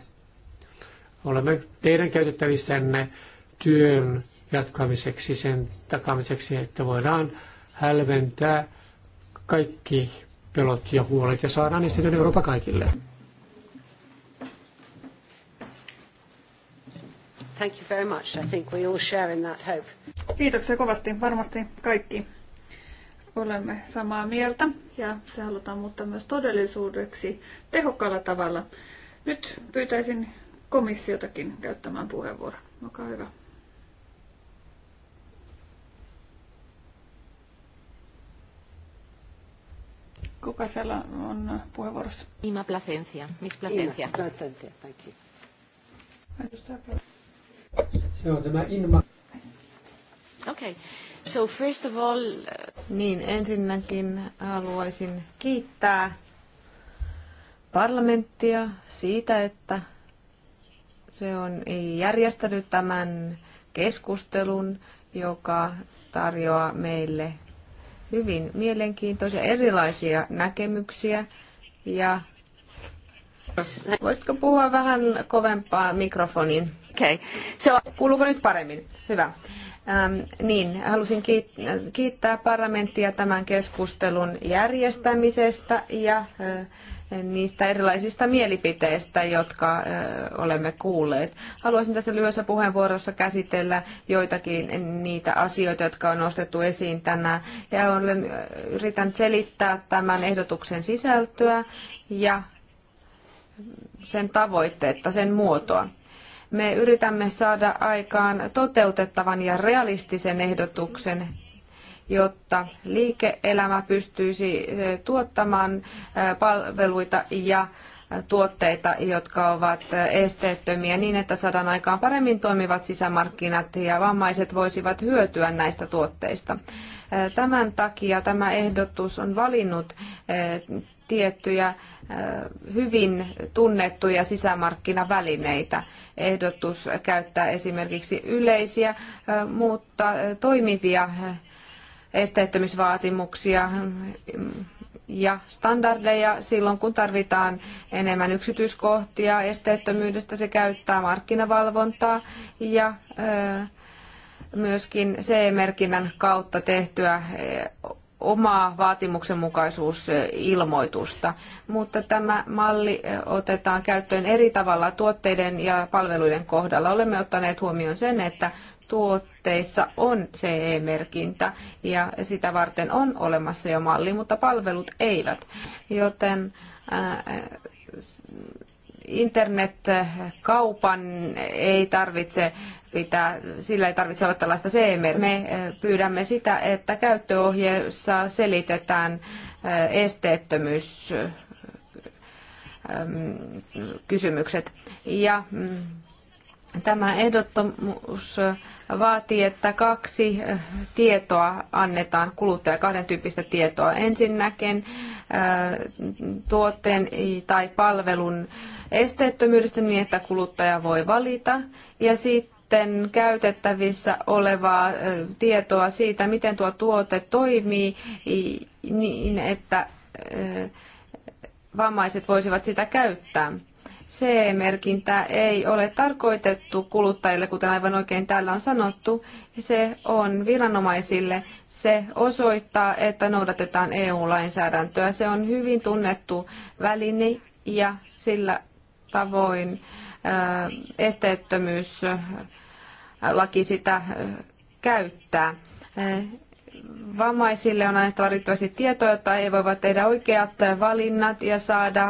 Olemme teidän käytettävissänne työn jatkamiseksi, sen takamiseksi, että voidaan hälventää kaikki pelot ja huolet ja saadaan niistä Eurooppa kaikille. Thank you very much. I think we all share in that hope. Kiitoksia kovasti. Varmasti kaikki olemme samaa mieltä ja se halutaan muuttaa myös todellisuudeksi tehokkaalla tavalla. Nyt pyytäisin komissiotakin käyttämään puheenvuoron. Olkaa hyvä. Kuka siellä on puheenvuorossa? Ima Placencia. Miss Placencia. Ima Placencia, thank you. Se on tämä Inma. Okay. So first of all... Uh, niin, ensinnäkin haluaisin kiittää parlamenttia siitä, että se on järjestänyt tämän keskustelun, joka tarjoaa meille hyvin mielenkiintoisia erilaisia näkemyksiä ja Voisitko puhua vähän kovempaa mikrofoniin? Okei. Okay. So, kuuluuko nyt paremmin? Hyvä. Ähm, niin, halusin kiittää parlamenttia tämän keskustelun järjestämisestä ja äh, niistä erilaisista mielipiteistä, jotka olemme kuulleet. Haluaisin tässä lyhyessä puheenvuorossa käsitellä joitakin niitä asioita, jotka on nostettu esiin tänään. Ja olen, yritän selittää tämän ehdotuksen sisältöä ja sen tavoitteetta, sen muotoa. Me yritämme saada aikaan toteutettavan ja realistisen ehdotuksen jotta liike-elämä pystyisi eh, tuottamaan eh, palveluita ja eh, tuotteita, jotka ovat esteettömiä niin, että saadaan aikaan paremmin toimivat sisämarkkinat ja vammaiset voisivat hyötyä näistä tuotteista. Tämän takia tämä ehdotus on valinnut tiettyjä hyvin tunnettuja sisämarkkinavälineitä. Ehdotus käyttää esimerkiksi yleisiä, mutta toimivia esteettömyysvaatimuksia ja standardeja silloin, kun tarvitaan enemmän yksityiskohtia esteettömyydestä. Se käyttää markkinavalvontaa ja myöskin CE-merkinnän kautta tehtyä omaa vaatimuksenmukaisuusilmoitusta, mutta tämä malli otetaan käyttöön eri tavalla tuotteiden ja palveluiden kohdalla. Olemme ottaneet huomioon sen, että tuotteissa on CE-merkintä ja sitä varten on olemassa jo malli, mutta palvelut eivät. Joten äh, internetkaupan ei tarvitse pitää, sillä ei tarvitse olla tällaista CE-merkintä. Me äh, pyydämme sitä, että käyttöohjeessa selitetään äh, esteettömyyskysymykset. Ja mm, Tämä ehdottomuus vaatii, että kaksi eh, tietoa annetaan kuluttaja, kahden tyyppistä tietoa. Ensinnäkin eh, tuotteen tai palvelun esteettömyydestä niin, että kuluttaja voi valita. Ja sitten käytettävissä olevaa eh, tietoa siitä, miten tuo tuote toimii niin, että vammaiset voisivat sitä käyttää. CE-merkintä ei ole tarkoitettu kuluttajille, kuten aivan oikein täällä on sanottu. Se on viranomaisille. Se osoittaa, että noudatetaan EU-lainsäädäntöä. Se on hyvin tunnettu väline ja sillä tavoin äh, esteettömyyslaki sitä äh, käyttää. Äh, vammaisille on annettava riittävästi tietoa, jotta he voivat tehdä oikeat valinnat ja saada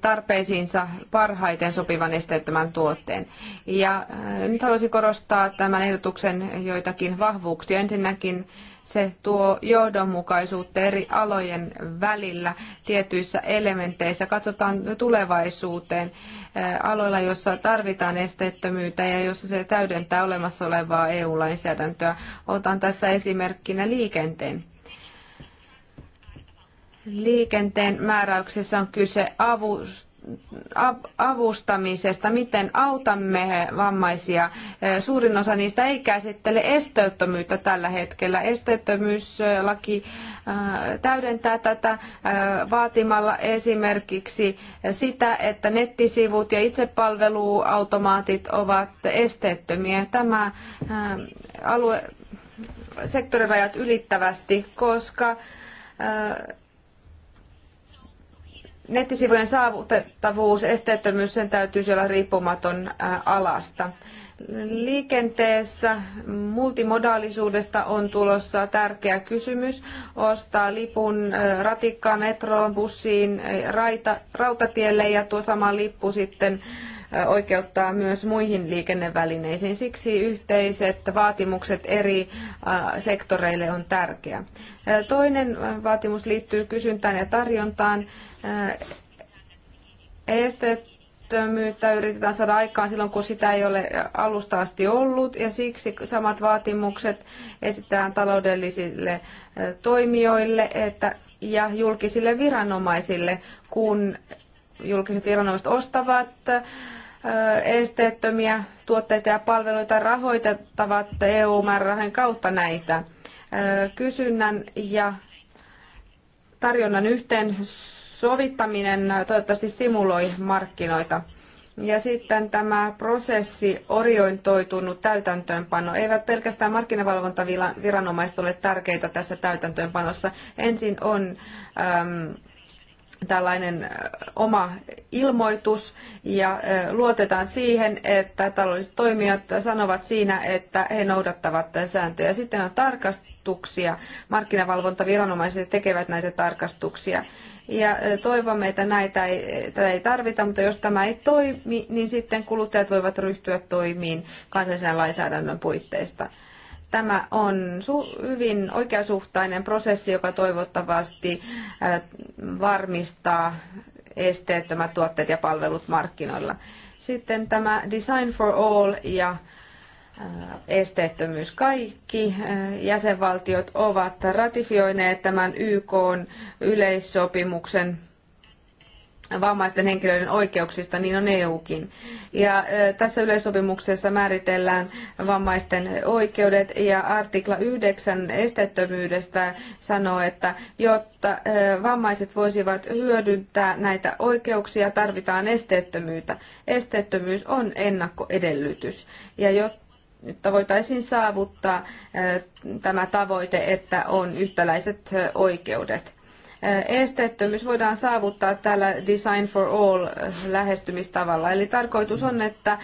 tarpeisiinsa parhaiten sopivan esteettömän tuotteen. Ja äh, nyt haluaisin korostaa tämän ehdotuksen joitakin vahvuuksia. Ensinnäkin se tuo johdonmukaisuutta eri alojen välillä tietyissä elementeissä. Katsotaan tulevaisuuteen äh, aloilla, jossa tarvitaan esteettömyyttä ja jossa se täydentää olemassa olevaa EU-lainsäädäntöä. Otan tässä esimerkkinä liikenteen liikenteen määräyksessä on kyse avustamisesta, miten autamme vammaisia. Suurin osa niistä ei käsittele esteettömyyttä tällä hetkellä. Esteettömyyslaki täydentää tätä vaatimalla esimerkiksi sitä, että nettisivut ja itsepalveluautomaatit ovat esteettömiä. Tämä alue sektorirajat ylittävästi, koska Nettisivujen saavutettavuus, esteettömyys, sen täytyisi olla riippumaton alasta. Liikenteessä multimodaalisuudesta on tulossa tärkeä kysymys. Ostaa lipun ratikkaan, metroon, bussiin, raita, rautatielle ja tuo sama lippu sitten oikeuttaa myös muihin liikennevälineisiin. Siksi yhteiset vaatimukset eri sektoreille on tärkeä. Toinen vaatimus liittyy kysyntään ja tarjontaan. Esteettömyyttä yritetään saada aikaan silloin, kun sitä ei ole alusta asti ollut, ja siksi samat vaatimukset esitetään taloudellisille toimijoille että, ja julkisille viranomaisille, kun julkiset viranomaiset ostavat esteettömiä tuotteita ja palveluita rahoitettavat EU-määrärahojen kautta näitä. Kysynnän ja tarjonnan yhteen sovittaminen toivottavasti stimuloi markkinoita. Ja sitten tämä prosessi orientoitunut täytäntöönpano. Eivät pelkästään markkinavalvontaviranomaiset ole tärkeitä tässä täytäntöönpanossa. Ensin on tällainen oma ilmoitus ja luotetaan siihen, että taloudelliset toimijat sanovat siinä, että he noudattavat sääntöjä. Sitten on tarkastuksia. Markkinavalvontaviranomaiset tekevät näitä tarkastuksia. Ja toivomme, että näitä ei, tätä ei tarvita, mutta jos tämä ei toimi, niin sitten kuluttajat voivat ryhtyä toimiin kansallisen lainsäädännön puitteista Tämä on hyvin oikeasuhtainen prosessi, joka toivottavasti varmistaa esteettömät tuotteet ja palvelut markkinoilla. Sitten tämä Design for All ja esteettömyys kaikki. Jäsenvaltiot ovat ratifioineet tämän YK yleissopimuksen vammaisten henkilöiden oikeuksista, niin on EUkin. Ja tässä yleissopimuksessa määritellään vammaisten oikeudet ja artikla 9 estettömyydestä sanoo, että jotta vammaiset voisivat hyödyntää näitä oikeuksia, tarvitaan esteettömyyttä. Esteettömyys on ennakkoedellytys. Ja jotta jotta voitaisiin saavuttaa tämä tavoite, että on yhtäläiset oikeudet esteettömyys voidaan saavuttaa tällä Design for All lähestymistavalla. Eli tarkoitus on, että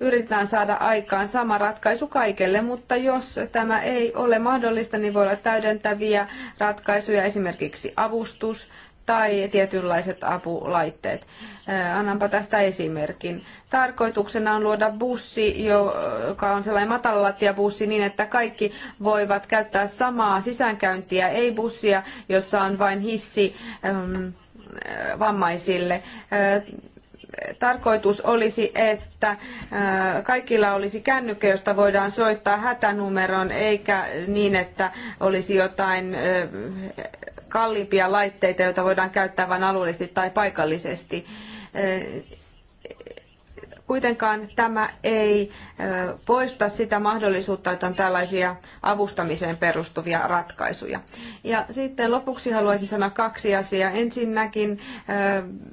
yritetään saada aikaan sama ratkaisu kaikille, mutta jos tämä ei ole mahdollista, niin voi olla täydentäviä ratkaisuja, esimerkiksi avustus, tai tietynlaiset apulaitteet. Äh, annanpa tästä esimerkin. Tarkoituksena on luoda bussi, joka on sellainen bussi, niin, että kaikki voivat käyttää samaa sisäänkäyntiä, ei bussia, jossa on vain hissi ähm, äh, vammaisille äh, tarkoitus olisi, että kaikilla olisi kännykkä, josta voidaan soittaa hätänumeroon, eikä niin, että olisi jotain kalliimpia laitteita, joita voidaan käyttää vain alueellisesti tai paikallisesti. Kuitenkaan tämä ei poista sitä mahdollisuutta, että on tällaisia avustamiseen perustuvia ratkaisuja. Ja sitten lopuksi haluaisin sanoa kaksi asiaa. Ensinnäkin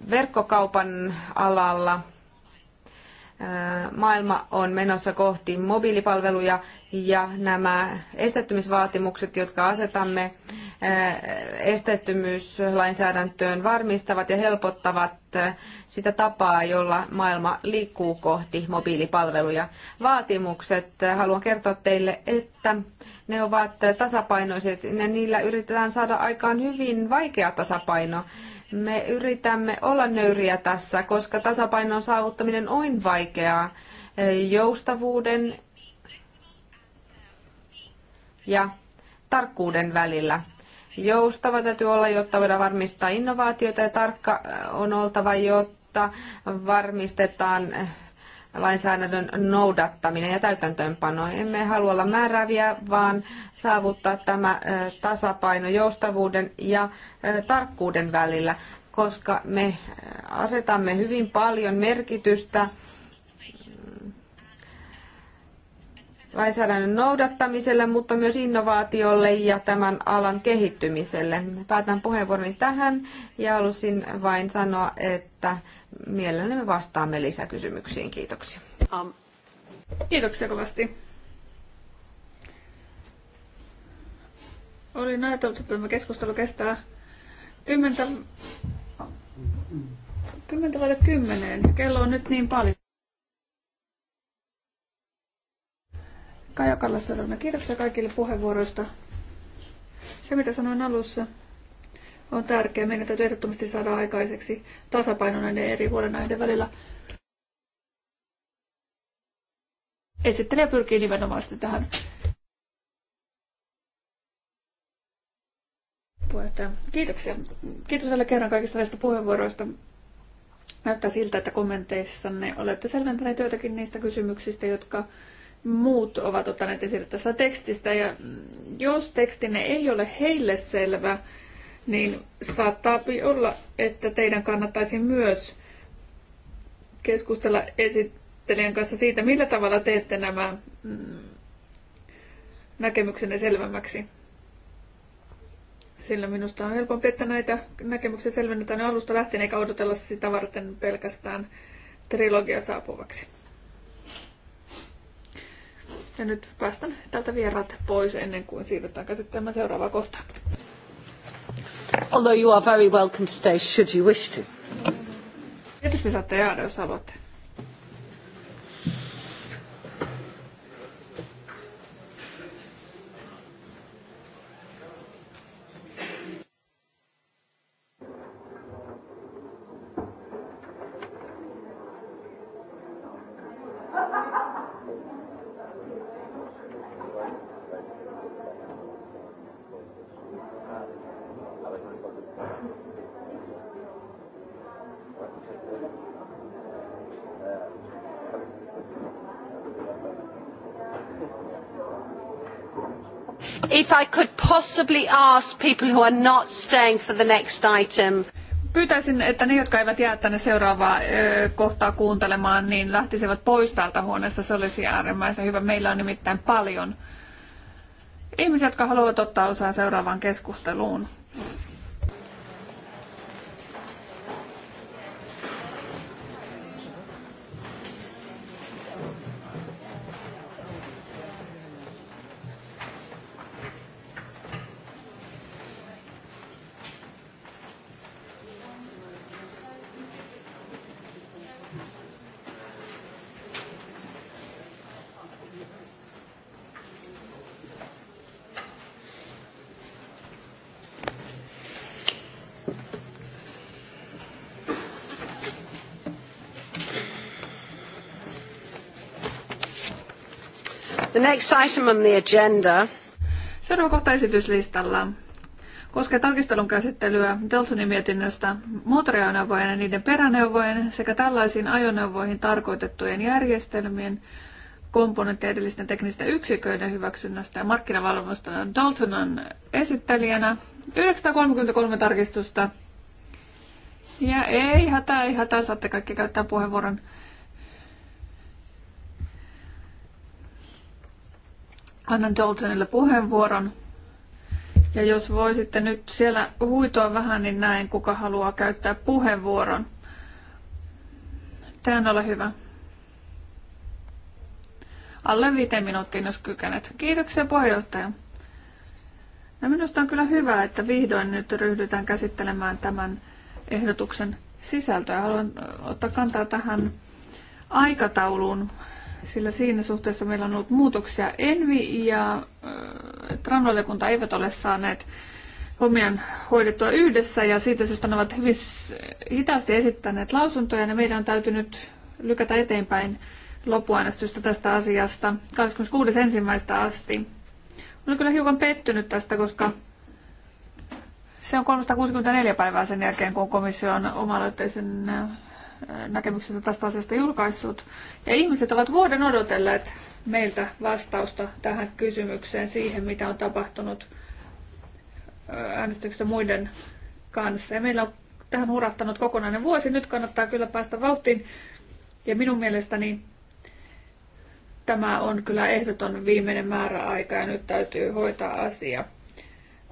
verkkokaupan alalla maailma on menossa kohti mobiilipalveluja ja nämä estettymisvaatimukset, jotka asetamme esteettömyyslainsäädäntöön varmistavat ja helpottavat sitä tapaa, jolla maailma liikkuu kohti mobiilipalveluja. Vaatimukset, haluan kertoa teille, että ne ovat tasapainoiset ja niillä yritetään saada aikaan hyvin vaikea tasapaino. Me yritämme olla nöyriä tässä, koska tasapainon saavuttaminen on vaikeaa. Joustavuuden ja tarkkuuden välillä joustava täytyy olla, jotta voidaan varmistaa innovaatioita ja tarkka äh, on oltava, jotta varmistetaan äh, lainsäädännön noudattaminen ja täytäntöönpano. Emme halua olla määräviä, vaan saavuttaa tämä äh, tasapaino joustavuuden ja tarkkuuden välillä, koska me asetamme hyvin paljon merkitystä lainsäädännön noudattamiselle, mutta myös innovaatiolle ja tämän alan kehittymiselle. Päätän puheenvuoroni tähän ja halusin vain sanoa, että mielellämme vastaamme lisäkysymyksiin. Kiitoksia. Um. Kiitoksia kovasti. Olin ajatellut, että tämä keskustelu kestää kymmentä, kymmentä vaille kymmeneen. Kello on nyt niin paljon. Kaija Kallastarona. Kiitoksia kaikille puheenvuoroista. Se, mitä sanoin alussa, on tärkeää. Meidän täytyy ehdottomasti saada aikaiseksi tasapaino näiden eri huolenaiheiden välillä. Esittelijä pyrkii nimenomaan tähän puheenjohtaja. Kiitoksia. Kiitos vielä kerran kaikista näistä puheenvuoroista. Näyttää siltä, että kommenteissanne olette selventäneet joitakin niistä kysymyksistä, jotka muut ovat ottaneet esille tässä tekstistä. Ja jos tekstinne ei ole heille selvä, niin saattaa olla, että teidän kannattaisi myös keskustella esittelijän kanssa siitä, millä tavalla teette nämä mm, näkemyksenne selvemmäksi. Sillä minusta on helpompi, että näitä näkemyksiä selvennetään alusta lähtien, eikä odotella sitä varten pelkästään trilogia saapuvaksi. Ja nyt päästän täältä vieraat pois ennen kuin siirrytään käsittelemään seuraavaa kohtaa. Although you are very welcome to stay, should you wish to. Tietysti saatte jäädä, jos haluatte. possibly ask people who are not staying for the next item? Pyytäisin, että ne, jotka eivät jää tänne seuraavaa ö, kohtaa kuuntelemaan, niin lähtisivät pois täältä huoneesta. Se olisi äärimmäisen hyvä. Meillä on nimittäin paljon ihmisiä, jotka haluavat ottaa osaa seuraavaan keskusteluun. next item on the agenda. Seuraava kohta esityslistalla koskee tarkistelun käsittelyä Daltonin mietinnöstä moottoriajoneuvojen ja niiden peräneuvojen sekä tällaisiin ajoneuvoihin tarkoitettujen järjestelmien komponenttien edellisten teknisten yksiköiden hyväksynnästä ja markkinavalvonnasta. Dalton on esittelijänä 933 tarkistusta. Ja ei hätää, ei hätää, saatte kaikki käyttää puheenvuoron. annan Joltsenille puheenvuoron. Ja jos voisitte nyt siellä huitoa vähän, niin näin, kuka haluaa käyttää puheenvuoron. on ole hyvä. Alle viiteen minuuttiin, jos kykenet. Kiitoksia puheenjohtaja. Ja minusta on kyllä hyvä, että vihdoin nyt ryhdytään käsittelemään tämän ehdotuksen sisältöä. Haluan ottaa kantaa tähän aikatauluun sillä siinä suhteessa meillä on ollut muutoksia. Envi ja äh, eivät ole saaneet hommian hoidettua yhdessä ja siitä syystä ne ovat hyvin hitaasti esittäneet lausuntoja ja meidän on täytynyt lykätä eteenpäin loppuäänestystä tästä asiasta 26.1. asti. Olen kyllä hiukan pettynyt tästä, koska se on 364 päivää sen jälkeen, kun komissio on oma näkemyksensä tästä asiasta julkaissut. Ja ihmiset ovat vuoden odotelleet meiltä vastausta tähän kysymykseen siihen, mitä on tapahtunut äänestyksestä muiden kanssa. Ja meillä on tähän hurahtanut kokonainen vuosi. Nyt kannattaa kyllä päästä vauhtiin. Ja minun mielestäni tämä on kyllä ehdoton viimeinen määräaika ja nyt täytyy hoitaa asia.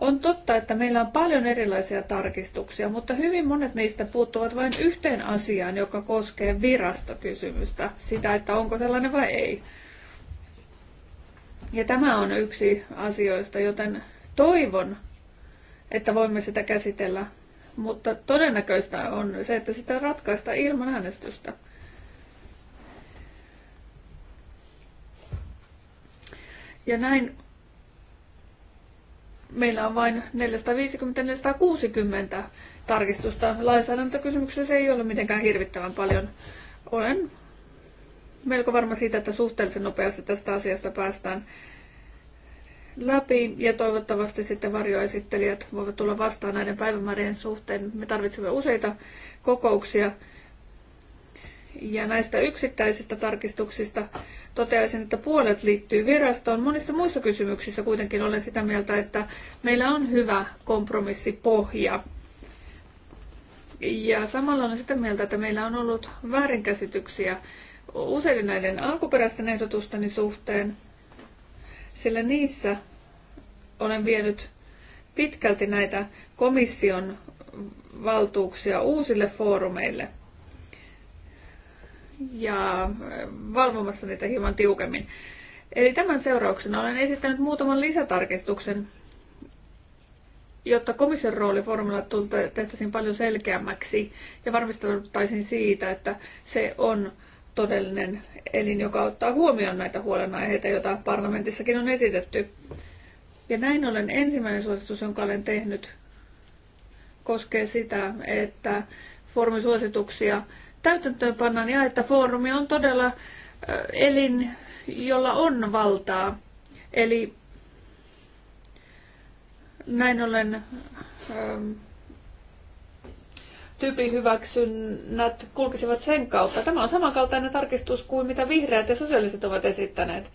On totta, että meillä on paljon erilaisia tarkistuksia, mutta hyvin monet niistä puuttuvat vain yhteen asiaan, joka koskee virastokysymystä, sitä, että onko sellainen vai ei. Ja tämä on yksi asioista, joten toivon, että voimme sitä käsitellä, mutta todennäköistä on se, että sitä ratkaista ilman äänestystä. Ja näin meillä on vain 450-460 tarkistusta. Lainsäädäntökysymyksessä ei ole mitenkään hirvittävän paljon. Olen melko varma siitä, että suhteellisen nopeasti tästä asiasta päästään läpi ja toivottavasti sitten varjoesittelijät voivat tulla vastaan näiden päivämäärien suhteen. Me tarvitsemme useita kokouksia ja näistä yksittäisistä tarkistuksista toteaisin, että puolet liittyy virastoon. Monissa muissa kysymyksissä kuitenkin olen sitä mieltä, että meillä on hyvä kompromissipohja. Ja samalla olen sitä mieltä, että meillä on ollut väärinkäsityksiä useiden näiden alkuperäisten ehdotusteni suhteen, sillä niissä olen vienyt pitkälti näitä komission valtuuksia uusille foorumeille – ja äh, valvomassa niitä hieman tiukemmin. Eli tämän seurauksena olen esittänyt muutaman lisätarkistuksen, jotta komission rooli foorumilla tehtäisiin paljon selkeämmäksi ja varmistettaisiin siitä, että se on todellinen elin, joka ottaa huomioon näitä huolenaiheita, joita parlamentissakin on esitetty. Ja näin ollen ensimmäinen suositus, jonka olen tehnyt, koskee sitä, että formisuosituksia suosituksia täytäntöön pannaan ja että foorumi on todella elin, jolla on valtaa. Eli näin ollen ähm, tyypihyväksynnät kulkisivat sen kautta. Tämä on samankaltainen tarkistus kuin mitä vihreät ja sosiaaliset ovat esittäneet.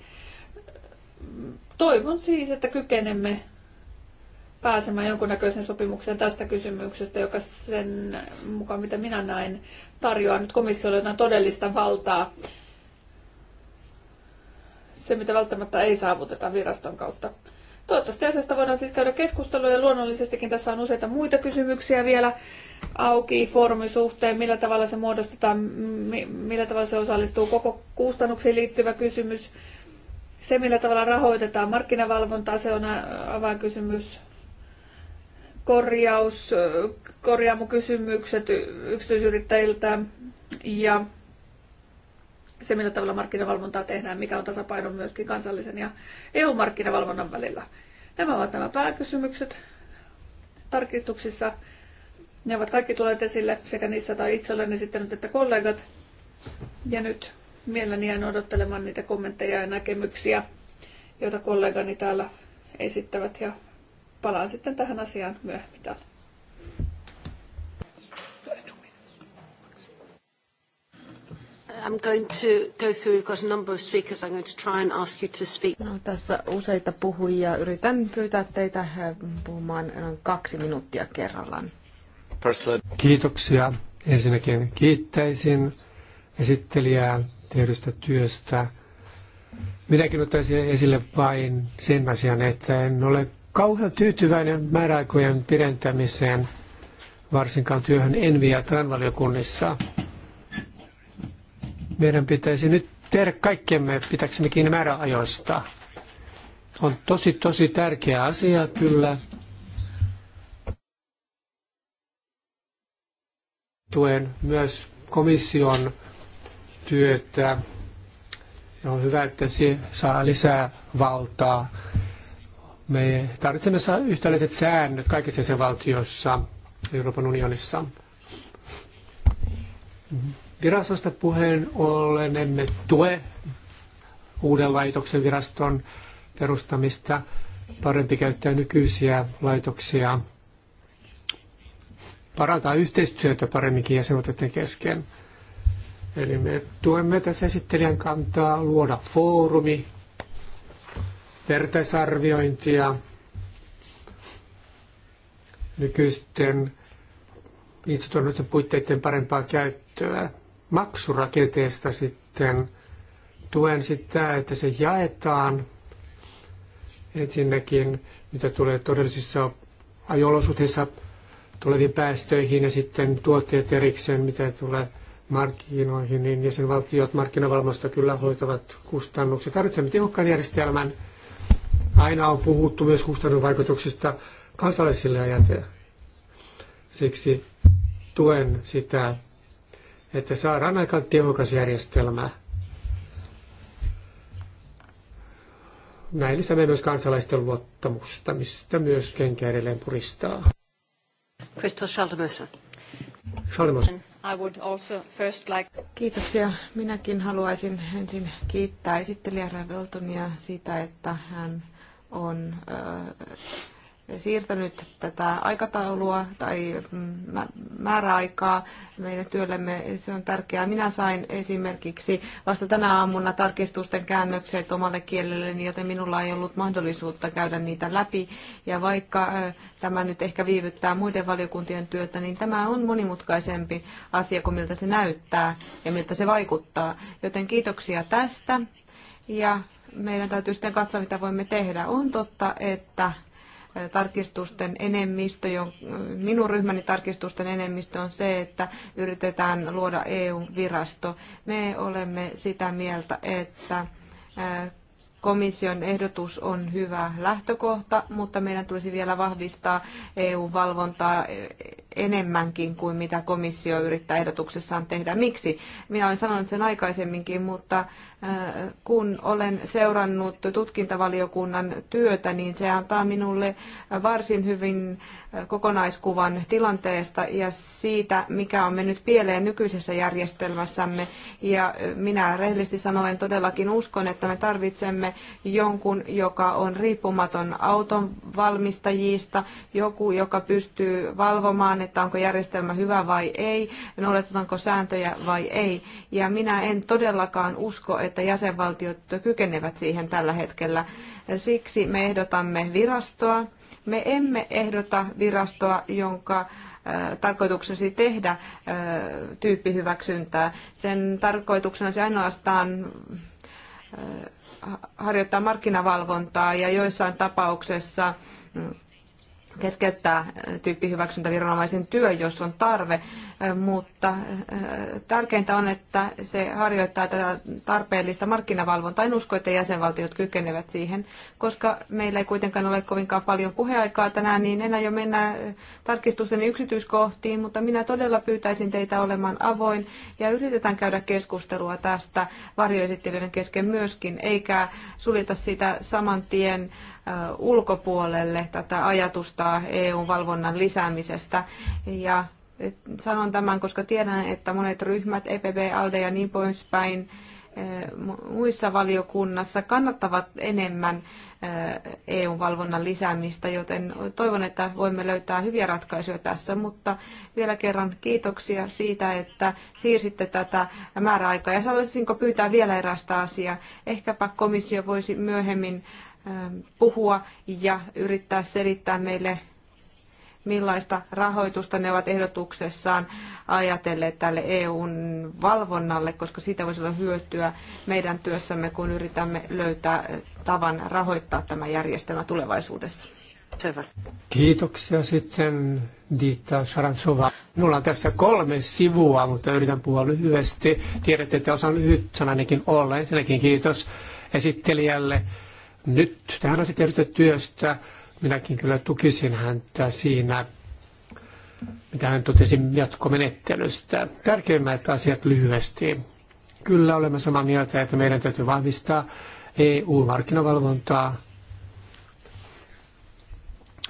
Toivon siis, että kykenemme pääsemään jonkunnäköiseen sopimukseen tästä kysymyksestä, joka sen mukaan mitä minä näin tarjoaa nyt komissiolle jotain todellista valtaa. Se, mitä välttämättä ei saavuteta viraston kautta. Toivottavasti asiasta voidaan siis käydä keskustelua ja luonnollisestikin tässä on useita muita kysymyksiä vielä auki foorumin suhteen, millä tavalla se muodostetaan, millä tavalla se osallistuu, koko kustannuksiin liittyvä kysymys, se millä tavalla rahoitetaan markkinavalvontaa, se on avainkysymys, korjaus, korjaamokysymykset yksityisyrittäjiltä ja se, millä tavalla markkinavalvontaa tehdään, mikä on tasapaino myöskin kansallisen ja EU-markkinavalvonnan välillä. Nämä ovat nämä pääkysymykset tarkistuksissa. Ne ovat kaikki tulleet esille sekä niissä, tai itse olen esittänyt, että kollegat. Ja nyt mielelläni jään odottelemaan niitä kommentteja ja näkemyksiä, joita kollegani täällä esittävät ja palaan sitten tähän asiaan myöhemmin täällä. I'm going to go through, we've got a number of speakers, I'm going to try and ask you to speak. No, tässä useita puhujia. Yritän pyytää teitä äh, puhumaan noin kaksi minuuttia kerrallaan. Kiitoksia. Ensinnäkin kiittäisin esittelijää tehdystä työstä. Minäkin ottaisin esille vain sen asian, että en ole kauhean tyytyväinen määräaikojen pidentämiseen, varsinkaan työhön Envi- ja Tran-valiokunnissa. Meidän pitäisi nyt tehdä kaikkemme pitäksemme kiinni määräajoista. On tosi, tosi tärkeä asia kyllä. Tuen myös komission työtä. Ja on hyvä, että se saa lisää valtaa me tarvitsemme yhtäläiset säännöt kaikissa jäsenvaltioissa Euroopan unionissa. Virastosta puheen ollen emme tue uuden laitoksen viraston perustamista. Parempi käyttää nykyisiä laitoksia. Parantaa yhteistyötä paremminkin jäsenvaltioiden kesken. Eli me tuemme tässä esittelijän kantaa luoda foorumi vertaisarviointia nykyisten itsetunnollisten puitteiden parempaa käyttöä. Maksurakenteesta sitten tuen sitä, että se jaetaan ensinnäkin, mitä tulee todellisissa ajolosuhteissa tuleviin päästöihin ja sitten tuotteet erikseen, mitä tulee markkinoihin, niin Valtiot markkinavalmasta kyllä hoitavat kustannukset. Tarvitsemme tehokkaan järjestelmän, Aina on puhuttu myös kustannusvaikutuksista kansalaisille ajatella. Siksi tuen sitä, että saadaan aika tehokas järjestelmä. Näin lisäämme myös kansalaisten luottamusta, mistä myös kenkä edelleen puristaa. Crystal Kiitoksia. Minäkin haluaisin ensin kiittää esittelijä Radoltonia siitä, että hän on siirtänyt tätä aikataulua tai määräaikaa meidän työllemme. Se on tärkeää. Minä sain esimerkiksi vasta tänä aamuna tarkistusten käännökset omalle kielelleni, joten minulla ei ollut mahdollisuutta käydä niitä läpi. Ja vaikka tämä nyt ehkä viivyttää muiden valiokuntien työtä, niin tämä on monimutkaisempi asia kuin miltä se näyttää ja miltä se vaikuttaa. Joten kiitoksia tästä. Ja meidän täytyy sitten katsoa, mitä voimme tehdä. On totta, että tarkistusten enemmistö, minun ryhmäni tarkistusten enemmistö on se, että yritetään luoda EU-virasto. Me olemme sitä mieltä, että komission ehdotus on hyvä lähtökohta, mutta meidän tulisi vielä vahvistaa EU-valvontaa enemmänkin kuin mitä komissio yrittää ehdotuksessaan tehdä. Miksi? Minä olen sanonut sen aikaisemminkin, mutta äh, kun olen seurannut tutkintavaliokunnan työtä, niin se antaa minulle varsin hyvin äh, kokonaiskuvan tilanteesta ja siitä, mikä on mennyt pieleen nykyisessä järjestelmässämme. Ja äh, minä rehellisesti sanoen todellakin uskon, että me tarvitsemme jonkun, joka on riippumaton auton valmistajista, joku, joka pystyy valvomaan, että onko järjestelmä hyvä vai ei, noudatetaanko sääntöjä vai ei. Ja minä en todellakaan usko, että jäsenvaltiot kykenevät siihen tällä hetkellä. Siksi me ehdotamme virastoa. Me emme ehdota virastoa, jonka äh, tarkoituksesi tehdä äh, tyyppihyväksyntää. Sen tarkoituksena se ainoastaan äh, harjoittaa markkinavalvontaa ja joissain tapauksessa mm, keskeyttää äh, tyyppihyväksyntäviranomaisen työ, jos on tarve, äh, mutta äh, tärkeintä on, että se harjoittaa tätä tarpeellista markkinavalvontaa. En usko, että jäsenvaltiot kykenevät siihen, koska meillä ei kuitenkaan ole kovinkaan paljon puheaikaa tänään, niin en jo mennä tarkistusten yksityiskohtiin, mutta minä todella pyytäisin teitä olemaan avoin ja yritetään käydä keskustelua tästä varjoesittelyiden kesken myöskin, eikä suljeta sitä saman tien ulkopuolelle tätä ajatusta EU-valvonnan lisäämisestä. Ja sanon tämän, koska tiedän, että monet ryhmät, EPB, ALDE ja niin poispäin, muissa valiokunnassa kannattavat enemmän EU-valvonnan lisäämistä, joten toivon, että voimme löytää hyviä ratkaisuja tässä, mutta vielä kerran kiitoksia siitä, että siirsitte tätä määräaikaa. Ja sallisinko pyytää vielä erästä asiaa? Ehkäpä komissio voisi myöhemmin Ähm, puhua ja yrittää selittää meille, millaista rahoitusta ne ovat ehdotuksessaan ajatelleet tälle EUn valvonnalle, koska siitä voisi olla hyötyä meidän työssämme, kun yritämme löytää tavan rahoittaa tämä järjestelmä tulevaisuudessa. Kiitoksia sitten Diitta Sharantsova. Minulla on tässä kolme sivua, mutta yritän puhua lyhyesti. Tiedätte, että osaan lyhyt olla. Ensinnäkin kiitos esittelijälle nyt tähän asti tehdystä työstä. Minäkin kyllä tukisin häntä siinä, mitä hän totesi jatkomenettelystä. Tärkeimmät asiat lyhyesti. Kyllä olemme samaa mieltä, että meidän täytyy vahvistaa EU-markkinavalvontaa,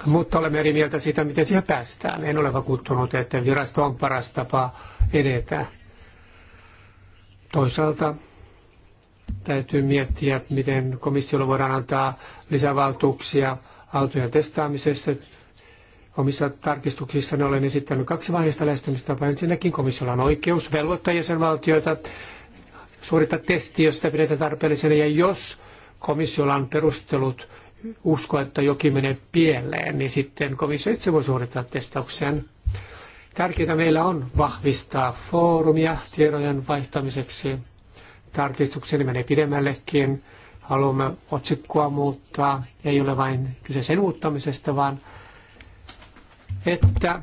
mutta olemme eri mieltä siitä, miten siihen päästään. En ole vakuuttunut, että virasto on paras tapa edetä. Toisaalta Täytyy miettiä, miten komissiolle voidaan antaa lisävaltuuksia autojen testaamisessa. Omissa tarkistuksissani olen esittänyt kaksi vaiheista lähestymistapaa. Ensinnäkin komissiolla on oikeus velvoittaa jäsenvaltioita suorittaa testi, jos sitä pidetään tarpeellisena, ja jos komissiolla on perustelut usko, että jokin menee pieleen, niin sitten komissio itse voi suorittaa testauksen. Tärkeintä meillä on vahvistaa foorumia tietojen vaihtamiseksi tarkistukseni menee pidemmällekin. Haluamme otsikkoa muuttaa. Ei ole vain kyse sen muuttamisesta, vaan että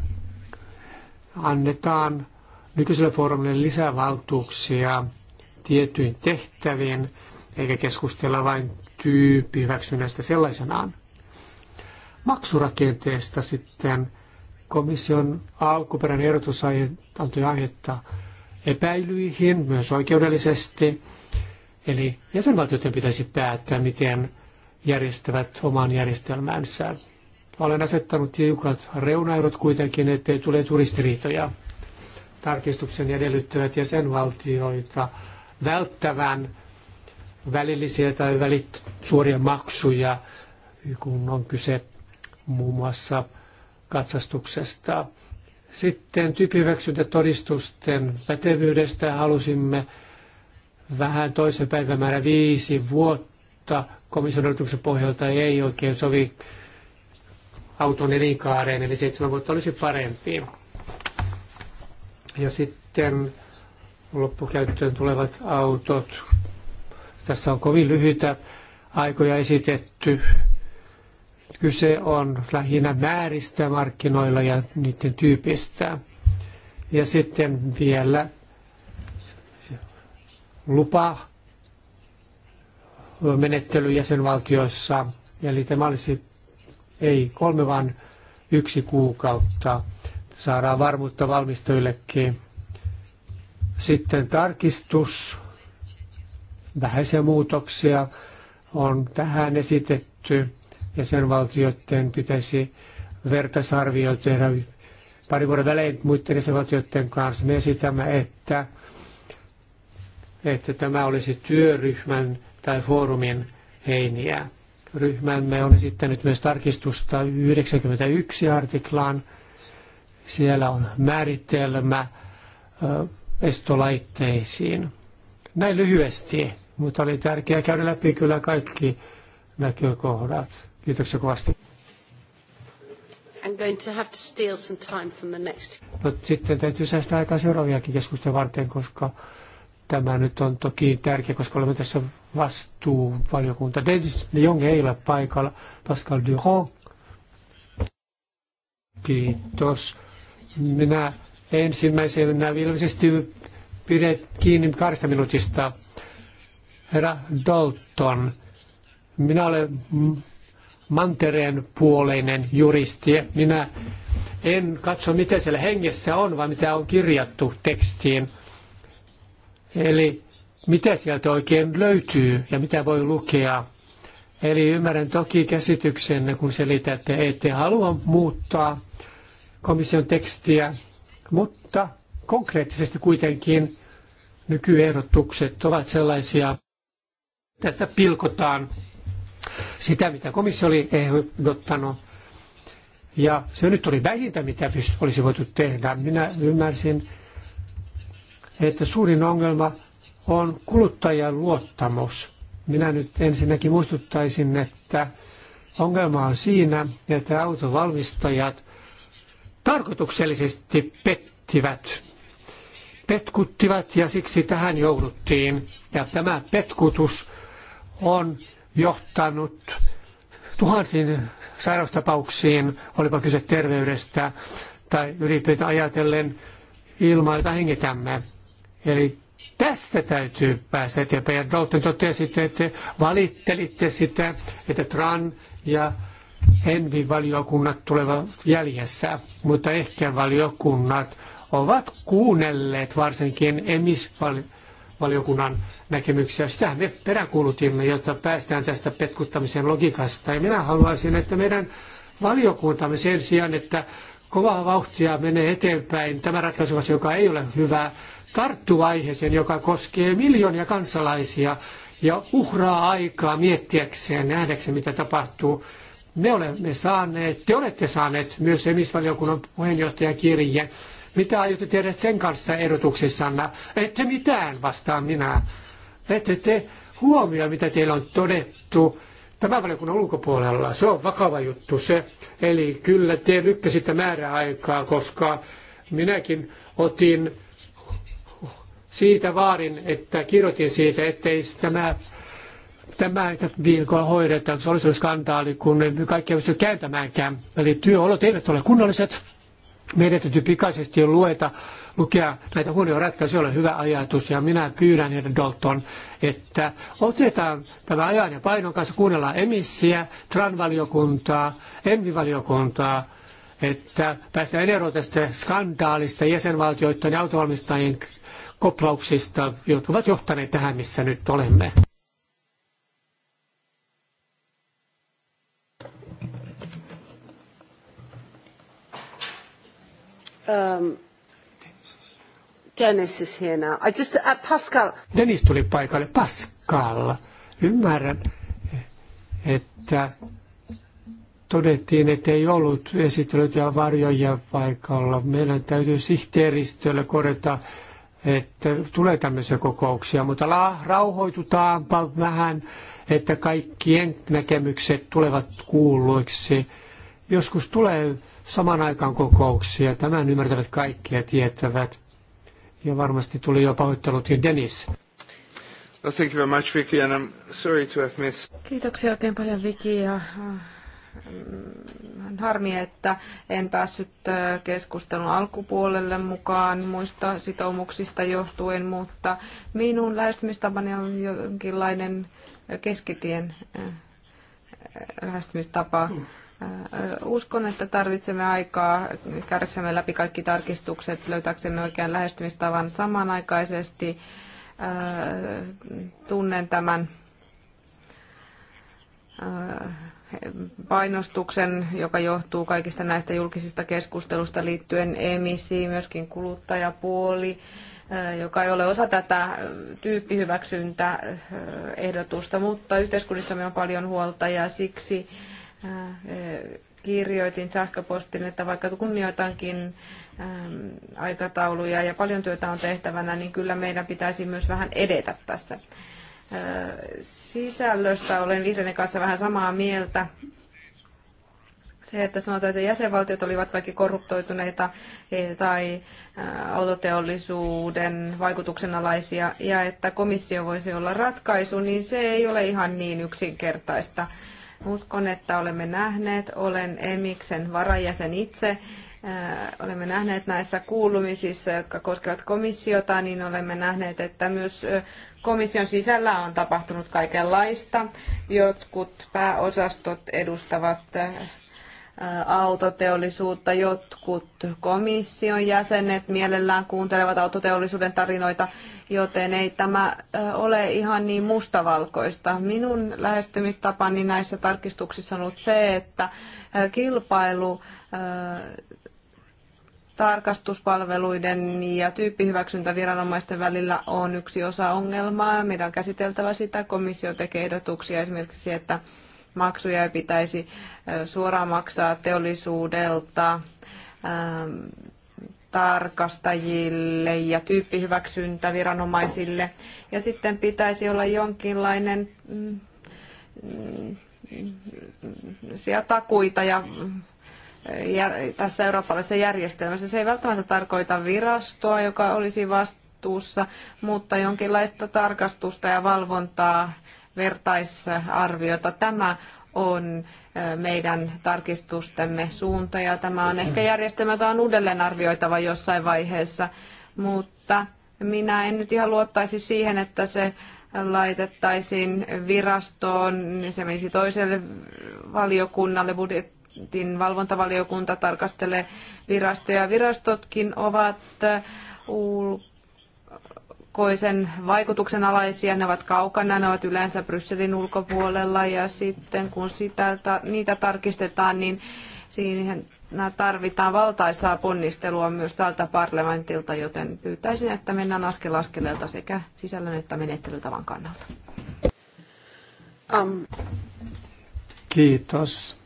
annetaan nykyiselle foorumille lisää valtuuksia tiettyihin tehtäviin, eikä keskustella vain tyyppihyväksynnästä sellaisenaan. Maksurakenteesta sitten komission alkuperäinen ehdotus antoi aihetta epäilyihin myös oikeudellisesti. Eli jäsenvaltioiden pitäisi päättää, miten järjestävät oman järjestelmänsä. Olen asettanut tiukat reunaehdot kuitenkin, ettei tule turistiriitoja. Tarkistuksen edellyttävät jäsenvaltioita välttävän välillisiä tai välit, suoria maksuja, kun on kyse muun muassa katsastuksesta. Sitten todistusten pätevyydestä halusimme vähän toisen päivämäärä viisi vuotta. Komission odotuksen pohjalta ei oikein sovi auton elinkaareen, eli seitsemän vuotta olisi parempi. Ja sitten loppukäyttöön tulevat autot. Tässä on kovin lyhyitä aikoja esitetty Kyse on lähinnä määristä markkinoilla ja niiden tyypistä. Ja sitten vielä lupa menettely jäsenvaltioissa. Eli tämä olisi ei kolme, vaan yksi kuukautta. Saadaan varmuutta valmistajillekin. Sitten tarkistus, vähäisiä muutoksia on tähän esitetty jäsenvaltioiden pitäisi vertaisarvio tehdä pari vuoden välein muiden jäsenvaltioiden kanssa. Me esitämme, että, että tämä olisi työryhmän tai foorumin heiniä. Ryhmämme on esittänyt myös tarkistusta 91 artiklaan. Siellä on määritelmä estolaitteisiin. Näin lyhyesti, mutta oli tärkeää käydä läpi kyllä kaikki näkökohdat. Kiitoksia kovasti. I'm going to have to steal some time from the next. No, sitten täytyy säästää aikaa seuraaviakin keskusteluja varten, koska tämä nyt on toki tärkeä, koska olemme tässä vastuuvaliokunta. Dennis de Jong ei ole paikalla. Pascal Durand. Kiitos. Minä ensimmäisenä ilmeisesti pidet kiinni kahdesta minuutista. Herra Dalton, minä olen mantereen puoleinen juristi. Minä en katso, mitä siellä hengessä on, vaan mitä on kirjattu tekstiin. Eli mitä sieltä oikein löytyy ja mitä voi lukea. Eli ymmärrän toki käsityksen, kun selitätte, ette halua muuttaa komission tekstiä, mutta konkreettisesti kuitenkin nykyehdotukset ovat sellaisia, tässä pilkotaan sitä, mitä komissio oli ehdottanut. Ja se nyt oli vähintä, mitä olisi voitu tehdä. Minä ymmärsin, että suurin ongelma on kuluttajan luottamus. Minä nyt ensinnäkin muistuttaisin, että ongelma on siinä, että autovalmistajat tarkoituksellisesti pettivät, petkuttivat ja siksi tähän jouduttiin. Ja tämä petkutus on johtanut tuhansiin sairaustapauksiin, olipa kyse terveydestä tai ylipäätään ajatellen ilmaa, jota hengitämme. Eli tästä täytyy päästä eteenpäin. Ja Dalton totesi, että valittelitte sitä, että TRAN ja Envi-valiokunnat tulevat jäljessä, mutta ehkä valiokunnat ovat kuunnelleet varsinkin emisvaliokunnat valiokunnan näkemyksiä. Sitä me peräkuulutimme, jotta päästään tästä petkuttamisen logiikasta. Ja minä haluaisin, että meidän valiokuntamme sen sijaan, että kovaa vauhtia menee eteenpäin tämä ratkaisu, joka ei ole hyvä, tarttuu aiheeseen, joka koskee miljoonia kansalaisia ja uhraa aikaa miettiäkseen, nähdäkseen mitä tapahtuu. Me olemme saaneet, te olette saaneet myös emisvaliokunnan puheenjohtajan kirjeen, mitä aiotte tehdä sen kanssa ehdotuksissanne? Ette mitään, vastaan minä. Ette te huomioi, mitä teillä on todettu tämän valiokunnan ulkopuolella. Se on vakava juttu se. Eli kyllä te lykkäsitte määräaikaa, koska minäkin otin siitä vaarin, että kirjoitin siitä, ettei tämä tämä viikolla hoidetaan, Se olisi skandaali, kun kaikki ei pysty kääntämäänkään. Eli työolot eivät ole kunnolliset. Meidän täytyy pikaisesti jo lueta, lukea näitä huonoja ratkaisuja, ole hyvä ajatus, ja minä pyydän herra Dalton, että otetaan tämä ajan ja painon kanssa, kuunnellaan emissiä, TRAN-valiokuntaa, ENVI-valiokuntaa, että päästään eroon tästä skandaalista jäsenvaltioiden ja autovalmistajien koplauksista, jotka ovat johtaneet tähän, missä nyt olemme. Um, Dennis is here now. I just, uh, Pascal. Dennis tuli paikalle. Pascal. Ymmärrän, että todettiin, että ei ollut esittelyt ja varjoja paikalla. Meidän täytyy sihteeristölle korjata, että tulee tämmöisiä kokouksia, mutta la, rauhoitutaanpa vähän, että kaikkien näkemykset tulevat kuulluiksi. Joskus tulee saman aikaan kokouksia. Tämän ymmärtävät kaikki ja tietävät. Ja varmasti tuli jo pahoittelutkin Dennis. thank you very much, Vicky, and I'm sorry to have missed. Kiitoksia oikein paljon, Vicky, ja äh, on harmi, että en päässyt äh, keskustelun alkupuolelle mukaan muista sitoumuksista johtuen, mutta minun lähestymistapani on jonkinlainen keskitien äh, lähestymistapa. Mm Uskon, että tarvitsemme aikaa käydäksemme läpi kaikki tarkistukset, löytääksemme oikean lähestymistavan samanaikaisesti. Tunnen tämän painostuksen, joka johtuu kaikista näistä julkisista keskustelusta liittyen emisiin, myöskin kuluttajapuoli, joka ei ole osa tätä tyyppihyväksyntäehdotusta, mutta yhteiskunnissamme on paljon huolta ja siksi Äh, kirjoitin sähköpostille, että vaikka kunnioitankin ähm, aikatauluja ja paljon työtä on tehtävänä, niin kyllä meidän pitäisi myös vähän edetä tässä. Äh, sisällöstä olen vihreiden kanssa vähän samaa mieltä. Se, että sanotaan, että jäsenvaltiot olivat kaikki korruptoituneita eh, tai äh, autoteollisuuden vaikutuksenalaisia ja että komissio voisi olla ratkaisu, niin se ei ole ihan niin yksinkertaista Uskon, että olemme nähneet, olen Emiksen varajäsen itse, äh, olemme nähneet näissä kuulumisissa, jotka koskevat komissiota, niin olemme nähneet, että myös äh, komission sisällä on tapahtunut kaikenlaista. Jotkut pääosastot edustavat äh, autoteollisuutta, jotkut komission jäsenet mielellään kuuntelevat autoteollisuuden tarinoita joten ei tämä ole ihan niin mustavalkoista. Minun lähestymistapani näissä tarkistuksissa on ollut se, että kilpailu tarkastuspalveluiden ja tyyppihyväksyntäviranomaisten välillä on yksi osa ongelmaa. Meidän on käsiteltävä sitä. Komissio tekee ehdotuksia esimerkiksi, että maksuja ei pitäisi suoraan maksaa teollisuudelta tarkastajille ja tyyppihyväksyntäviranomaisille. Ja sitten pitäisi olla jonkinlainen mm, mm takuita ja mm, tässä eurooppalaisessa järjestelmässä. Se ei välttämättä tarkoita virastoa, joka olisi vastuussa, mutta jonkinlaista tarkastusta ja valvontaa, vertaisarviota. Tämä on meidän tarkistustemme suunta ja tämä on ehkä järjestelmä, jota on uudelleen arvioitava jossain vaiheessa, mutta minä en nyt ihan luottaisi siihen, että se laitettaisiin virastoon, niin se menisi toiselle valiokunnalle, budjetin valvontavaliokunta tarkastelee virastoja. Virastotkin ovat ulkoa ulkoisen vaikutuksen alaisia, ne ovat kaukana, ne ovat yleensä Brysselin ulkopuolella ja sitten kun sitä, niitä tarkistetaan, niin siihen tarvitaan valtaisaa ponnistelua myös tältä parlamentilta, joten pyytäisin, että mennään askel askeleelta sekä sisällön että menettelytavan kannalta. Um. Kiitos.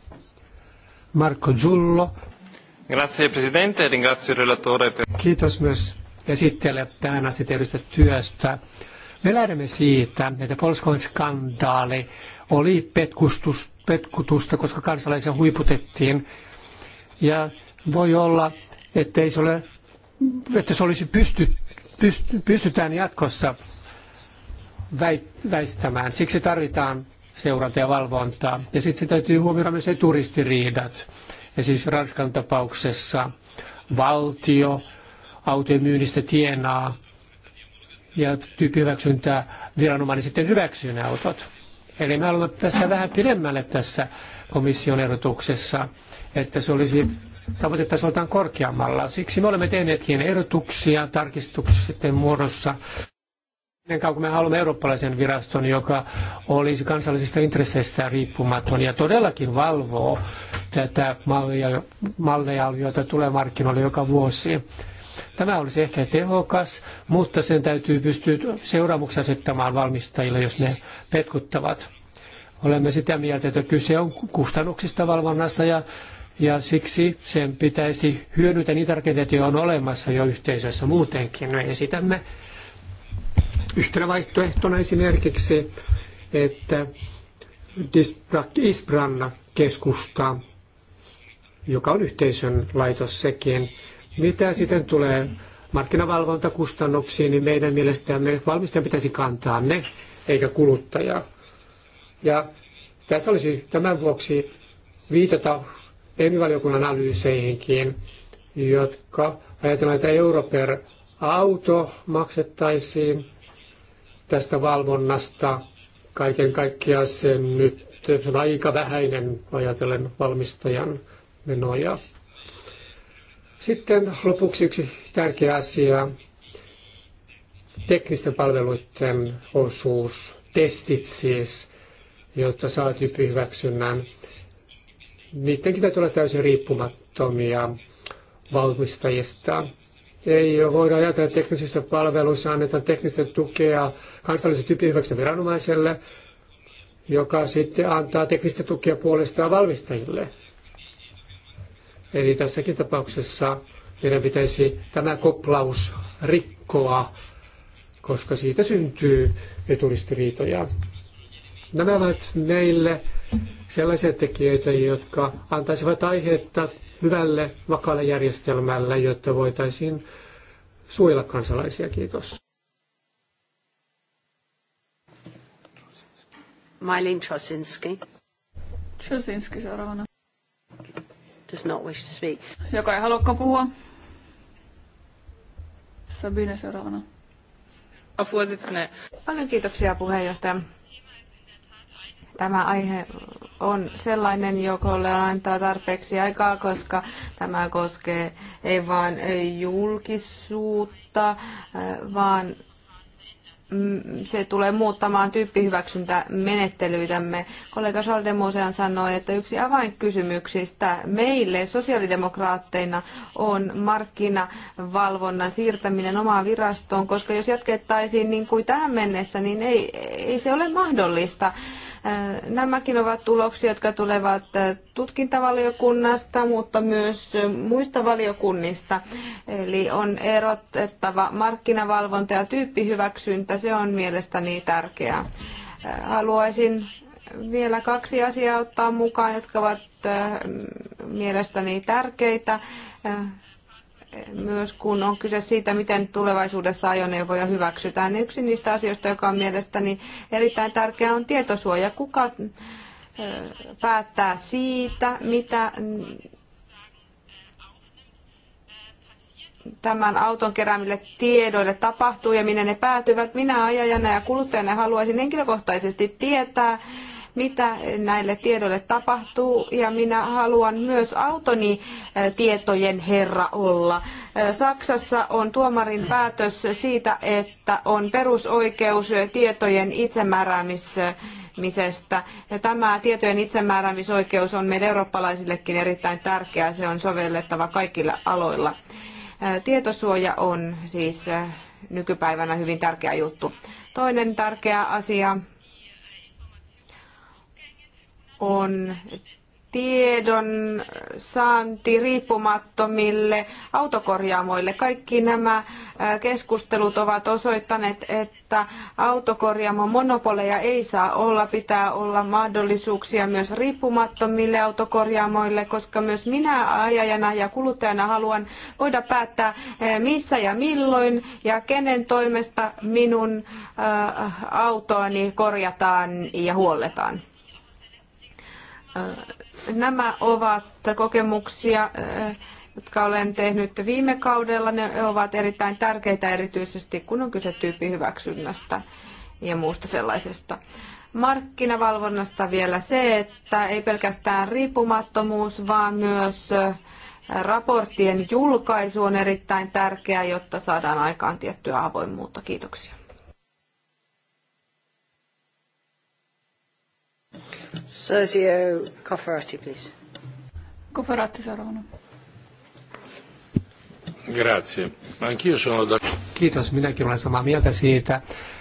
Marco Zullo. Grazie Presidente, ringrazio il relatore per... Kiitos myös esittele tähän asti tehdystä työstä. Me lähdemme siitä, että Polskoin skandaali oli petkustus, petkutusta, koska kansalaisia huiputettiin. Ja voi olla, että, ei se, ole, että se olisi pysty, pysty, pystytään jatkossa väistämään. Siksi tarvitaan seurantaa ja valvontaa. Ja sitten täytyy huomioida myös eturistiriidat. Ja siis Ranskan tapauksessa valtio autojen myynnistä tienaa ja tyyppihyväksyntää viranomainen sitten hyväksyy ne autot. Eli me haluamme päästä vähän pidemmälle tässä komission ehdotuksessa, että se olisi tavoitetasoltaan korkeammalla. Siksi me olemme tehneetkin ehdotuksia tarkistuksen muodossa. Ennen kuin me haluamme eurooppalaisen viraston, joka olisi kansallisista intresseistä riippumaton ja todellakin valvoo tätä mallia, malleja, joita tulee markkinoille joka vuosi. Tämä olisi ehkä tehokas, mutta sen täytyy pystyä seuraamuksia asettamaan valmistajille, jos ne petkuttavat. Olemme sitä mieltä, että kyse on kustannuksista valvonnassa ja, ja siksi sen pitäisi hyödyntää niitä rakenteita, joita on olemassa jo yhteisössä muutenkin. Me esitämme yhtenä vaihtoehtona esimerkiksi, että Isbranna keskusta, joka on yhteisön laitos sekin, mitä sitten tulee markkinavalvontakustannuksiin, niin meidän mielestämme valmistajan pitäisi kantaa ne, eikä kuluttaja. Ja tässä olisi tämän vuoksi viitata EMI-valiokunnan analyyseihinkin, jotka ajatellaan, että euro per auto maksettaisiin tästä valvonnasta. Kaiken kaikkiaan se nyt se on aika vähäinen ajatellen valmistajan menoja. Sitten lopuksi yksi tärkeä asia, teknisten palveluiden osuus, testit siis, jotta saa tyyppihyväksynnän. Niidenkin täytyy olla täysin riippumattomia valmistajista. Ei voida ajatella, että teknisissä palveluissa annetaan teknistä tukea kansallisen tyyppihyväksynnän viranomaiselle, joka sitten antaa teknistä tukea puolestaan valmistajille. Eli tässäkin tapauksessa meidän pitäisi tämä koplaus rikkoa, koska siitä syntyy eturistiriitoja. Nämä ovat meille sellaisia tekijöitä, jotka antaisivat aihetta hyvälle, vakaalle järjestelmälle, jotta voitaisiin suojella kansalaisia. Kiitos. Mailin Chosinski. Chosinski seuraavana does not wish to speak. Joka ei haluakaan puhua. Sabine seuraavana. Paljon kiitoksia puheenjohtaja. Tämä aihe on sellainen, jolle antaa tarpeeksi aikaa, koska tämä koskee ei vain julkisuutta, vaan Mm, se tulee muuttamaan tyyppihyväksyntämenettelyitämme. Kollega Saldemosean sanoi, että yksi avainkysymyksistä meille sosiaalidemokraatteina on markkinavalvonnan siirtäminen omaan virastoon, koska jos jatkettaisiin niin kuin tähän mennessä, niin ei, ei se ole mahdollista. Nämäkin ovat tuloksia, jotka tulevat tutkintavaliokunnasta, mutta myös muista valiokunnista. Eli on erotettava markkinavalvonta ja tyyppihyväksyntä. Se on mielestäni tärkeää. Haluaisin vielä kaksi asiaa ottaa mukaan, jotka ovat mielestäni tärkeitä myös kun on kyse siitä, miten tulevaisuudessa ajoneuvoja hyväksytään. Yksi niistä asioista, joka on mielestäni erittäin tärkeä, on tietosuoja. Kuka päättää siitä, mitä tämän auton keräämille tiedoille tapahtuu ja minne ne päätyvät. Minä ajajana ja kuluttajana haluaisin henkilökohtaisesti tietää, mitä näille tiedoille tapahtuu ja minä haluan myös autoni tietojen herra olla. Saksassa on tuomarin päätös siitä, että on perusoikeus tietojen itsemääräämisestä. Ja tämä tietojen itsemääräämisoikeus on meille eurooppalaisillekin erittäin tärkeää. Se on sovellettava kaikilla aloilla. Tietosuoja on siis nykypäivänä hyvin tärkeä juttu. Toinen tärkeä asia on tiedon saanti riippumattomille autokorjaamoille. Kaikki nämä keskustelut ovat osoittaneet, että autokorjaamon monopoleja ei saa olla. Pitää olla mahdollisuuksia myös riippumattomille autokorjaamoille, koska myös minä ajajana ja kuluttajana haluan voida päättää missä ja milloin ja kenen toimesta minun autoani korjataan ja huolletaan. Nämä ovat kokemuksia, jotka olen tehnyt viime kaudella. Ne ovat erittäin tärkeitä erityisesti, kun on kyse tyyppihyväksynnästä ja muusta sellaisesta. Markkinavalvonnasta vielä se, että ei pelkästään riippumattomuus, vaan myös raporttien julkaisu on erittäin tärkeää, jotta saadaan aikaan tiettyä avoimuutta. Kiitoksia. Sergio Cofferati, please. Cofferati seuraavana. Grazie. Anch'io sono Kiitos, minäkin olen samaa mieltä siitä,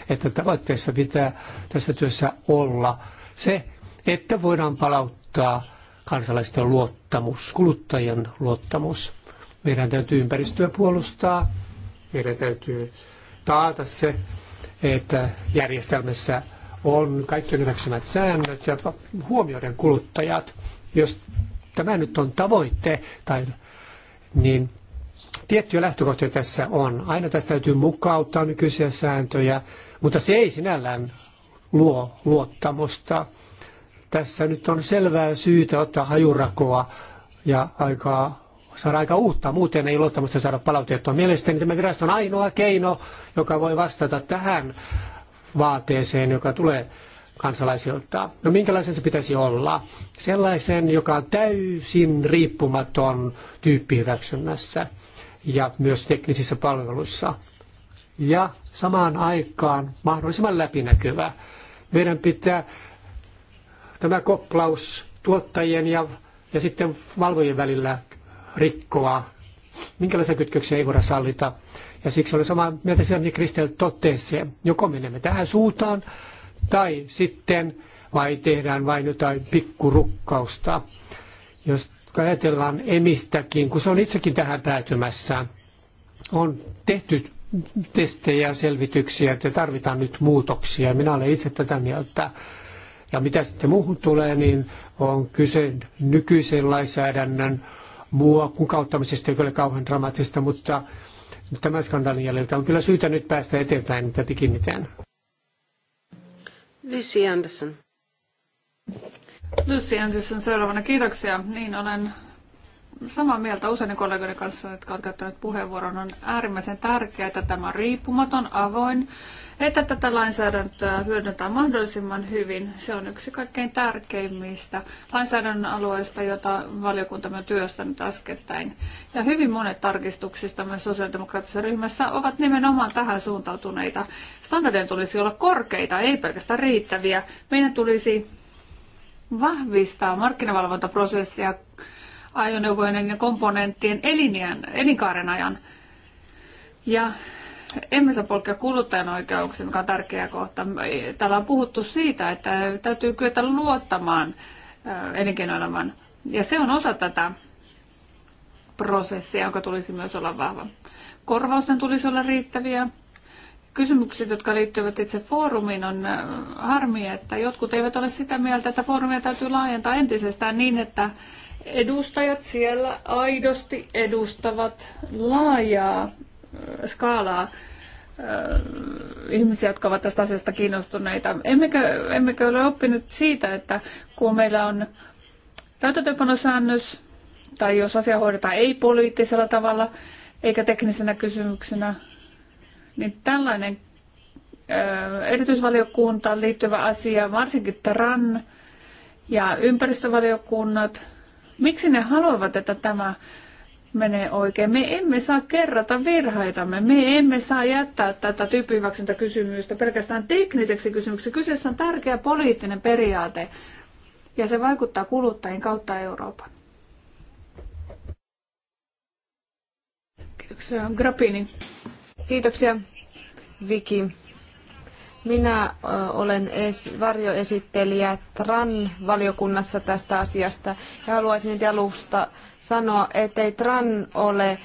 että tavoitteessa pitää tässä työssä olla se, että voidaan palauttaa kansalaisten luottamus, kuluttajien luottamus. Meidän täytyy ympäristöä puolustaa, meidän täytyy taata se, että järjestelmässä on kaikkien hyväksymät säännöt ja huomioiden kuluttajat. Jos tämä nyt on tavoitte, tai, niin tiettyjä lähtökohtia tässä on. Aina tästä täytyy mukauttaa nykyisiä sääntöjä, mutta se ei sinällään luo luottamusta. Tässä nyt on selvää syytä ottaa hajurakoa ja aikaa saada aika uutta, muuten ei luottamusta saada palautettua. Mielestäni tämä on ainoa keino, joka voi vastata tähän vaateeseen, joka tulee kansalaisilta. No minkälaisen se pitäisi olla? Sellaisen, joka on täysin riippumaton tyyppihyväksynnässä ja myös teknisissä palveluissa. Ja samaan aikaan mahdollisimman läpinäkyvä. Meidän pitää tämä koplaus tuottajien ja, ja sitten valvojien välillä rikkoa. Minkälaisia kytköksiä ei voida sallita. Ja siksi olen samaa mieltä siitä, mitä Kristel totesi. Joko menemme tähän suuntaan, tai sitten vai tehdään vain jotain pikkurukkausta. Jos ajatellaan emistäkin, kun se on itsekin tähän päätymässä, on tehty testejä ja selvityksiä, että tarvitaan nyt muutoksia. Minä olen itse tätä mieltä. Ja mitä sitten muuhun tulee, niin on kyse nykyisen lainsäädännön muu joka ei ole kauhean dramaattista, mutta tämän skandaalin jäljiltä on kyllä syytä nyt päästä eteenpäin mitä pikimmiten. Lucy Anderson. Lucy Anderson seuraavana. Kiitoksia. Niin olen samaa mieltä useiden kollegoiden kanssa, jotka ovat käyttäneet puheenvuoron. On äärimmäisen tärkeää, että tämä on riippumaton, avoin että tätä lainsäädäntöä hyödyntää mahdollisimman hyvin. Se on yksi kaikkein tärkeimmistä lainsäädännön alueista, jota valiokunta on työstänyt äskettäin. Ja hyvin monet tarkistuksista myös sosiaalidemokraattisessa ryhmässä ovat nimenomaan tähän suuntautuneita. Standardien tulisi olla korkeita, ei pelkästään riittäviä. Meidän tulisi vahvistaa markkinavalvontaprosessia ajoneuvojen ja komponenttien elinkaaren ajan. Ja emme saa polkea kuluttajan oikeuksia, mikä on tärkeä kohta. Täällä on puhuttu siitä, että täytyy kyetä luottamaan elinkeinoelämän. Ja se on osa tätä prosessia, jonka tulisi myös olla vahva. Korvausten tulisi olla riittäviä. Kysymykset, jotka liittyvät itse foorumiin, on harmi, että jotkut eivät ole sitä mieltä, että foorumia täytyy laajentaa entisestään niin, että edustajat siellä aidosti edustavat laajaa skaalaa ihmisiä, jotka ovat tästä asiasta kiinnostuneita. Emmekö, emmekö ole oppineet siitä, että kun meillä on täytäntöpanosäännös, tai jos asia hoidetaan ei-poliittisella tavalla, eikä teknisenä kysymyksenä, niin tällainen erityisvaliokuntaan liittyvä asia, varsinkin TRAN ja ympäristövaliokunnat, miksi ne haluavat, että tämä menee oikein. Me emme saa kerrata virheitamme. Me emme saa jättää tätä kysymystä pelkästään tekniseksi kysymykseksi. Kyseessä on tärkeä poliittinen periaate ja se vaikuttaa kuluttajien kautta Euroopan. Kiitoksia. Grappini. Kiitoksia, Viki. Minä olen es, varjoesittelijä TRAN-valiokunnassa tästä asiasta ja haluaisin nyt alusta sanoa, ettei TRAN ole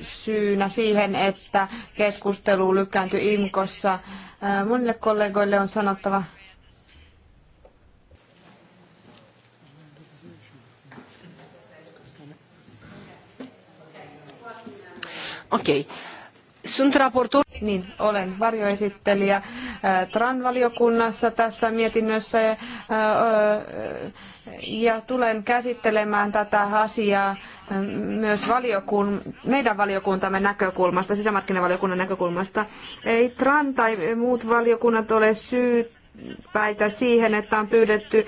syynä siihen, että keskustelu lykkääntyi IMKossa. Monille kollegoille on sanottava, Okei. Okay. Sunt raportu... Niin, olen varjoesittelijä TRAN-valiokunnassa tästä mietinnössä ja tulen käsittelemään tätä asiaa myös valiokun, meidän valiokuntamme näkökulmasta, sisämarkkinavaliokunnan näkökulmasta. Ei TRAN tai muut valiokunnat ole syyt väitä siihen, että on pyydetty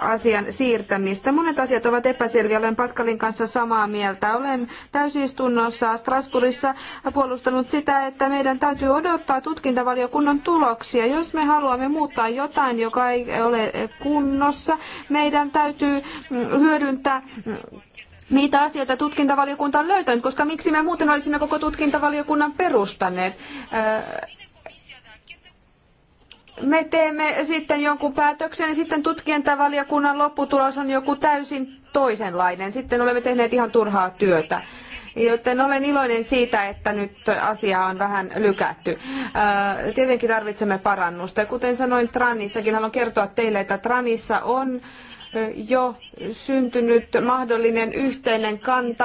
asian siirtämistä. Monet asiat ovat epäselviä. Olen Paskalin kanssa samaa mieltä Olen täysistunnossa Strasbourgissa puolustanut sitä, että meidän täytyy odottaa tutkintavaliokunnan tuloksia. Jos me haluamme muuttaa jotain, joka ei ole kunnossa, meidän täytyy mm, hyödyntää mm, niitä asioita tutkintavaliokunta on löytänyt, koska miksi me muuten olisimme koko tutkintavaliokunnan perustaneet me teemme sitten jonkun päätöksen ja niin sitten tutkintavaliokunnan lopputulos on joku täysin toisenlainen. Sitten olemme tehneet ihan turhaa työtä. Joten olen iloinen siitä, että nyt asia on vähän lykätty. Äh, tietenkin tarvitsemme parannusta. Ja kuten sanoin Tranissakin, haluan kertoa teille, että Tranissa on jo syntynyt mahdollinen yhteinen kanta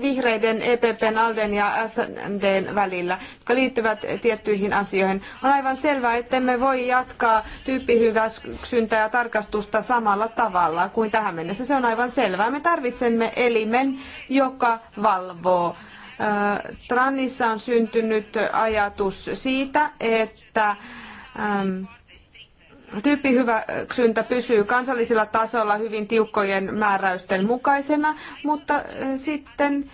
vihreiden, EPPn, ALDEn ja SNDn välillä, jotka liittyvät tiettyihin asioihin. On aivan selvää, ettemme voi jatkaa tyyppihyväksyntää ja tarkastusta samalla tavalla kuin tähän mennessä. Se on aivan selvää. Me tarvitsemme elimen, joka valvoo. Tranissa on syntynyt ajatus siitä, että ähm, Tyyppihyväksyntä pysyy kansallisella tasolla hyvin tiukkojen määräysten mukaisena, mutta eh, sitten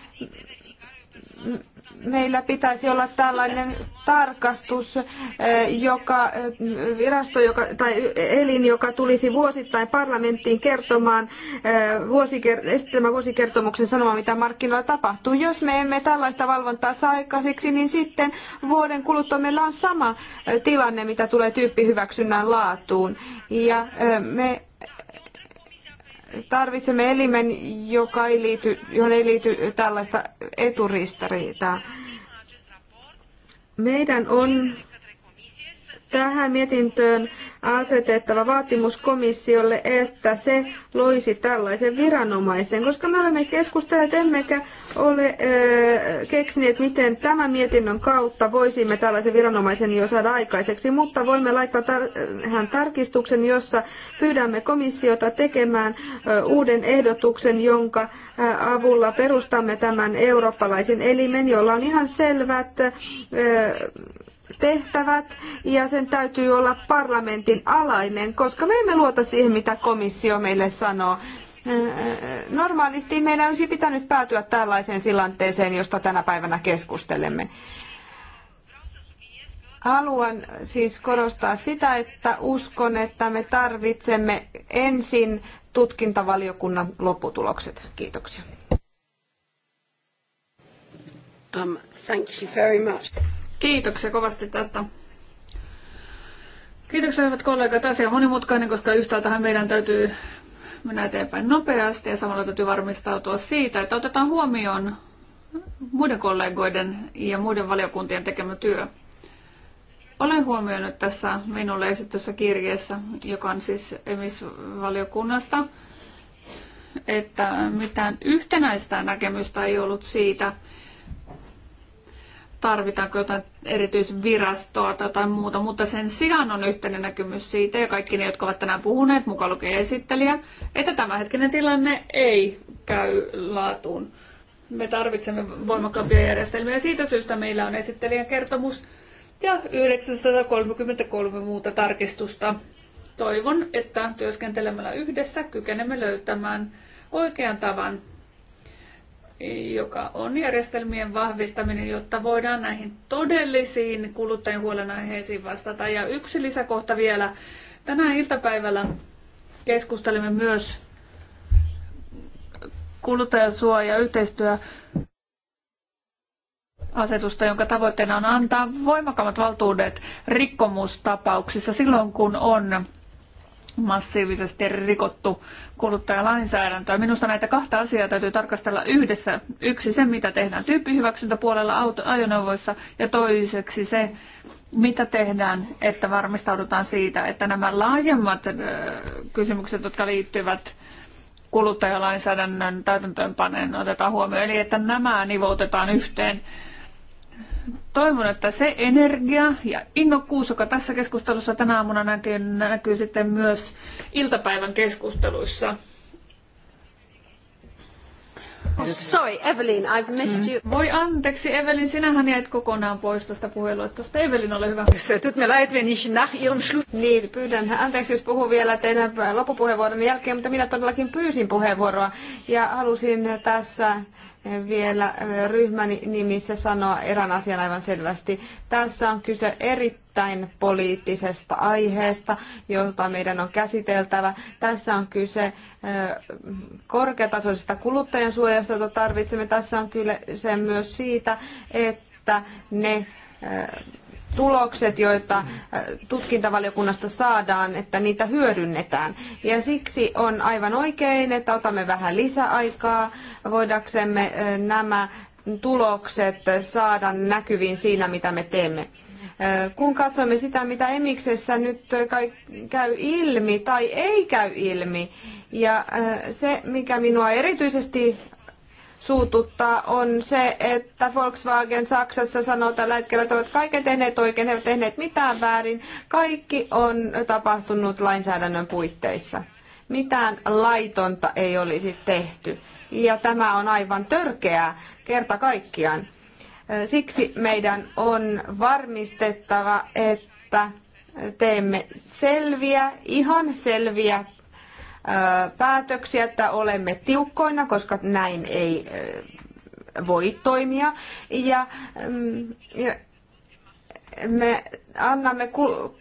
meillä pitäisi olla tällainen tarkastus, eh, joka, eh, virasto joka, tai elin, joka tulisi vuosittain parlamenttiin kertomaan eh, vuosiker, esittelemään vuosikertomuksen sanomaan, mitä markkinoilla tapahtuu. Jos me emme tällaista valvontaa saa aikaiseksi, niin sitten vuoden kuluttua meillä on sama tilanne, mitä tulee tyyppihyväksynnän laatuun. Ja me tarvitsemme elimen, joka ei liity, johon ei liity tällaista eturistariitaa. Meidän on tähän mietintöön asetettava vaatimus komissiolle, että se loisi tällaisen viranomaisen, koska me olemme keskustelleet emmekä ole ö, keksineet, miten tämän mietinnön kautta voisimme tällaisen viranomaisen jo saada aikaiseksi, mutta voimme laittaa tähän tarkistuksen, jossa pyydämme komissiota tekemään ö, uuden ehdotuksen, jonka ö, avulla perustamme tämän eurooppalaisen elimen, jolla on ihan selvät ö, tehtävät ja sen täytyy olla parlamentin alainen, koska me emme luota siihen, mitä komissio meille sanoo. Äh, normaalisti meidän olisi pitänyt päätyä tällaiseen tilanteeseen, josta tänä päivänä keskustelemme. Haluan siis korostaa sitä, että uskon, että me tarvitsemme ensin tutkintavaliokunnan lopputulokset. Kiitoksia. Um, thank you very much. Kiitoksia kovasti tästä. Kiitoksia hyvät kollegat. Asia on monimutkainen, koska yhtäältähän meidän täytyy mennä eteenpäin nopeasti ja samalla täytyy varmistautua siitä, että otetaan huomioon muiden kollegoiden ja muiden valiokuntien tekemä työ. Olen huomioinut tässä minulle esityssä kirjeessä, joka on siis emisvaliokunnasta, että mitään yhtenäistä näkemystä ei ollut siitä, tarvitaanko jotain erityisvirastoa tai jotain muuta, mutta sen sijaan on yhteinen näkymys siitä, ja kaikki ne, jotka ovat tänään puhuneet, mukaan lukee esittelijä, että tämänhetkinen tilanne ei käy laatuun. Me tarvitsemme voimakkaampia järjestelmiä, ja siitä syystä meillä on esittelijän kertomus ja 933 muuta tarkistusta. Toivon, että työskentelemällä yhdessä kykenemme löytämään oikean tavan joka on järjestelmien vahvistaminen, jotta voidaan näihin todellisiin kuluttajien huolenaiheisiin vastata. Ja yksi lisäkohta vielä. Tänään iltapäivällä keskustelimme myös kuluttajansuoja yhteistyö asetusta, jonka tavoitteena on antaa voimakkaammat valtuudet rikkomustapauksissa silloin, kun on massiivisesti rikottu kuluttajalainsäädäntöä. Minusta näitä kahta asiaa täytyy tarkastella yhdessä. Yksi se, mitä tehdään tyyppihyväksyntäpuolella auto, ajoneuvoissa ja toiseksi se, mitä tehdään, että varmistaudutaan siitä, että nämä laajemmat ö, kysymykset, jotka liittyvät kuluttajalainsäädännön täytäntöönpaneen, otetaan huomioon. Eli että nämä nivoutetaan yhteen toivon, että se energia ja innokkuus, joka tässä keskustelussa tänä aamuna näkyy, näkyy sitten myös iltapäivän keskusteluissa. Oh, sorry, Evelyn, I've missed mm. you. Voi anteeksi, Evelyn, sinähän jäit kokonaan pois tuosta puheluettosta. Evelyn, ole hyvä. Se tut me leid, wenn ich nach ihrem Schluss... Niin, pyydän anteeksi, jos puhun vielä teidän loppupuheenvuoron jälkeen, mutta minä todellakin pyysin puheenvuoroa ja halusin tässä vielä äh, ryhmäni nimissä sanoa erään asian aivan selvästi. Tässä on kyse erittäin poliittisesta aiheesta, jota meidän on käsiteltävä. Tässä on kyse äh, korkeatasoisesta kuluttajansuojasta, jota tarvitsemme. Tässä on kyse myös siitä, että ne äh, tulokset, joita äh, tutkintavaliokunnasta saadaan, että niitä hyödynnetään. Ja siksi on aivan oikein, että otamme vähän lisäaikaa, voidaksemme äh, nämä tulokset saada näkyviin siinä, mitä me teemme. Äh, kun katsomme sitä, mitä Emiksessä nyt käy ilmi tai ei käy ilmi, ja se, mikä minua erityisesti suututtaa, on se, että Volkswagen Saksassa sanoo tällä hetkellä, että ovat kaiken tehneet oikein, he ovat tehneet mitään väärin. Kaikki on tapahtunut lainsäädännön puitteissa. Mitään laitonta ei olisi tehty. Ja tämä on aivan törkeää kerta kaikkiaan. Siksi meidän on varmistettava, että teemme selviä, ihan selviä päätöksiä, että olemme tiukkoina, koska näin ei voi toimia. Ja, mm, me annamme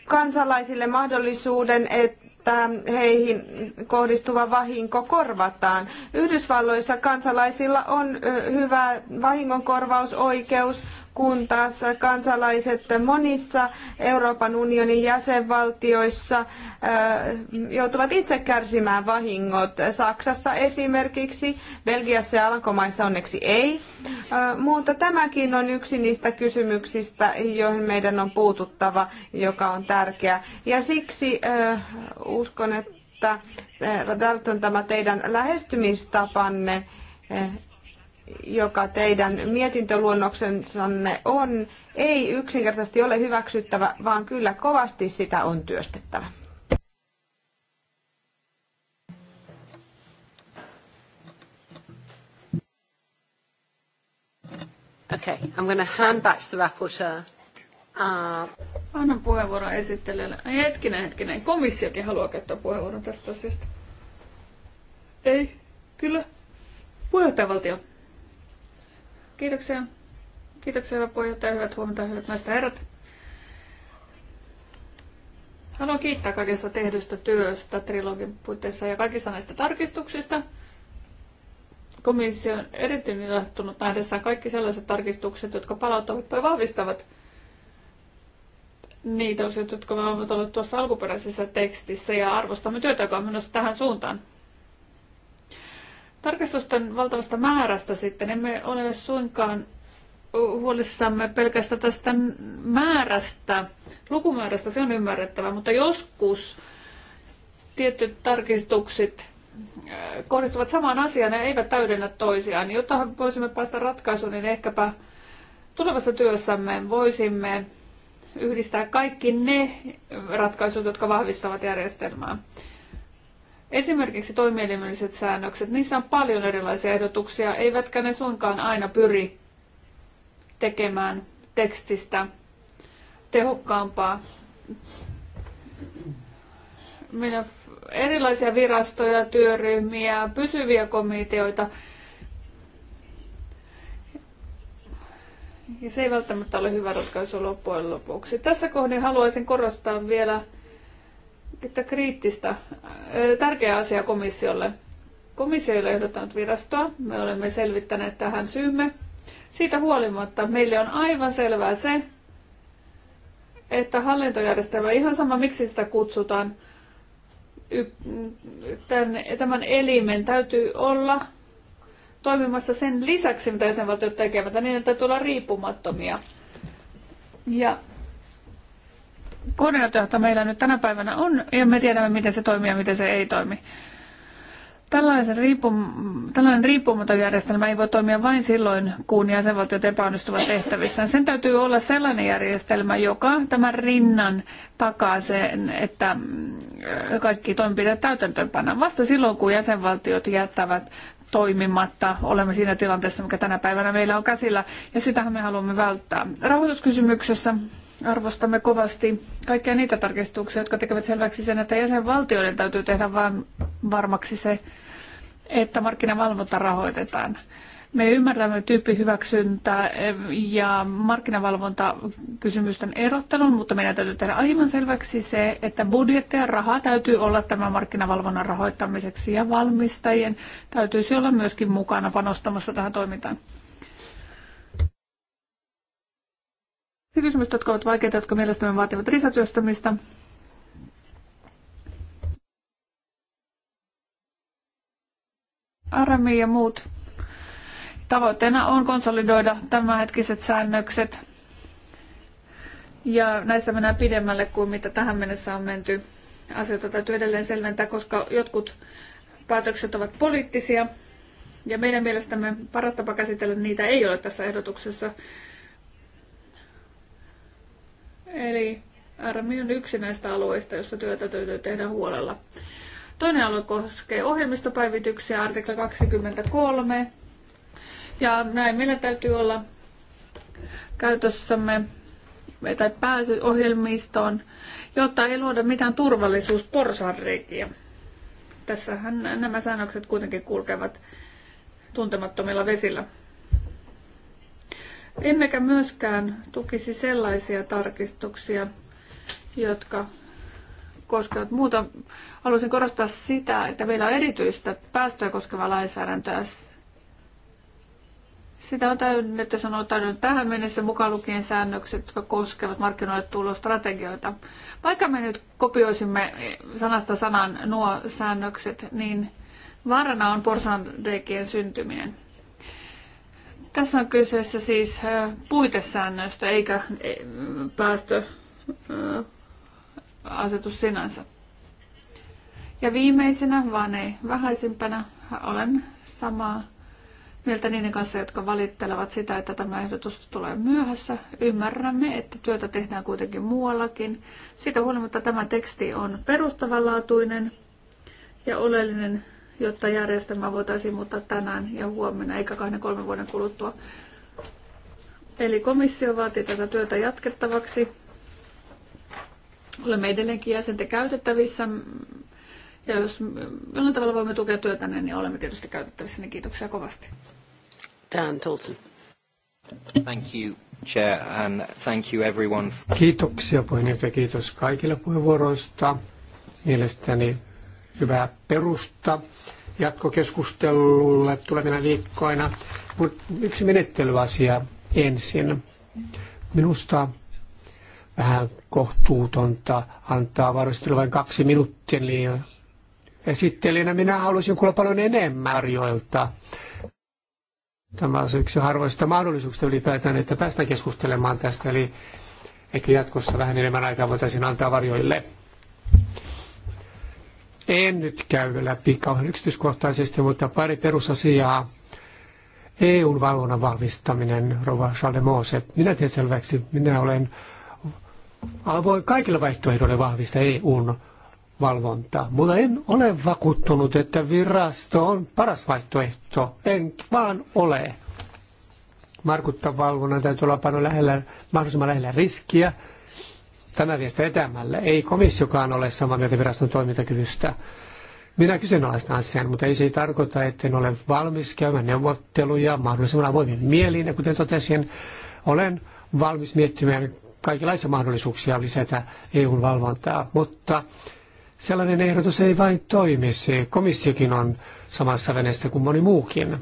kansalaisille mahdollisuuden, että että heihin kohdistuva vahinko korvataan. Yhdysvalloissa kansalaisilla on hyvä vahingonkorvausoikeus, kun taas kansalaiset monissa Euroopan unionin jäsenvaltioissa äh, joutuvat itse kärsimään vahingot. Saksassa esimerkiksi, Belgiassa ja Alankomaissa onneksi ei, äh, mutta tämäkin on yksi niistä kysymyksistä, joihin meidän on puututtava, joka on tärkeä. Ja siksi äh, uskon, että Dalton, tämä teidän lähestymistapanne joka teidän mietintöluonnoksensanne on, ei yksinkertaisesti ole hyväksyttävä, vaan kyllä kovasti sitä on työstettävä. Okay, I'm going to hand back to the rapporteur. Uh... Annan puheenvuoron esittelijälle. Hetkinen, hetkinen. Komissiokin haluaa käyttää puheenvuoron tästä asiasta. Ei, kyllä. Puheenjohtajavaltio. Kiitoksia. Kiitoksia, hyvä puheenjohtaja. Hyvät huomenta, hyvät naiset ja herrat. Haluan kiittää kaikesta tehdystä työstä trilogin puitteissa ja kaikista näistä tarkistuksista. Komissio on erityisen ilahtunut nähdessään kaikki sellaiset tarkistukset, jotka palauttavat tai vahvistavat niitä osioita, jotka ovat olleet tuossa alkuperäisessä tekstissä ja arvostamme työtä, joka on menossa tähän suuntaan tarkastusten valtavasta määrästä sitten emme ole suinkaan huolissamme pelkästään tästä määrästä, lukumäärästä, se on ymmärrettävä, mutta joskus tietyt tarkistukset äh, kohdistuvat samaan asiaan ja eivät täydennä toisiaan, jotta voisimme päästä ratkaisuun, niin ehkäpä tulevassa työssämme voisimme yhdistää kaikki ne ratkaisut, jotka vahvistavat järjestelmää. Esimerkiksi toimielimelliset säännökset, niissä on paljon erilaisia ehdotuksia, eivätkä ne suinkaan aina pyri tekemään tekstistä tehokkaampaa. Meillä on erilaisia virastoja, työryhmiä, pysyviä komiteoita. Ja se ei välttämättä ole hyvä ratkaisu loppujen lopuksi. Tässä kohdin haluaisin korostaa vielä yhtä kriittistä, tärkeä asia komissiolle. Komissio ei ole ehdottanut virastoa, me olemme selvittäneet tähän syymme. Siitä huolimatta meille on aivan selvää se, että hallintojärjestelmä, ihan sama miksi sitä kutsutaan, tämän elimen täytyy olla toimimassa sen lisäksi, mitä jäsenvaltiot tekevät, niin että täytyy olla riippumattomia. Ja koordinaatio, jota meillä nyt tänä päivänä on, ja me tiedämme, miten se toimii ja miten se ei toimi. Tällaisen riippum, tällainen riippumaton järjestelmä ei voi toimia vain silloin, kun jäsenvaltiot epäonnistuvat tehtävissään. Sen täytyy olla sellainen järjestelmä, joka tämän rinnan takaa sen, että mm, kaikki toimenpiteet täytäntöönpanna. Vasta silloin, kun jäsenvaltiot jättävät toimimatta, olemme siinä tilanteessa, mikä tänä päivänä meillä on käsillä, ja sitähän me haluamme välttää. Rahoituskysymyksessä arvostamme kovasti kaikkia niitä tarkistuksia, jotka tekevät selväksi sen, että jäsenvaltioiden täytyy tehdä vain varmaksi se, että markkinavalvonta rahoitetaan. Me ymmärrämme tyyppihyväksyntää eh, ja markkinavalvontakysymysten erottelun, mutta meidän täytyy tehdä aivan selväksi se, että budjettia ja rahaa täytyy olla tämän markkinavalvonnan rahoittamiseksi ja valmistajien täytyisi olla myöskin mukana panostamassa tähän toimintaan. Se kysymys, jotka ovat vaikeita, jotka mielestämme vaativat lisätyöstämistä. RMI ja muut. Tavoitteena on konsolidoida tämänhetkiset säännökset. Ja näissä mennään pidemmälle kuin mitä tähän mennessä on menty. Asioita täytyy edelleen selventää, koska jotkut päätökset ovat poliittisia. Ja meidän mielestämme paras tapa käsitellä niitä ei ole tässä ehdotuksessa, Eli RMI on yksi näistä alueista, jossa työtä täytyy tehdä huolella. Toinen alue koskee ohjelmistopäivityksiä, artikla 23. Ja näin meillä täytyy olla käytössämme tai pääsy ohjelmistoon, jotta ei luoda mitään turvallisuusporsanreikiä. Tässähän nämä säännökset kuitenkin kulkevat tuntemattomilla vesillä. Emmekä myöskään tukisi sellaisia tarkistuksia, jotka koskevat muuta. Haluaisin korostaa sitä, että meillä on erityistä päästöä koskevaa lainsäädäntöä. Sitä on täydennetty sanotaan tähän mennessä mukaan lukien säännökset, jotka koskevat markkinoille strategioita. Vaikka me nyt kopioisimme sanasta sanan nuo säännökset, niin vaarana on porsanreikien syntyminen. Tässä on kyseessä siis puitesäännöistä eikä e, päästöasetus sinänsä. Ja viimeisenä, vaan ei vähäisimpänä, olen samaa mieltä niiden kanssa, jotka valittelevat sitä, että tämä ehdotus tulee myöhässä. Ymmärrämme, että työtä tehdään kuitenkin muuallakin. Siitä huolimatta tämä teksti on perustavanlaatuinen ja oleellinen jotta järjestelmä voitaisiin muuttaa tänään ja huomenna, eikä kahden kolmen vuoden kuluttua. Eli komissio vaatii tätä työtä jatkettavaksi. Olemme edelleenkin jäsenten käytettävissä. Ja jos jollain tavalla voimme tukea työtä, niin olemme tietysti käytettävissä. Niin kiitoksia kovasti. Dan Tolton. Thank you, Chair, and thank you everyone. Kiitoksia puheenjohtaja, kiitos kaikille puheenvuoroista. Mielestäni hyvää perusta jatkokeskustelulle tulevina viikkoina. Mutta yksi menettelyasia ensin. Minusta vähän kohtuutonta antaa varmasti vain kaksi minuuttia liian esittelijänä. Minä haluaisin kuulla paljon enemmän arjoilta. Tämä on yksi harvoista mahdollisuuksista ylipäätään, että päästään keskustelemaan tästä. Eli ehkä jatkossa vähän enemmän aikaa voitaisiin antaa varjoille. En nyt käy läpi kauhean yksityiskohtaisesti, mutta pari perusasiaa. EUn valvonnan vahvistaminen, Rova Charles Minä teen selväksi, minä olen avoin kaikilla vaihtoehdoille vahvistaa EUn valvontaa. Mutta en ole vakuuttunut, että virasto on paras vaihtoehto. En vaan ole. Markutta valvonnan täytyy olla paljon lähellä, mahdollisimman lähellä riskiä, tämä viesti etämällä. Ei komissiokaan ole samaa mieltä viraston toimintakyvystä. Minä kyseenalaistan sen, mutta ei se tarkoita, että en ole valmis käymään neuvotteluja mahdollisimman avoimin mielin. Ja kuten totesin, olen valmis miettimään kaikenlaisia mahdollisuuksia lisätä EUn valvontaa, mutta sellainen ehdotus ei vain toimi. Se komissiokin on samassa veneessä kuin moni muukin.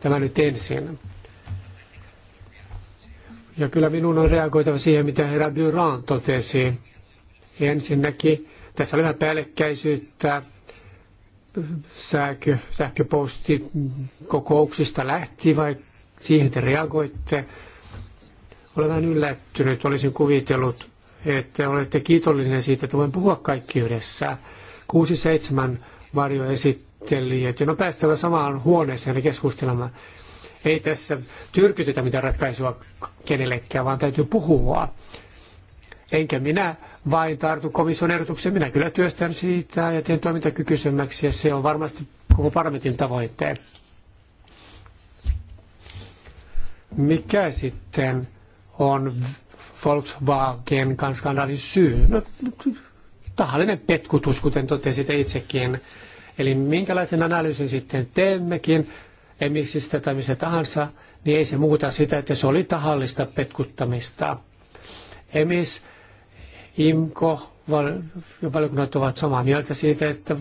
Tämä nyt ensin. Ja kyllä minun on reagoitava siihen, mitä herra Duran totesi. Ensinnäkin tässä oli vähän päällekkäisyyttä sähkö, sähköposti kokouksista lähti vai siihen te reagoitte. Olen vähän yllättynyt, olisin kuvitellut, että olette kiitollinen siitä, että voin puhua kaikki yhdessä. Kuusi seitsemän esitteli, että on päästävä samaan huoneeseen ja keskustelemaan. Ei tässä tyrkytetä mitään ratkaisua kenellekään, vaan täytyy puhua. Enkä minä vain tartu komission ehdotukseen, minä kyllä työstän siitä ja teen toimintakykyisemmäksi ja se on varmasti koko parlamentin tavoitteen. Mikä sitten on Volkswagen kanskandaalin syy? No, tahallinen petkutus, kuten totesit itsekin. Eli minkälaisen analyysin sitten teemmekin, Emisistä tai mistä tahansa, niin ei se muuta sitä, että se oli tahallista petkuttamista. Emis, IMKO, val, valiokunnat ovat samaa mieltä siitä, että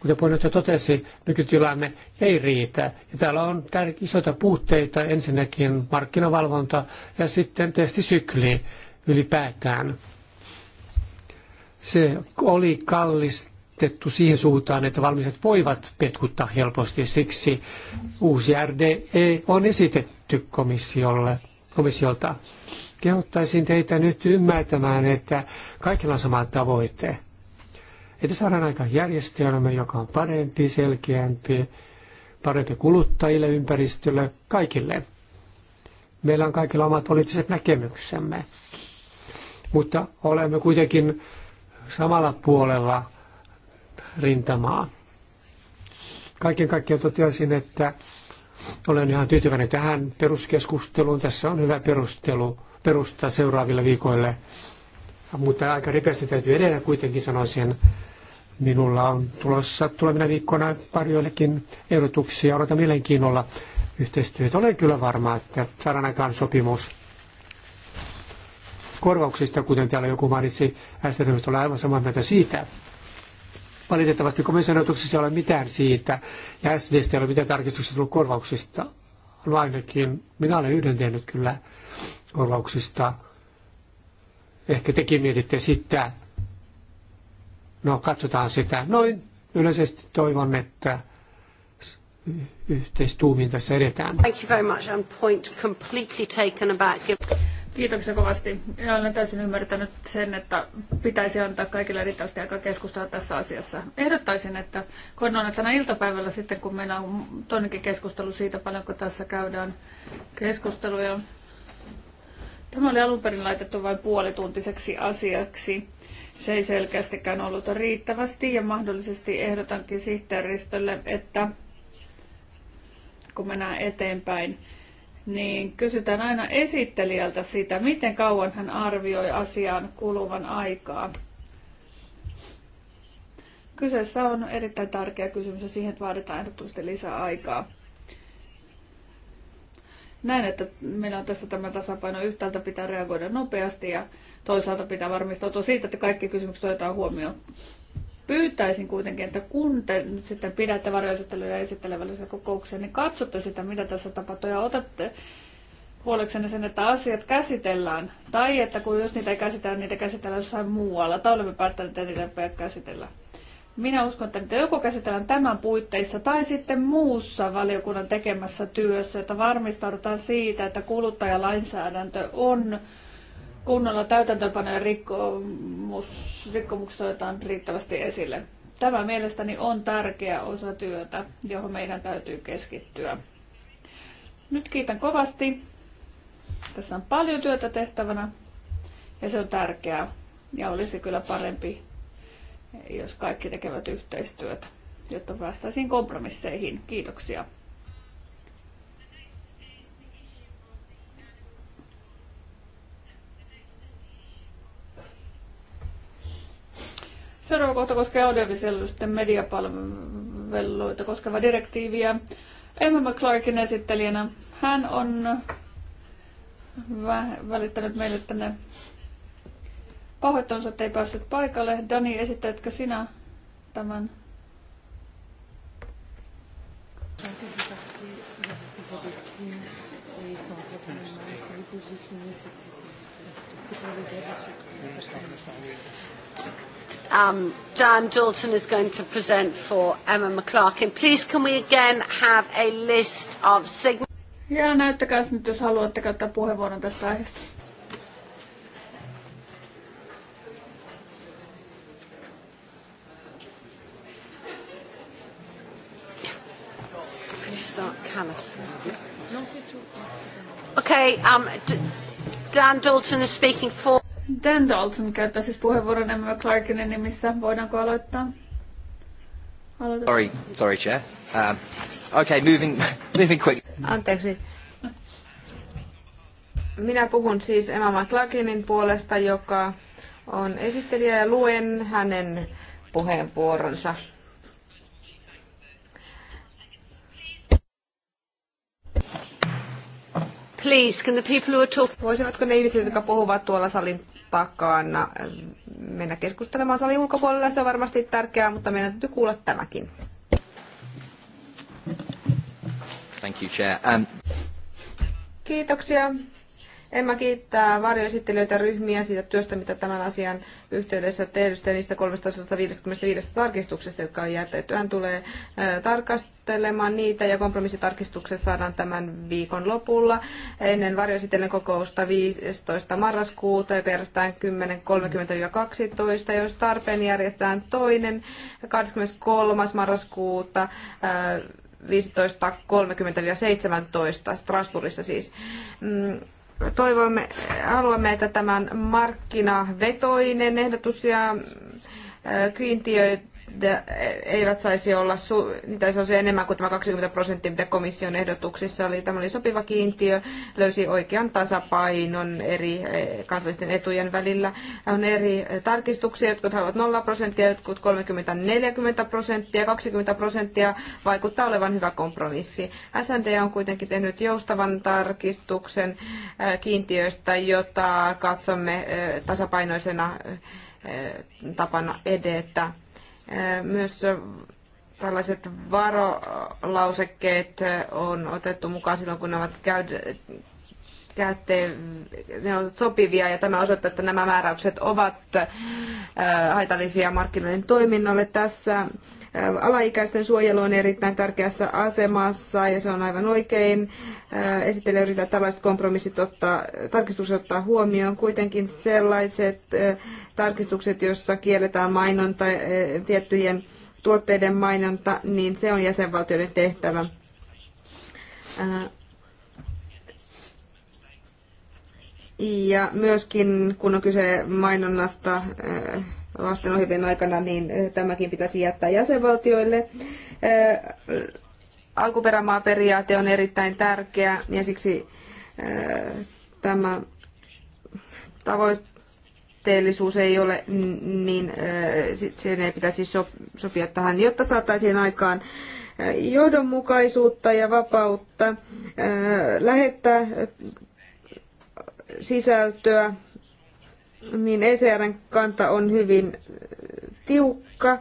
kuten puheenjohtaja totesi, nykytilanne ei riitä. Ja täällä on tär- isoita puutteita, ensinnäkin markkinavalvonta ja sitten testisykli ylipäätään. Se oli kallis asetettu siihen suuntaan, että valmiset voivat petkuttaa helposti. Siksi uusi RDE on esitetty komissiolle, komissiolta. Kehottaisin teitä nyt ymmärtämään, että kaikilla on sama tavoite. Että saadaan aika järjestelmä, joka on parempi, selkeämpi, parempi kuluttajille, ympäristölle, kaikille. Meillä on kaikilla omat poliittiset näkemyksemme. Mutta olemme kuitenkin samalla puolella rintamaa. Kaiken kaikkiaan toteaisin, että olen ihan tyytyväinen tähän peruskeskusteluun. Tässä on hyvä perustelu perusta seuraaville viikoille. Mutta aika ripeästi täytyy edetä kuitenkin sanoisin. Minulla on tulossa tulevina viikkoina pari joillekin ehdotuksia. Odotan mielenkiinnolla yhteistyötä. Olen kyllä varma, että saadaan aikaan sopimus korvauksista, kuten täällä joku mainitsi, SRV on aivan samaa mieltä siitä. Valitettavasti komission ehdotuksessa ei ole mitään siitä, ja SDstä ei ole mitään tarkistusta tullut korvauksista. No ainakin minä olen yhden tehnyt kyllä korvauksista. Ehkä tekin mietitte sitä. No, katsotaan sitä. Noin yleisesti toivon, että yhteistuumin tässä edetään. Thank you very much. I'm point completely taken aback. Kiitoksia kovasti. Ja olen täysin ymmärtänyt sen, että pitäisi antaa kaikille riittävästi aikaa keskustella tässä asiassa. Ehdottaisin, että koordinoidaan tänä iltapäivällä sitten, kun meillä on toinenkin keskustelu siitä, paljonko tässä käydään keskusteluja. Tämä oli alun perin laitettu vain puolituntiseksi asiaksi. Se ei selkeästikään ollut riittävästi ja mahdollisesti ehdotankin sihteeristölle, että kun mennään eteenpäin, niin kysytään aina esittelijältä sitä, miten kauan hän arvioi asiaan kuluvan aikaa. Kyseessä on erittäin tärkeä kysymys ja siihen vaaditaan ehdottomasti lisää aikaa. Näin, että meillä on tässä tämä tasapaino. Yhtäältä pitää reagoida nopeasti ja toisaalta pitää varmistautua siitä, että kaikki kysymykset otetaan huomioon. Pyytäisin kuitenkin, että kun te nyt sitten pidätte varjoesittelyä ja esittelevällisiä kokouksia, niin katsotte sitä, mitä tässä tapahtuu ja otatte huoleksenne sen, että asiat käsitellään. Tai että kun jos niitä ei käsitellä, niitä käsitellään jossain muualla. Tai olemme päättäneet, että niitä ei käsitellä. Minä uskon, että niitä joko käsitellään tämän puitteissa tai sitten muussa valiokunnan tekemässä työssä, että varmistaudutaan siitä, että kuluttajalainsäädäntö on kunnolla täytäntöönpanoja rikkomus, rikkomukset otetaan riittävästi esille. Tämä mielestäni on tärkeä osa työtä, johon meidän täytyy keskittyä. Nyt kiitän kovasti. Tässä on paljon työtä tehtävänä ja se on tärkeää. Ja olisi kyllä parempi, jos kaikki tekevät yhteistyötä, jotta päästäisiin kompromisseihin. Kiitoksia. Seuraava kohta koskee audiovisuaalisten mediapalveluita koskeva direktiiviä. Emma McClarkin esittelijänä. Hän on välittänyt meille tänne pahoittonsa, ettei päässyt paikalle. Dani, esittäytkö sinä tämän? um, Dan Dalton is going to present for Emma McClarkin. Please can we again have a list of signals? Ja näyttäkää nyt, jos haluatte käyttää puheenvuoron tästä aiheesta. Okay, um, D Dan Dalton is speaking for... Dan Dalton käyttää siis puheenvuoron Emma Clarkinen nimissä. Voidaanko aloittaa? Aloitetaan. Sorry, sorry chair. Um, okay, moving, moving quick. Anteeksi. Minä puhun siis Emma McClarkinin puolesta, joka on esittelijä ja luen hänen puheenvuoronsa. Please, can the people who are talking... Voisivatko ne ihmiset, jotka puhuvat tuolla salin takana mennä keskustelemaan salin ulkopuolella. Se on varmasti tärkeää, mutta meidän täytyy kuulla tämäkin. Thank you, Chair. Um... Kiitoksia Emma kiittää varjoesittelijöitä ryhmiä siitä työstä, mitä tämän asian yhteydessä tehdystä ja niistä 355 tarkistuksesta, jotka on jätetty. Hän tulee tarkastelemaan niitä ja kompromissitarkistukset saadaan tämän viikon lopulla ennen varjoesittelijän kokousta 15. marraskuuta, joka järjestetään 10.30-12. Jos tarpeen järjestetään toinen 23. marraskuuta 15.30-17 Strasbourgissa siis mm, toivomme, haluamme, että tämän markkinavetoinen ehdotus ja kiintiöt eivät saisi olla, su- niitä ei saisi enemmän kuin tämä 20 prosenttia, mitä komission ehdotuksissa oli. Tämä oli sopiva kiintiö, löysi oikean tasapainon eri eh, kansallisten etujen välillä. On eri eh, tarkistuksia, jotkut haluavat 0 prosenttia, jotkut 30-40 prosenttia, 20 prosenttia vaikuttaa olevan hyvä kompromissi. SND on kuitenkin tehnyt joustavan tarkistuksen eh, kiintiöistä, jota katsomme tasapainoisena tapana edetä. Myös tällaiset varolausekkeet on otettu mukaan silloin, kun ne ovat käy- käytte, ne ovat sopivia ja tämä osoittaa, että nämä määräykset ovat haitallisia markkinoiden toiminnalle. Tässä alaikäisten suojelu on erittäin tärkeässä asemassa ja se on aivan oikein. Esittelijä yrittää tällaiset kompromissit ottaa, tarkistus ottaa huomioon. Kuitenkin sellaiset tarkistukset, joissa kielletään mainonta, eh, tiettyjen tuotteiden mainonta, niin se on jäsenvaltioiden tehtävä. Äh, ja myöskin kun on kyse mainonnasta äh, lastenohjelmien aikana, niin eh, tämäkin pitäisi jättää jäsenvaltioille. Äh, alkuperämaaperiaate on erittäin tärkeä ja siksi tämä tavoite suhteellisuus ei ole, niin sen ei pitäisi sopia tähän, jotta saataisiin aikaan johdonmukaisuutta ja vapautta lähettää sisältöä, niin ECRn kanta on hyvin tiukka.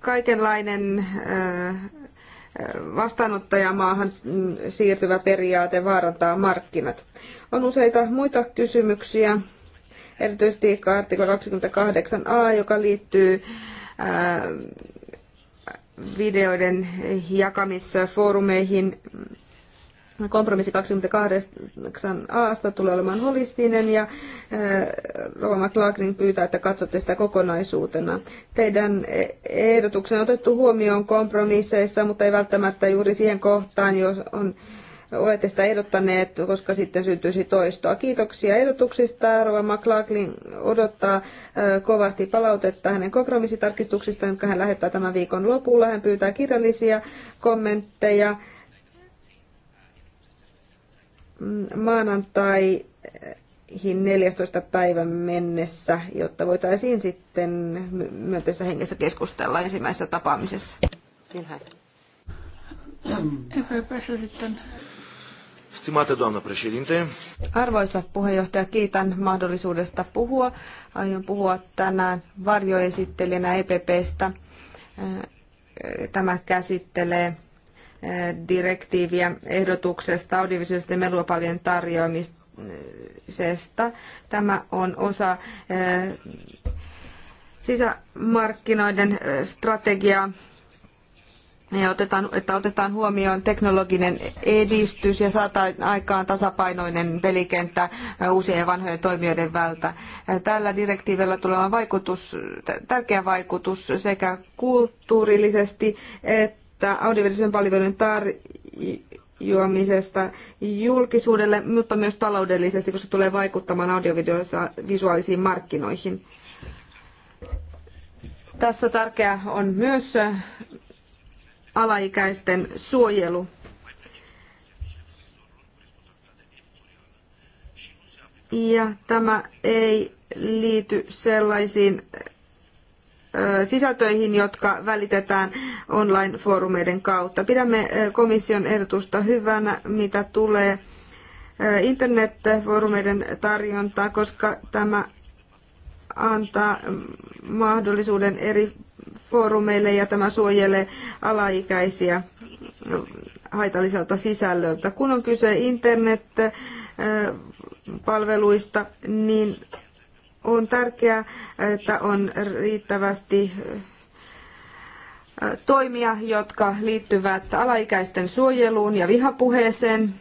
Kaikenlainen vastaanottajamaahan siirtyvä periaate vaarantaa markkinat. On useita muita kysymyksiä, erityisesti artikla 28a, joka liittyy videoiden jakamisfoorumeihin Kompromissi 28 aasta tulee olemaan holistinen ja äh, Rova McLaughlin pyytää, että katsotte sitä kokonaisuutena. Teidän e- ehdotuksen on otettu huomioon kompromisseissa, mutta ei välttämättä juuri siihen kohtaan, jos on olette sitä ehdottaneet, koska sitten syntyisi toistoa. Kiitoksia ehdotuksista. Rova McLaughlin odottaa äh, kovasti palautetta hänen kompromissitarkistuksistaan, jotka hän lähettää tämän viikon lopulla. Hän pyytää kirjallisia kommentteja maanantaihin 14. päivän mennessä, jotta voitaisiin sitten myönteisessä hengessä keskustella ensimmäisessä tapaamisessa. Stimate Arvoisa puheenjohtaja, kiitän mahdollisuudesta puhua. Aion puhua tänään varjoesittelijänä EPPstä. Tämä käsittelee direktiiviä ehdotuksesta audiovisuaalisten melupalvelujen tarjoamisesta. Tämä on osa eh, sisämarkkinoiden eh, strategiaa ja otetaan, että otetaan huomioon teknologinen edistys ja saadaan aikaan tasapainoinen pelikenttä eh, uusien ja vanhojen toimijoiden vältä. Tällä direktiivillä tulee vaikutus, tärkeä vaikutus sekä kulttuurillisesti että että audiovisuaalisen palveluiden tarjoamisesta julkisuudelle, mutta myös taloudellisesti, koska se tulee vaikuttamaan audiovisuaalisiin markkinoihin. Tässä tärkeää on myös alaikäisten suojelu. Ja tämä ei liity sellaisiin sisältöihin, jotka välitetään online-foorumeiden kautta. Pidämme komission ehdotusta hyvänä, mitä tulee internet internet-foorumeiden tarjontaa, koska tämä antaa mahdollisuuden eri foorumeille ja tämä suojelee alaikäisiä haitalliselta sisällöltä. Kun on kyse internet palveluista, niin on tärkeää, että on riittävästi toimia, jotka liittyvät alaikäisten suojeluun ja vihapuheeseen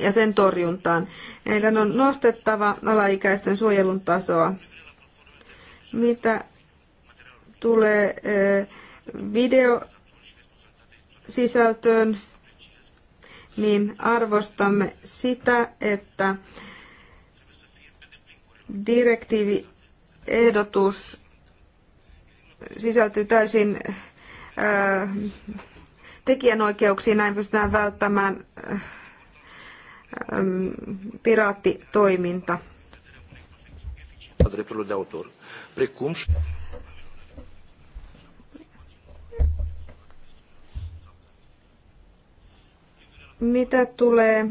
ja sen torjuntaan. Meidän on nostettava alaikäisten suojelun tasoa. Mitä tulee videosisältöön, niin arvostamme sitä, että Direktiiviehdotus sisältyy täysin ää, äh, tekijänoikeuksiin, näin pystytään välttämään ää, äh, ähm, piraattitoiminta. Mitä tulee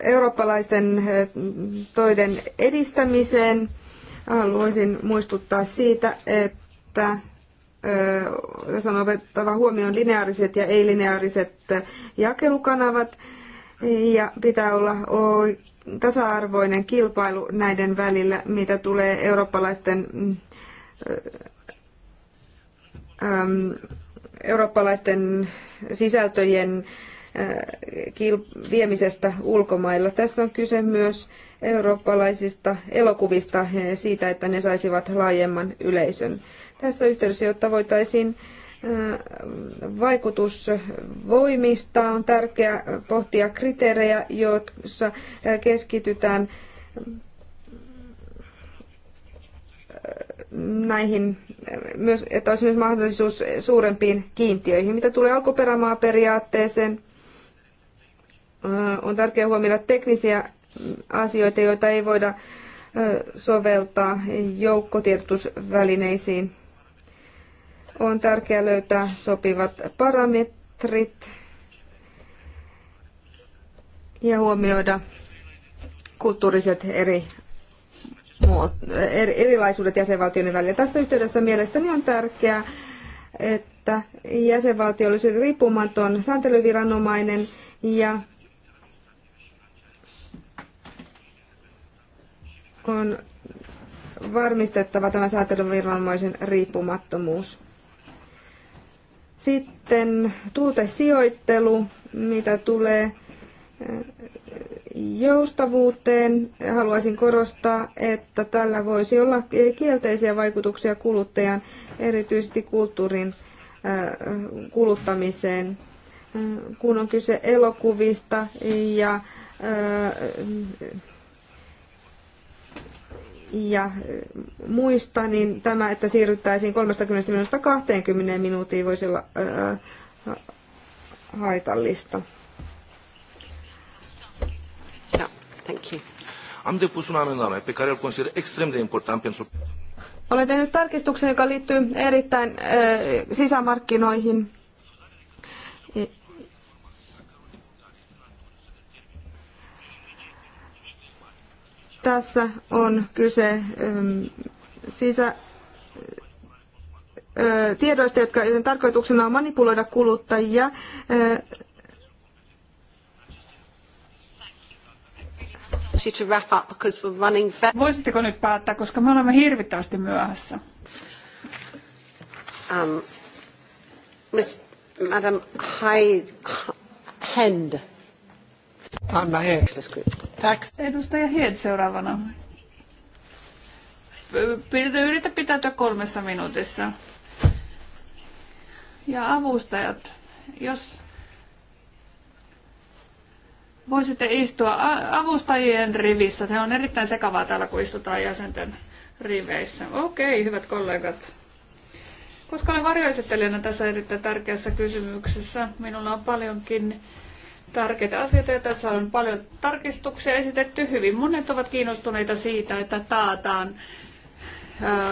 eurooppalaisten eh, toiden edistämiseen. Haluaisin muistuttaa siitä, että eh, tässä on otettava huomioon lineaariset ja ei-lineaariset eh, jakelukanavat ja pitää olla tasa-arvoinen kilpailu näiden välillä, mitä tulee eurooppalaisten mm, mm, eurooppalaisten sisältöjen Äh, viemisestä ulkomailla. Tässä on kyse myös eurooppalaisista elokuvista äh, siitä, että ne saisivat laajemman yleisön. Tässä yhteydessä, jotta voitaisiin äh, vaikutusvoimista, on tärkeää pohtia kriteerejä, joissa keskitytään näihin, myös, että olisi myös mahdollisuus suurempiin kiintiöihin. Mitä tulee alkuperämaaperiaatteeseen, on tärkeää huomioida teknisiä asioita, joita ei voida soveltaa joukkotiedotusvälineisiin. On tärkeää löytää sopivat parametrit ja huomioida kulttuuriset eri erilaisuudet jäsenvaltioiden välillä. Tässä yhteydessä mielestäni on tärkeää, että jäsenvaltio olisi riippumaton sääntelyviranomainen ja on varmistettava tämä säätelyviranomaisen riippumattomuus. Sitten tuotesijoittelu, mitä tulee eh, joustavuuteen. Haluaisin korostaa, että tällä voisi olla kielteisiä vaikutuksia kuluttajan, erityisesti kulttuurin eh, kuluttamiseen, eh, kun on kyse elokuvista ja ja eh, muista, niin tämä, että siirryttäisiin 30 minuutista 20 minuuttia voisi olla ää, haitallista. Yeah, no, thank you. Am depus un amendament pe care îl consider extrem de important pentru... Olen tehnyt tarkistuksen, joka liittyy erittäin äh, sisämarkkinoihin Tässä on kyse ähm, sisä, äh, tiedoista, jotka, joiden tarkoituksena on manipuloida kuluttajia. Äh, Voisitteko nyt päättää, koska me olemme hirvittävästi myöhässä? Um, Miss, Madam Hyde, Hend. Anna Hed. Edustaja Hed seuraavana. Yritä pitäytyä kolmessa minuutissa. Ja avustajat, jos voisitte istua avustajien rivissä. Se on erittäin sekavaa täällä, kun istutaan jäsenten riveissä. Okei, hyvät kollegat. Koska olen varjoesittelijänä tässä erittäin tärkeässä kysymyksessä, minulla on paljonkin tärkeitä asioita ja tässä on paljon tarkistuksia esitetty. Hyvin monet ovat kiinnostuneita siitä, että taataan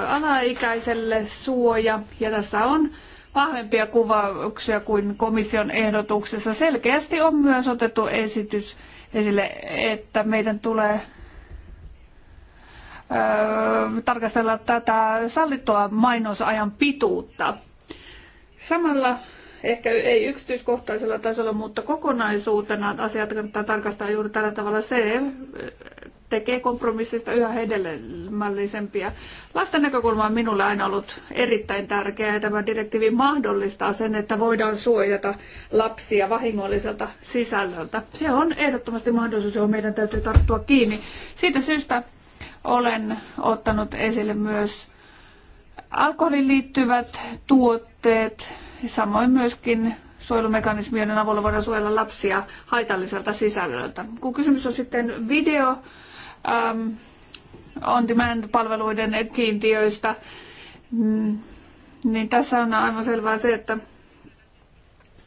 alaikäiselle suoja ja tässä on vahvempia kuvauksia kuin komission ehdotuksessa. Selkeästi on myös otettu esitys esille, että meidän tulee tarkastella tätä sallittua mainosajan pituutta. Samalla ehkä ei yksityiskohtaisella tasolla, mutta kokonaisuutena asiat kannattaa tarkastaa juuri tällä tavalla. Se eh, tekee kompromissista yhä hedelmällisempiä. Lasten näkökulma on minulle aina ollut erittäin tärkeää ja tämä direktiivi mahdollistaa sen, että voidaan suojata lapsia vahingolliselta sisällöltä. Se on ehdottomasti mahdollisuus, johon meidän täytyy tarttua kiinni. Siitä syystä olen ottanut esille myös alkoholin liittyvät tuotteet, Samoin myöskin suojelumekanismien avulla voidaan suojella lapsia haitalliselta sisällöltä. Kun kysymys on sitten video um, on demand-palveluiden kiintiöistä, mm, niin tässä on aivan selvää se, että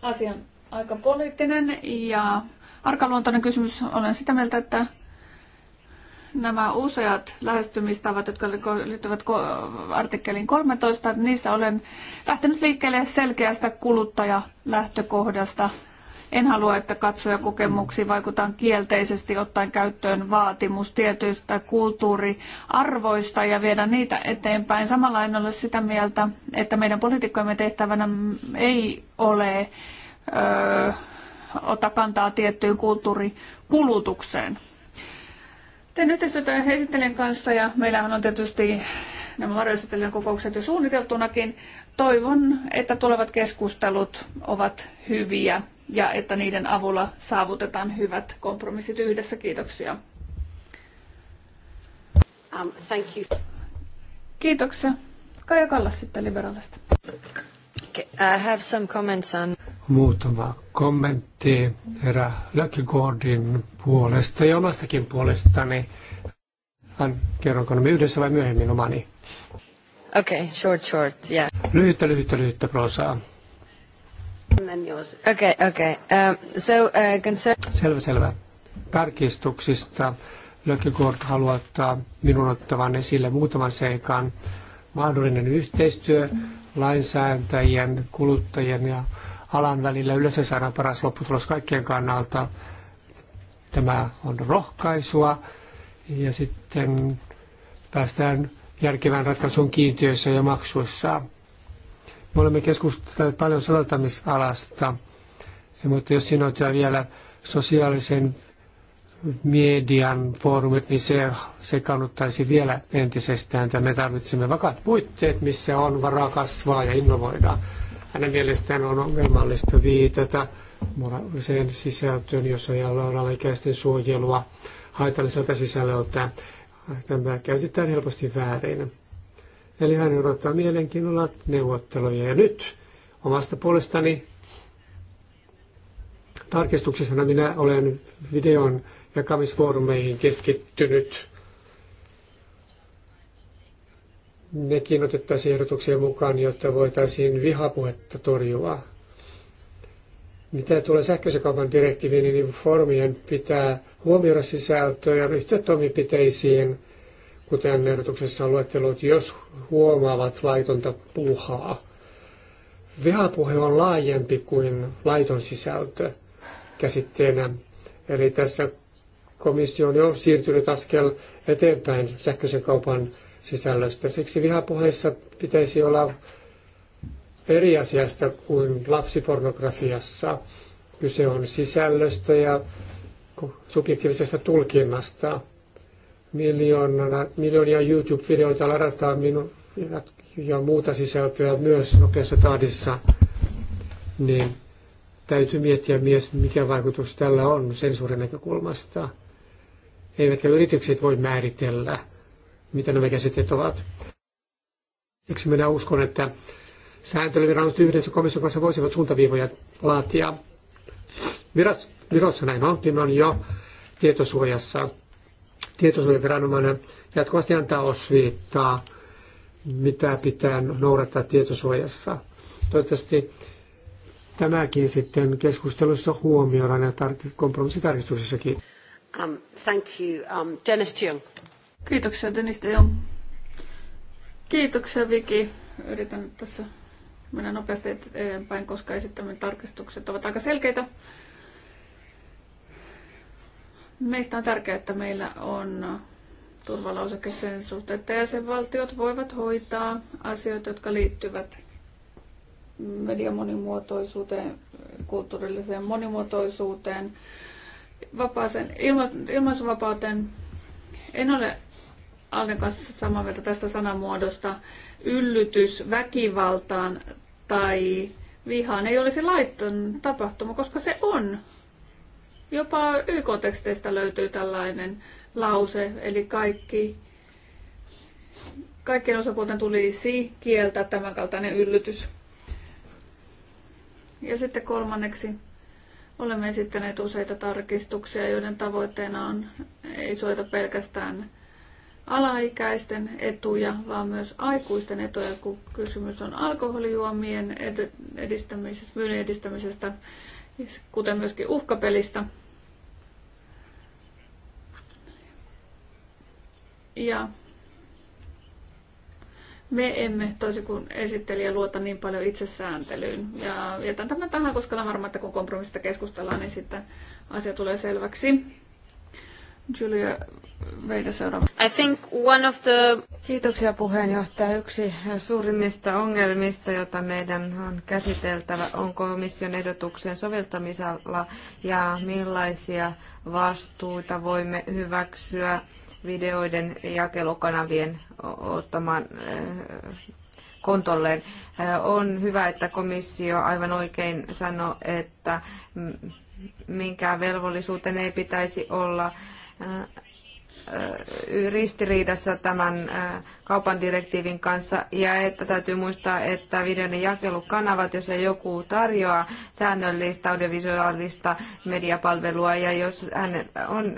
asia on aika poliittinen ja arkaluontoinen kysymys. Olen sitä mieltä, että nämä useat lähestymistavat, jotka liittyvät artikkelin 13, niissä olen lähtenyt liikkeelle selkeästä kuluttajalähtökohdasta. En halua, että katsojakokemuksiin vaikutaan kielteisesti ottaen käyttöön vaatimus tietyistä kulttuuriarvoista ja viedä niitä eteenpäin. Samalla en ole sitä mieltä, että meidän poliitikkojemme tehtävänä ei ole öö, ottaa kantaa tiettyyn kulttuurikulutukseen. Teen yhteistyötä esittelijän kanssa ja meillähän on tietysti nämä varjoesittelijän kokoukset jo suunniteltunakin. Toivon, että tulevat keskustelut ovat hyviä ja että niiden avulla saavutetaan hyvät kompromissit yhdessä. Kiitoksia. Um, thank you. Kiitoksia. Kaija Kallas sitten liberaalista. Okay, I have some comments on... Muutama kommentti herra Lökkigordin puolesta ja omastakin puolestani. Hän kerronko me yhdessä vai myöhemmin omani? Okei, okay, short, short, yeah. Lyhyttä, lyhyttä, lyhyttä prosaa. Okei, okay, okei. Okay. Uh, so, uh, concern... Selvä, selvä. Tarkistuksista Lökkikort haluaa ottaa minun ottavan esille muutaman seikan. Mahdollinen yhteistyö lainsäätäjien, kuluttajien ja alan välillä yleensä saadaan paras lopputulos kaikkien kannalta. Tämä on rohkaisua ja sitten päästään järkevään ratkaisuun kiintiöissä ja maksuissa. Me olemme keskustelleet paljon soveltamisalasta, mutta jos siinä on vielä sosiaalisen median foorumit, niin se sekaannuttaisi vielä entisestään. Me tarvitsemme vakaat puitteet, missä on varaa kasvaa ja innovoida. Hänen mielestään on ongelmallista viitata moraaliseen sisältöön, jos ei ole alaikäisten suojelua haitalliselta sisällöltä. Tämä käytetään helposti väärin. Eli hän odottaa mielenkiinnolla neuvotteluja. Ja nyt omasta puolestani tarkistuksessana minä olen videon jakamisfoorumeihin keskittynyt. nekin otettaisiin ehdotukseen mukaan, jotta voitaisiin vihapuhetta torjua. Mitä tulee sähköisen kaupan direktiiviin, niin foorumien pitää huomioida sisältöä ja ryhtyä toimenpiteisiin, kuten ehdotuksessa on luettelut, jos huomaavat laitonta puhaa. Vihapuhe on laajempi kuin laiton sisältö käsitteenä. Eli tässä komissio on jo siirtynyt askel eteenpäin sähköisen kaupan sisällöstä. Siksi vihapuheessa pitäisi olla eri asiasta kuin lapsipornografiassa. Kyse on sisällöstä ja subjektiivisesta tulkinnasta. Miljoona, miljoonia YouTube-videoita ladataan minun ja muuta sisältöä myös nopeassa tahdissa, niin täytyy miettiä myös, mikä vaikutus tällä on sensuurin näkökulmasta. Eivätkä yritykset voi määritellä mitä nämä käsitteet ovat. Siksi minä uskon, että sääntelyviranot yhdessä komission kanssa voisivat suuntaviivoja laatia. Viras, virossa näin on, on jo tietosuojassa. Tietosuojaviranomainen jatkuvasti antaa osviittaa, mitä pitää noudattaa tietosuojassa. Toivottavasti tämäkin sitten keskustelussa huomioidaan ja kompromissitarkistuksessakin. Um, thank you. Um, Dennis Jung. Kiitoksia Denistä jo. Kiitoksia Viki. Yritän nyt tässä mennä nopeasti eteenpäin, koska esittämme tarkistukset ovat aika selkeitä. Meistä on tärkeää, että meillä on turvalauseke sen suhteen, että jäsenvaltiot voivat hoitaa asioita, jotka liittyvät median monimuotoisuuteen, kulttuurilliseen monimuotoisuuteen, vapaaseen ilma, ilmaisuvapauteen. En ole Alden kanssa samaa mieltä tästä sanamuodosta. Yllytys väkivaltaan tai vihaan ei olisi laiton tapahtuma, koska se on. Jopa YK-teksteistä löytyy tällainen lause, eli kaikki, kaikkien osapuolten tulisi kieltää tämänkaltainen yllytys. Ja sitten kolmanneksi olemme esittäneet useita tarkistuksia, joiden tavoitteena on ei suojata pelkästään alaikäisten etuja, vaan myös aikuisten etuja, kun kysymys on alkoholijuomien edistämisestä, myynnin edistämisestä, kuten myöskin uhkapelistä. Ja me emme, toisin kuin esittelijä, luota niin paljon itsesääntelyyn. Ja jätän tämän tähän, koska olen varma, että kun kompromissista keskustellaan, niin sitten asia tulee selväksi. Julia meitä seuraava. I think one of the... Kiitoksia puheenjohtaja. Yksi suurimmista ongelmista, jota meidän on käsiteltävä, on komission ehdotuksen soveltamisella ja millaisia vastuita voimme hyväksyä videoiden jakelukanavien ottamaan eh, kontolleen. Eh, on hyvä, että komissio aivan oikein sanoi, että minkään velvollisuuteen ei pitäisi olla eh, ristiriidassa tämän kaupan direktiivin kanssa ja että täytyy muistaa, että videon jakelukanavat, jos joku tarjoaa säännöllistä audiovisuaalista mediapalvelua ja jos hän on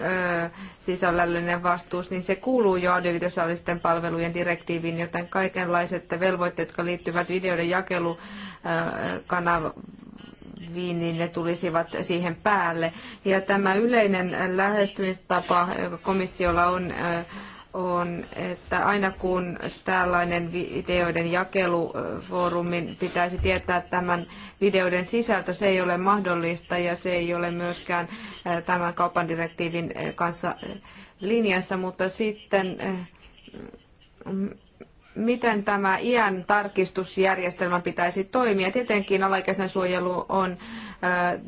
sisällöllinen vastuus, niin se kuuluu jo audiovisuaalisten palvelujen direktiiviin, joten kaikenlaiset velvoitteet, jotka liittyvät videoiden jakelukanavaan, viiniin niin ne tulisivat siihen päälle. Ja tämä yleinen lähestymistapa, joka komissiolla on, on, että aina kun tällainen videoiden jakelufoorumin pitäisi tietää tämän videoiden sisältö, se ei ole mahdollista ja se ei ole myöskään tämän kaupan direktiivin kanssa linjassa, mutta sitten miten tämä iän tarkistusjärjestelmä pitäisi toimia. Tietenkin alaikäisen suojelu on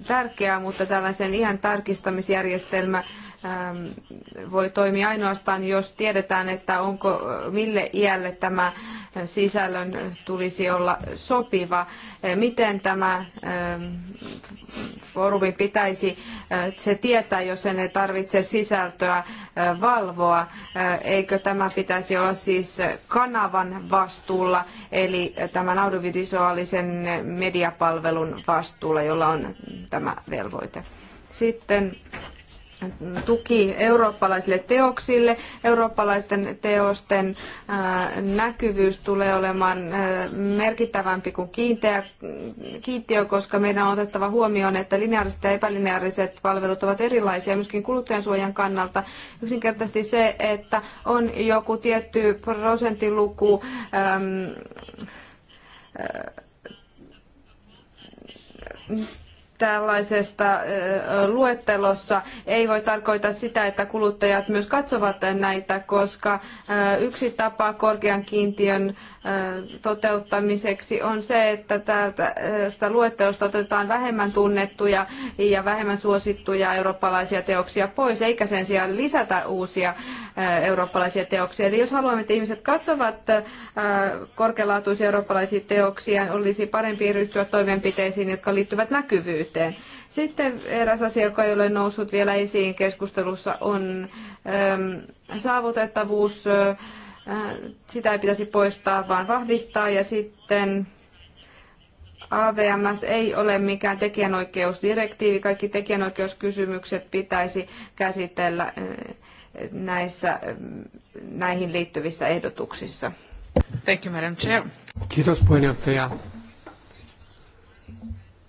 tärkeää, mutta tällaisen iän tarkistamisjärjestelmä Ähm, voi toimia ainoastaan, jos tiedetään, että onko mille iälle tämä äh, sisällön tulisi olla sopiva. Äh, miten tämä ähm, foorumi pitäisi äh, se tietää, jos sen tarvitse sisältöä valvoa? Eikö tämä pitäisi olla siis kanavan vastuulla, eli tämän audiovisuaalisen mediapalvelun vastuulla, jolla on tämä velvoite? Sitten tuki eurooppalaisille teoksille. Eurooppalaisten teosten näkyvyys tulee olemaan merkittävämpi kuin kiinteä, kiintiö, koska meidän on otettava huomioon, että lineaariset ja epälineaariset palvelut ovat erilaisia myöskin kuluttajansuojan kannalta. Yksinkertaisesti se, että on joku tietty prosenttiluku ähm, äh, tällaisesta luettelossa ei voi tarkoita sitä, että kuluttajat myös katsovat näitä, koska yksi tapa korkean kiintiön toteuttamiseksi on se, että tästä luettelosta otetaan vähemmän tunnettuja ja vähemmän suosittuja eurooppalaisia teoksia pois, eikä sen sijaan lisätä uusia eurooppalaisia teoksia. Eli jos haluamme, että ihmiset katsovat korkealaatuisia eurooppalaisia teoksia, olisi parempi ryhtyä toimenpiteisiin, jotka liittyvät näkyvyyteen yhteen. Sitten eräs asia, joka ei ole noussut vielä esiin keskustelussa, on ähm, saavutettavuus. Äh, sitä ei pitäisi poistaa, vaan vahvistaa. Ja sitten AVMS ei ole mikään tekijänoikeusdirektiivi. Kaikki tekijänoikeuskysymykset pitäisi käsitellä äh, näissä, äh, näihin liittyvissä ehdotuksissa. Thank you, Madam Chair. Kiitos puheenjohtaja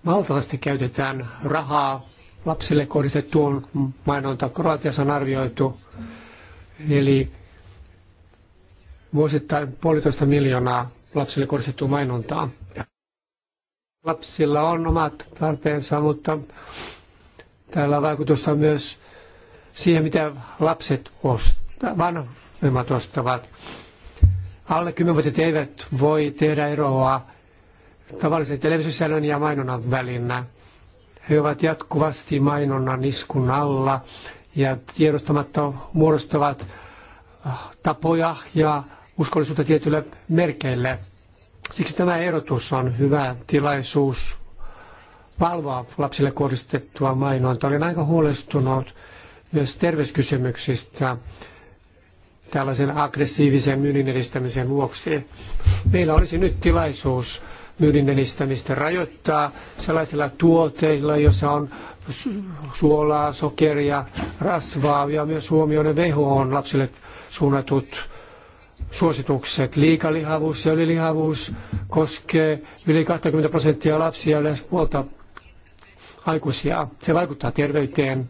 valtavasti käytetään rahaa lapsille kohdistettuun mainonta. Kroatiassa on arvioitu, eli vuosittain puolitoista miljoonaa lapsille kohdistettua mainontaa. Lapsilla on omat tarpeensa, mutta täällä on vaikutusta myös siihen, mitä lapset ostavat, vanhemmat ostavat. Alle kymmenvuotiaat eivät voi tehdä eroa tavallisen televisiosäännön ja mainonnan välinä. He ovat jatkuvasti mainonnan iskun alla ja tiedostamatta muodostavat äh, tapoja ja uskollisuutta tietylle merkeille. Siksi tämä erotus on hyvä tilaisuus valvoa lapsille kohdistettua mainonta. Olen aika huolestunut myös terveyskysymyksistä tällaisen aggressiivisen myynnin edistämisen vuoksi. Meillä olisi nyt tilaisuus myynnin edistämistä rajoittaa sellaisilla tuotteilla, joissa on suolaa, sokeria, rasvaa ja myös huomioiden veho on lapsille suunnatut suositukset. Liikalihavuus ja ylilihavuus koskee yli 20 prosenttia lapsia ja lähes puolta aikuisia. Se vaikuttaa terveyteen,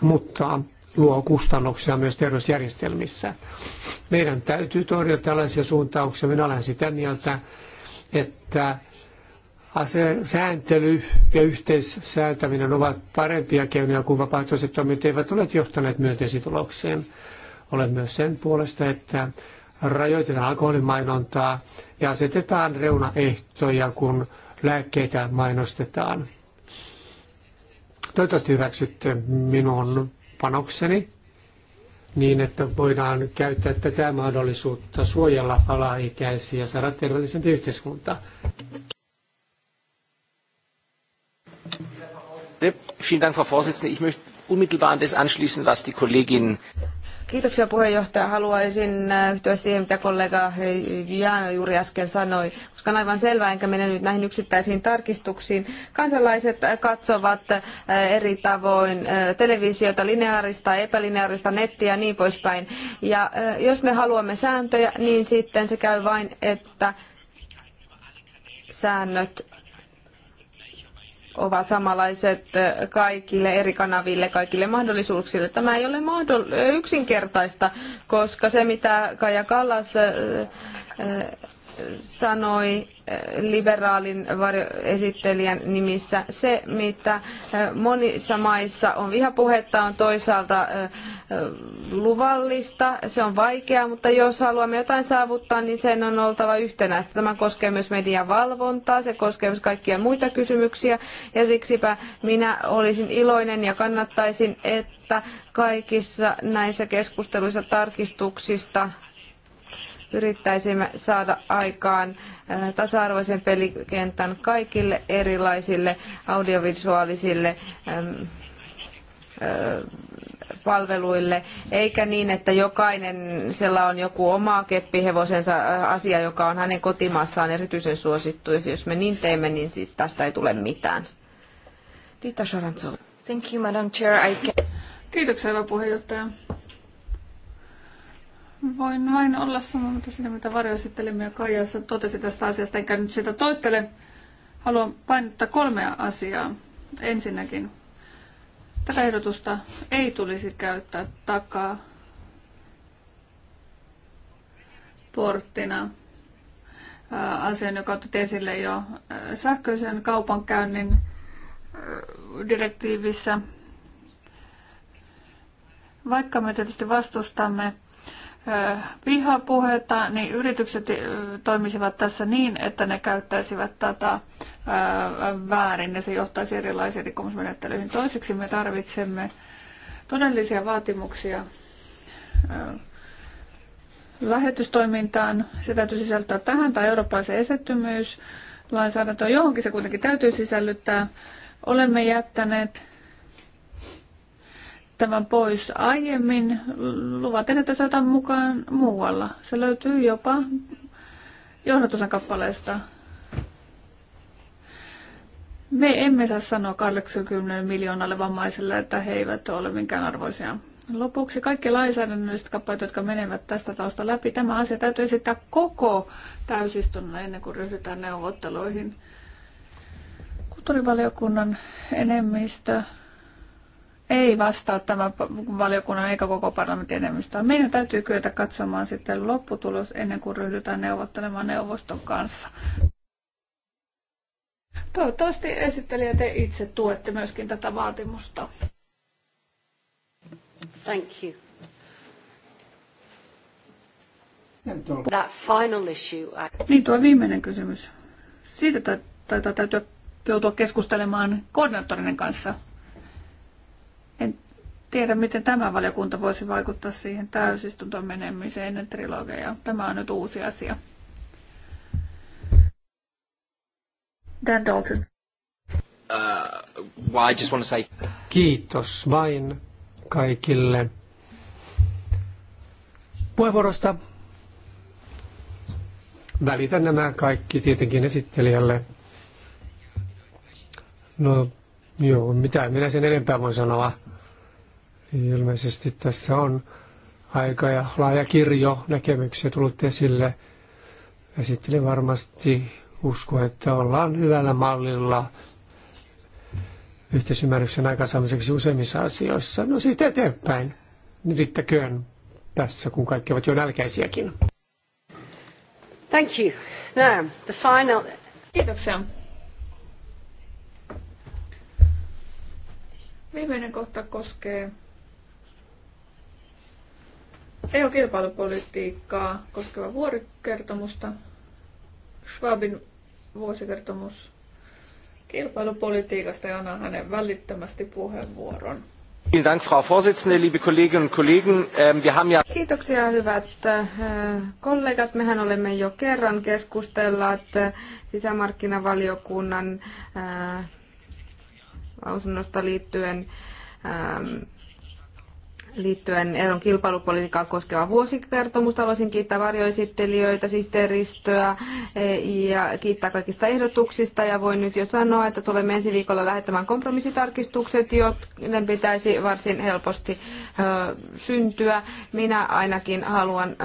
mutta luo kustannuksia myös terveysjärjestelmissä. Meidän täytyy torjua tällaisia suuntauksia. Minä olen sitä mieltä, että ase- sääntely ja yhteissääntäminen ovat parempia keinoja kuin vapaaehtoiset toimet eivät ole johtaneet myönteisiin tuloksiin. Olen myös sen puolesta, että rajoitetaan alkoholimainontaa ja asetetaan reunaehtoja, kun lääkkeitä mainostetaan. Toivottavasti hyväksytte minun panokseni niin, että voidaan käyttää tätä mahdollisuutta suojella alaikäisiä ja saada terveellisempi yhteiskunta. Vielen Dank, Frau Vorsitzende. Ich möchte unmittelbar an das anschließen, was die Kollegin Kiitoksia puheenjohtaja. Haluaisin äh, yhtyä siihen, mitä kollega Jaana juuri äsken sanoi, koska on aivan selvää, enkä mene nyt näihin yksittäisiin tarkistuksiin. Kansalaiset äh, katsovat äh, eri tavoin televisiota, lineaarista, epälineaarista, nettiä ja niin poispäin. Ja jos me haluamme sääntöjä, niin sitten se käy vain, että säännöt ovat samanlaiset kaikille eri kanaville, kaikille mahdollisuuksille. Tämä ei ole mahdoll- yksinkertaista, koska se mitä Kaja Kallas sanoi eh, liberaalin esittelijän nimissä. Se, mitä eh, monissa maissa on vihapuhetta, on toisaalta eh, luvallista. Se on vaikeaa, mutta jos haluamme jotain saavuttaa, niin sen on oltava yhtenäistä. Tämä koskee myös median valvontaa, se koskee myös kaikkia muita kysymyksiä. Ja siksipä minä olisin iloinen ja kannattaisin, että kaikissa näissä keskusteluissa tarkistuksista yrittäisimme saada aikaan äh, tasa-arvoisen pelikentän kaikille erilaisille audiovisuaalisille ähm, äh, palveluille, eikä niin, että jokainen, sillä on joku oma keppihevosensa äh, asia, joka on hänen kotimaassaan erityisen suosittu. Ja jos me niin teemme, niin tästä ei tule mitään. Dita Thank you, Madam Chair. I can... Kiitoksia, hyvä puheenjohtaja. Voin vain olla samaa mieltä siitä, mitä varjoesittelemme ja Kaija totesi tästä asiasta, enkä nyt sitä toistele. Haluan painottaa kolmea asiaa. Ensinnäkin, tätä ehdotusta ei tulisi käyttää takaa porttina asian, joka otti esille jo sähköisen kaupankäynnin direktiivissä. Vaikka me tietysti vastustamme vihapuhetta, niin yritykset toimisivat tässä niin, että ne käyttäisivät tätä väärin ja se johtaisi erilaisiin rikkomusmenettelyihin. Toiseksi me tarvitsemme todellisia vaatimuksia lähetystoimintaan. Se täytyy sisältää tähän tai eurooppalaisen Lainsäädäntö Johonkin se kuitenkin täytyy sisällyttää. Olemme jättäneet tämän pois aiemmin luvaten, että se otan mukaan muualla. Se löytyy jopa johdatusan kappaleesta. Me emme saa sanoa 80 miljoonalle vammaiselle, että he eivät ole minkään arvoisia. Lopuksi kaikki lainsäädännölliset kappaleet, jotka menevät tästä tausta läpi, tämä asia täytyy esittää koko täysistunnolla ennen kuin ryhdytään neuvotteluihin. Kulttuurivaliokunnan enemmistö ei vastaa tämä valiokunnan eikä koko parlamentin enemmistö. Meidän täytyy kyetä katsomaan sitten lopputulos ennen kuin ryhdytään neuvottelemaan neuvoston kanssa. Toivottavasti esittelijä te itse tuette myöskin tätä vaatimusta. Thank you. That final issue. I... Niin tuo viimeinen kysymys. Siitä taitaa täytyy joutua keskustelemaan koordinaattorinen kanssa tiedä, miten tämä valiokunta voisi vaikuttaa siihen täysistuntoon menemiseen ennen trilogeja. Tämä on nyt uusi asia. Dan Dalton. Uh, well, I just want to say... Kiitos vain kaikille puheenvuorosta. Välitän nämä kaikki tietenkin esittelijälle. No, joo, mitä minä sen enempää voin sanoa. Ilmeisesti tässä on aika ja laaja kirjo näkemyksiä tullut esille. Esittelen varmasti usko, että ollaan hyvällä mallilla yhteisymmärryksen aikaansaamiseksi useimmissa asioissa. No siitä eteenpäin. Riittäköön tässä, kun kaikki ovat jo nälkäisiäkin. Thank you. Now, the final... Kiitoksia. Viimeinen kohta koskee EU-kilpailupolitiikkaa koskeva vuorikertomusta, Schwabin vuosikertomus kilpailupolitiikasta ja annan hänen välittömästi puheenvuoron. Ähm, Kiitoksia hyvät äh, kollegat. Mehän olemme jo kerran keskustelleet sisämarkkinavaliokunnan äh, lausunnosta liittyen ähm, liittyen EUn kilpailupolitiikkaa koskeva vuosikertomus. Haluaisin kiittää varjoesittelijöitä, sihteeristöä e, ja kiittää kaikista ehdotuksista. Ja voin nyt jo sanoa, että tulemme ensi viikolla lähettämään kompromissitarkistukset, joiden pitäisi varsin helposti syntyä. Minä ainakin haluan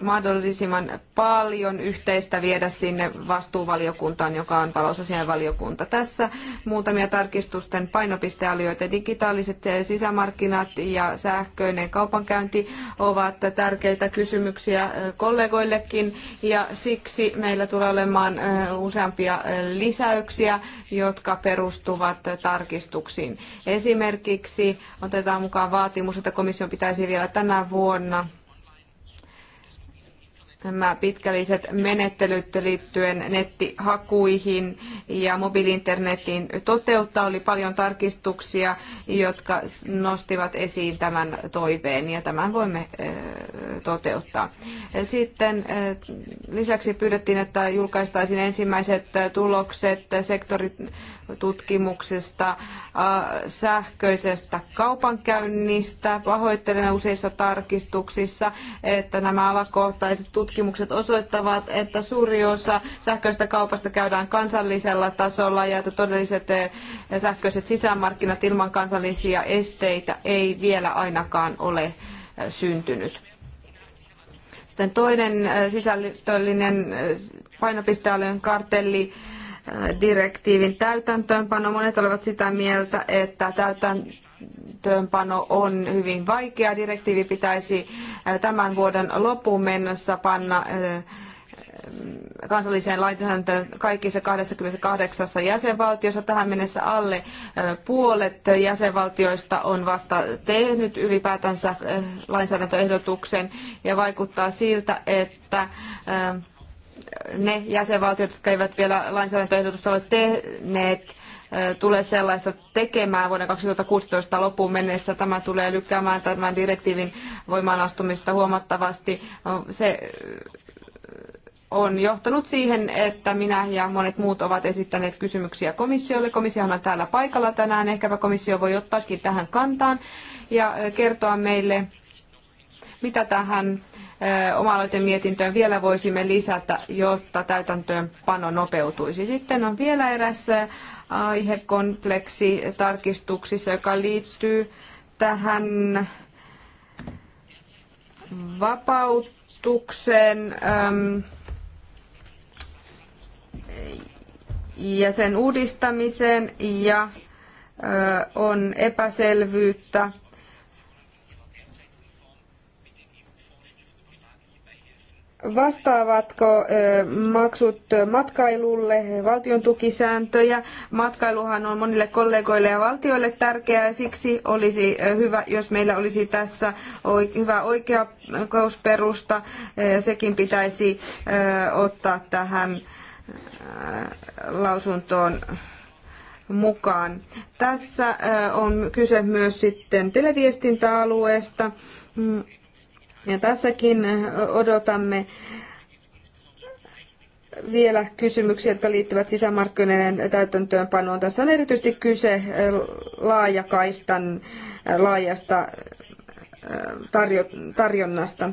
mahdollisimman paljon yhteistä viedä sinne vastuuvaliokuntaan, joka on talousasianvaliokunta. Tässä muutamia tarkistusten painopistealueita. Digitaaliset sisämarkkinat ja sähköinen kaupankäynti ovat tärkeitä kysymyksiä kollegoillekin ja siksi meillä tulee olemaan useampia lisäyksiä, jotka perustuvat tarkistuksiin. Esimerkiksi otetaan mukaan vaatimus, että komission pitäisi vielä tänä vuonna nämä pitkälliset menettelyt liittyen nettihakuihin ja mobiilinternetiin toteuttaa. Oli paljon tarkistuksia, jotka nostivat esiin tämän toiveen ja tämän voimme toteuttaa. Sitten lisäksi pyydettiin, että julkaistaisiin ensimmäiset tulokset sektorin tutkimuksesta, äh, sähköisestä kaupankäynnistä. Pahoittelen useissa tarkistuksissa, että nämä alakohtaiset tutkimukset osoittavat, että suuri osa sähköistä kaupasta käydään kansallisella tasolla ja että todelliset äh, sähköiset sisämarkkinat ilman kansallisia esteitä ei vielä ainakaan ole äh, syntynyt. Sitten toinen sisällöllinen painopiste on kartelli direktiivin täytäntöönpano. Monet olivat sitä mieltä, että täytäntöönpano on hyvin vaikea. Direktiivi pitäisi tämän vuoden loppuun mennessä panna kansalliseen lainsäädäntöön kaikissa 28 jäsenvaltiossa. Tähän mennessä alle puolet jäsenvaltioista on vasta tehnyt ylipäätänsä lainsäädäntöehdotuksen ja vaikuttaa siltä, että ne jäsenvaltiot, jotka eivät vielä lainsäädäntöehdotusta ole tehneet, tule sellaista tekemään vuoden 2016 loppuun mennessä. Tämä tulee lykkäämään tämän direktiivin voimaanastumista huomattavasti. Se on johtanut siihen, että minä ja monet muut ovat esittäneet kysymyksiä komissiolle. Komissiohan on täällä paikalla tänään. Ehkäpä komissio voi ottaakin tähän kantaan ja kertoa meille, mitä tähän oma aloitemietintöön vielä voisimme lisätä, jotta täytäntöönpano nopeutuisi. Sitten on vielä eräs aihekompleksi tarkistuksissa, joka liittyy tähän vapautukseen ja sen uudistamiseen ja on epäselvyyttä Vastaavatko maksut matkailulle valtion tukisääntöjä? Matkailuhan on monille kollegoille ja valtioille tärkeää ja siksi olisi hyvä, jos meillä olisi tässä hyvä oikeusperusta. Sekin pitäisi ottaa tähän lausuntoon mukaan. Tässä on kyse myös sitten televiestintäalueesta. Mm. Ja tässäkin odotamme vielä kysymyksiä, jotka liittyvät sisämarkkinoiden täytäntöönpanoon. Tässä on erityisesti kyse laajakaistan laajasta tarjonnasta.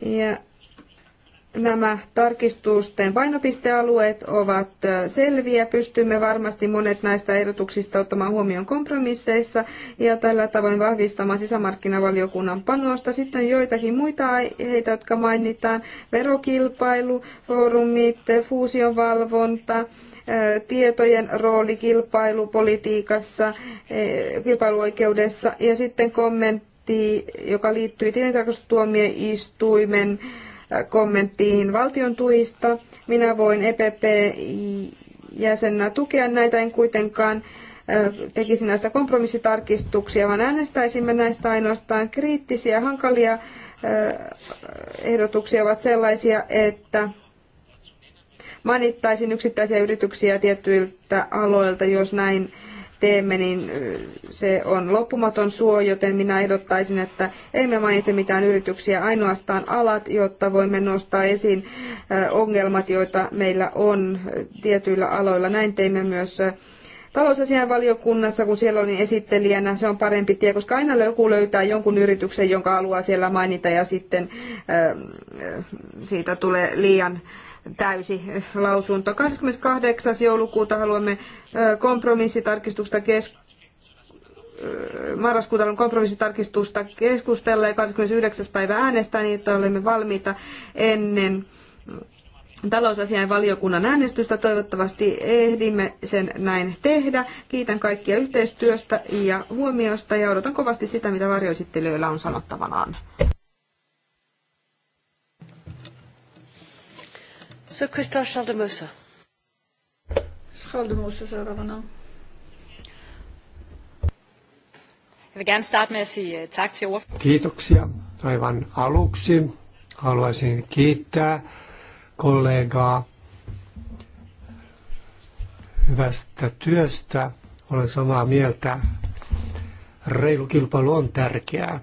Ja Nämä tarkistusten painopistealueet ovat selviä. Pystymme varmasti monet näistä ehdotuksista ottamaan huomioon kompromisseissa ja tällä tavoin vahvistamaan sisämarkkinavaliokunnan panosta. Sitten joitakin muita aiheita, jotka mainitaan. Verokilpailu, foorumit, fuusionvalvonta, tietojen rooli kilpailupolitiikassa, e, kilpailuoikeudessa ja sitten kommentti, joka liittyy tilintarkastustuomioistuimen istuimen kommenttiin valtion tuista. Minä voin EPP-jäsenä tukea näitä, en kuitenkaan tekisi näistä kompromissitarkistuksia, vaan äänestäisimme näistä ainoastaan kriittisiä, hankalia ehdotuksia ovat sellaisia, että mainittaisin yksittäisiä yrityksiä tietyiltä aloilta, jos näin teemme, niin se on loppumaton suo, joten minä ehdottaisin, että emme mainitse mitään yrityksiä, ainoastaan alat, jotta voimme nostaa esiin ongelmat, joita meillä on tietyillä aloilla. Näin teimme myös talousasianvaliokunnassa, kun siellä olin esittelijänä, se on parempi tie, koska aina joku löytää jonkun yrityksen, jonka haluaa siellä mainita ja sitten siitä tulee liian täysi lausunto. 28. joulukuuta haluamme kompromissitarkistusta keskustella marraskuuta on kompromissitarkistusta keskustella ja 29. päivä äänestää niin, että olemme valmiita ennen talousasiain valiokunnan äänestystä. Toivottavasti ehdimme sen näin tehdä. Kiitän kaikkia yhteistyöstä ja huomiosta ja odotan kovasti sitä, mitä varjoesittelijöillä on sanottavanaan. So Christophe Schaldemoussa. Schaldemoussa seuraavana. Jeg vil gerne starte med at sige øh, tak til ordføreren. Kiitoksia. Aivan aluksi haluaisin kiittää kollegaa hyvästä työstä. Olen samaa mieltä. Reilu kilpailu on tärkeää.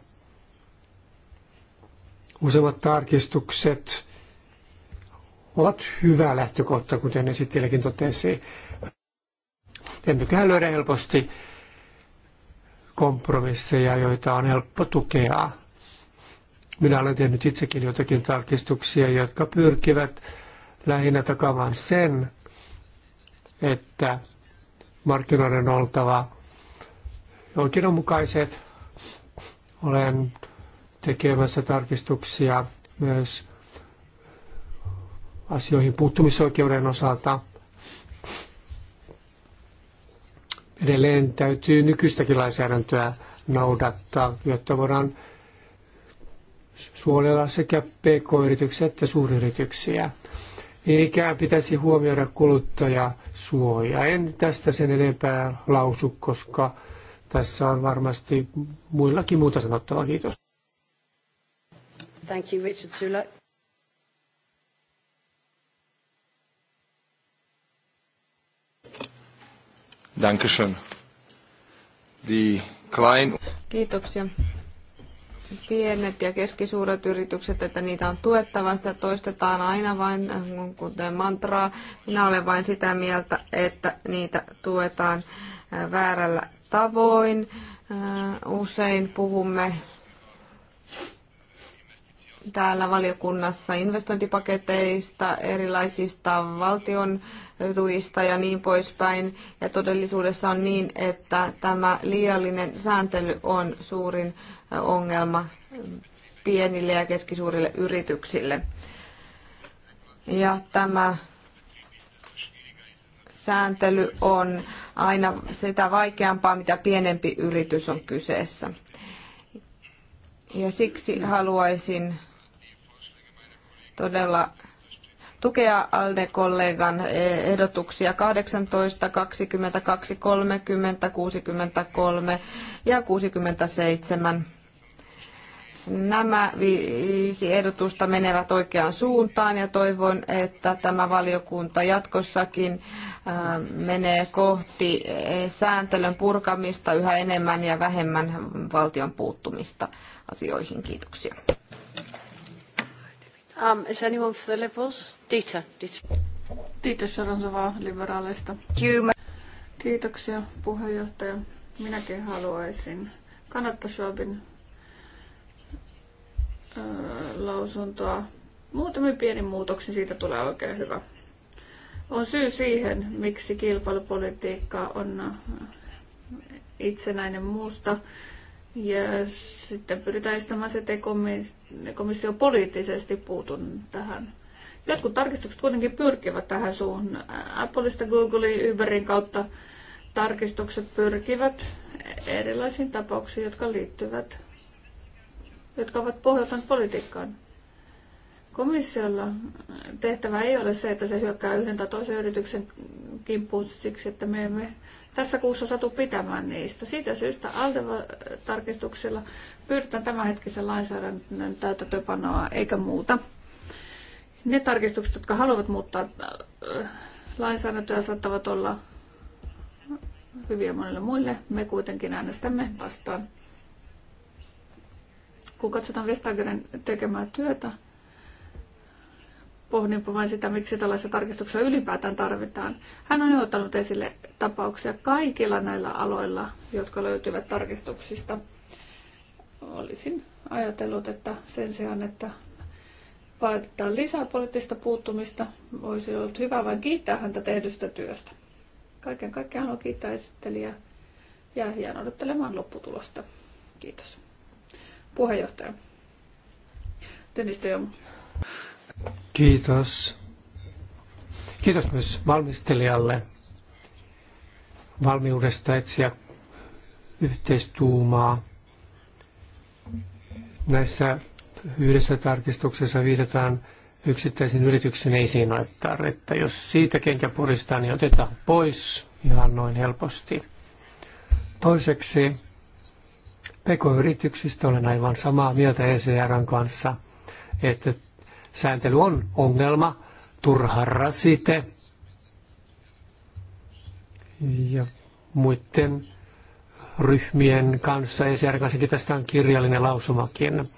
Useimmat tarkistukset ovat hyvä lähtökohta, kuten esittelijäkin totesi. Emmeköhän löydä helposti kompromisseja, joita on helppo tukea. Minä olen tehnyt itsekin jotakin tarkistuksia, jotka pyrkivät lähinnä takamaan sen, että markkinoiden on oltava oikeudenmukaiset. Olen tekemässä tarkistuksia myös asioihin puuttumisoikeuden osalta. Edelleen täytyy nykyistäkin lainsäädäntöä noudattaa, jotta voidaan suojella sekä pk-yrityksiä että suuryrityksiä. Niin ikään pitäisi huomioida kuluttajasuoja. En tästä sen enempää lausu, koska tässä on varmasti muillakin muuta sanottavaa. Kiitos. Thank you, Richard Sulak. Dankeschön. Die klein... Kiitoksia. Pienet ja keskisuuret yritykset, että niitä on tuettava, sitä toistetaan aina vain, äh, kuten mantraa. Minä olen vain sitä mieltä, että niitä tuetaan äh, väärällä tavoin. Äh, usein puhumme täällä valiokunnassa investointipaketeista, erilaisista valtion tuista ja niin poispäin. Ja todellisuudessa on niin, että tämä liiallinen sääntely on suurin ongelma pienille ja keskisuurille yrityksille. Ja tämä sääntely on aina sitä vaikeampaa, mitä pienempi yritys on kyseessä. Ja siksi haluaisin todella tukea ALDE-kollegan ehdotuksia 18, 22, 30, 63 ja 67. Nämä viisi ehdotusta menevät oikeaan suuntaan ja toivon, että tämä valiokunta jatkossakin äh, menee kohti äh, sääntelyn purkamista yhä enemmän ja vähemmän valtion puuttumista asioihin. Kiitoksia. Um, is anyone for the Liberals? Dieter. Dieter, Dieter Sharanzova liberaaleista. Kiitoksia puheenjohtaja. Minäkin haluaisin kannattaa Schwabin lausuntoa. Muutamin pieni muutoksi siitä tulee oikein hyvä. On syy siihen, miksi kilpailupolitiikka on itsenäinen muusta ja sitten pyritään estämään se, ettei komissio poliittisesti puutun tähän. Jotkut tarkistukset kuitenkin pyrkivät tähän suun. Appleista, Googlein, Uberin kautta tarkistukset pyrkivät erilaisiin tapauksiin, jotka liittyvät, jotka ovat pohjautan politiikkaan. Komissiolla tehtävä ei ole se, että se hyökkää yhden tai toisen yrityksen kimppuun siksi, että me emme tässä kuussa satu pitämään niistä. Siitä syystä aldeva tarkistuksilla pyydetään tämänhetkisen lainsäädännön täytäntöpanoa eikä muuta. Ne tarkistukset, jotka haluavat muuttaa äh, lainsäädäntöä, saattavat olla hyviä monille muille. Me kuitenkin äänestämme vastaan. Kun katsotaan Vestagerin tekemää työtä, pohdinpa vain sitä, miksi tällaisia tarkistuksia ylipäätään tarvitaan. Hän on jo ottanut esille tapauksia kaikilla näillä aloilla, jotka löytyvät tarkistuksista. Olisin ajatellut, että sen sijaan, että vaaditaan lisää poliittista puuttumista, olisi ollut hyvä vain kiittää häntä tehdystä työstä. Kaiken kaikkiaan haluan kiittää esittelijää ja jään odottelemaan lopputulosta. Kiitos. Puheenjohtaja. Dennis Kiitos. Kiitos myös valmistelijalle valmiudesta etsiä yhteistuumaa. Näissä yhdessä tarkistuksessa viitataan yksittäisiin yrityksiin, ei siinä että Jos siitä kenkä puristaa, niin otetaan pois ihan noin helposti. Toiseksi PK-yrityksistä olen aivan samaa mieltä ECR kanssa, että Sääntely on ongelma, turha rasite ja muiden ryhmien kanssa. ECR kanssa tästä on kirjallinen lausumakin.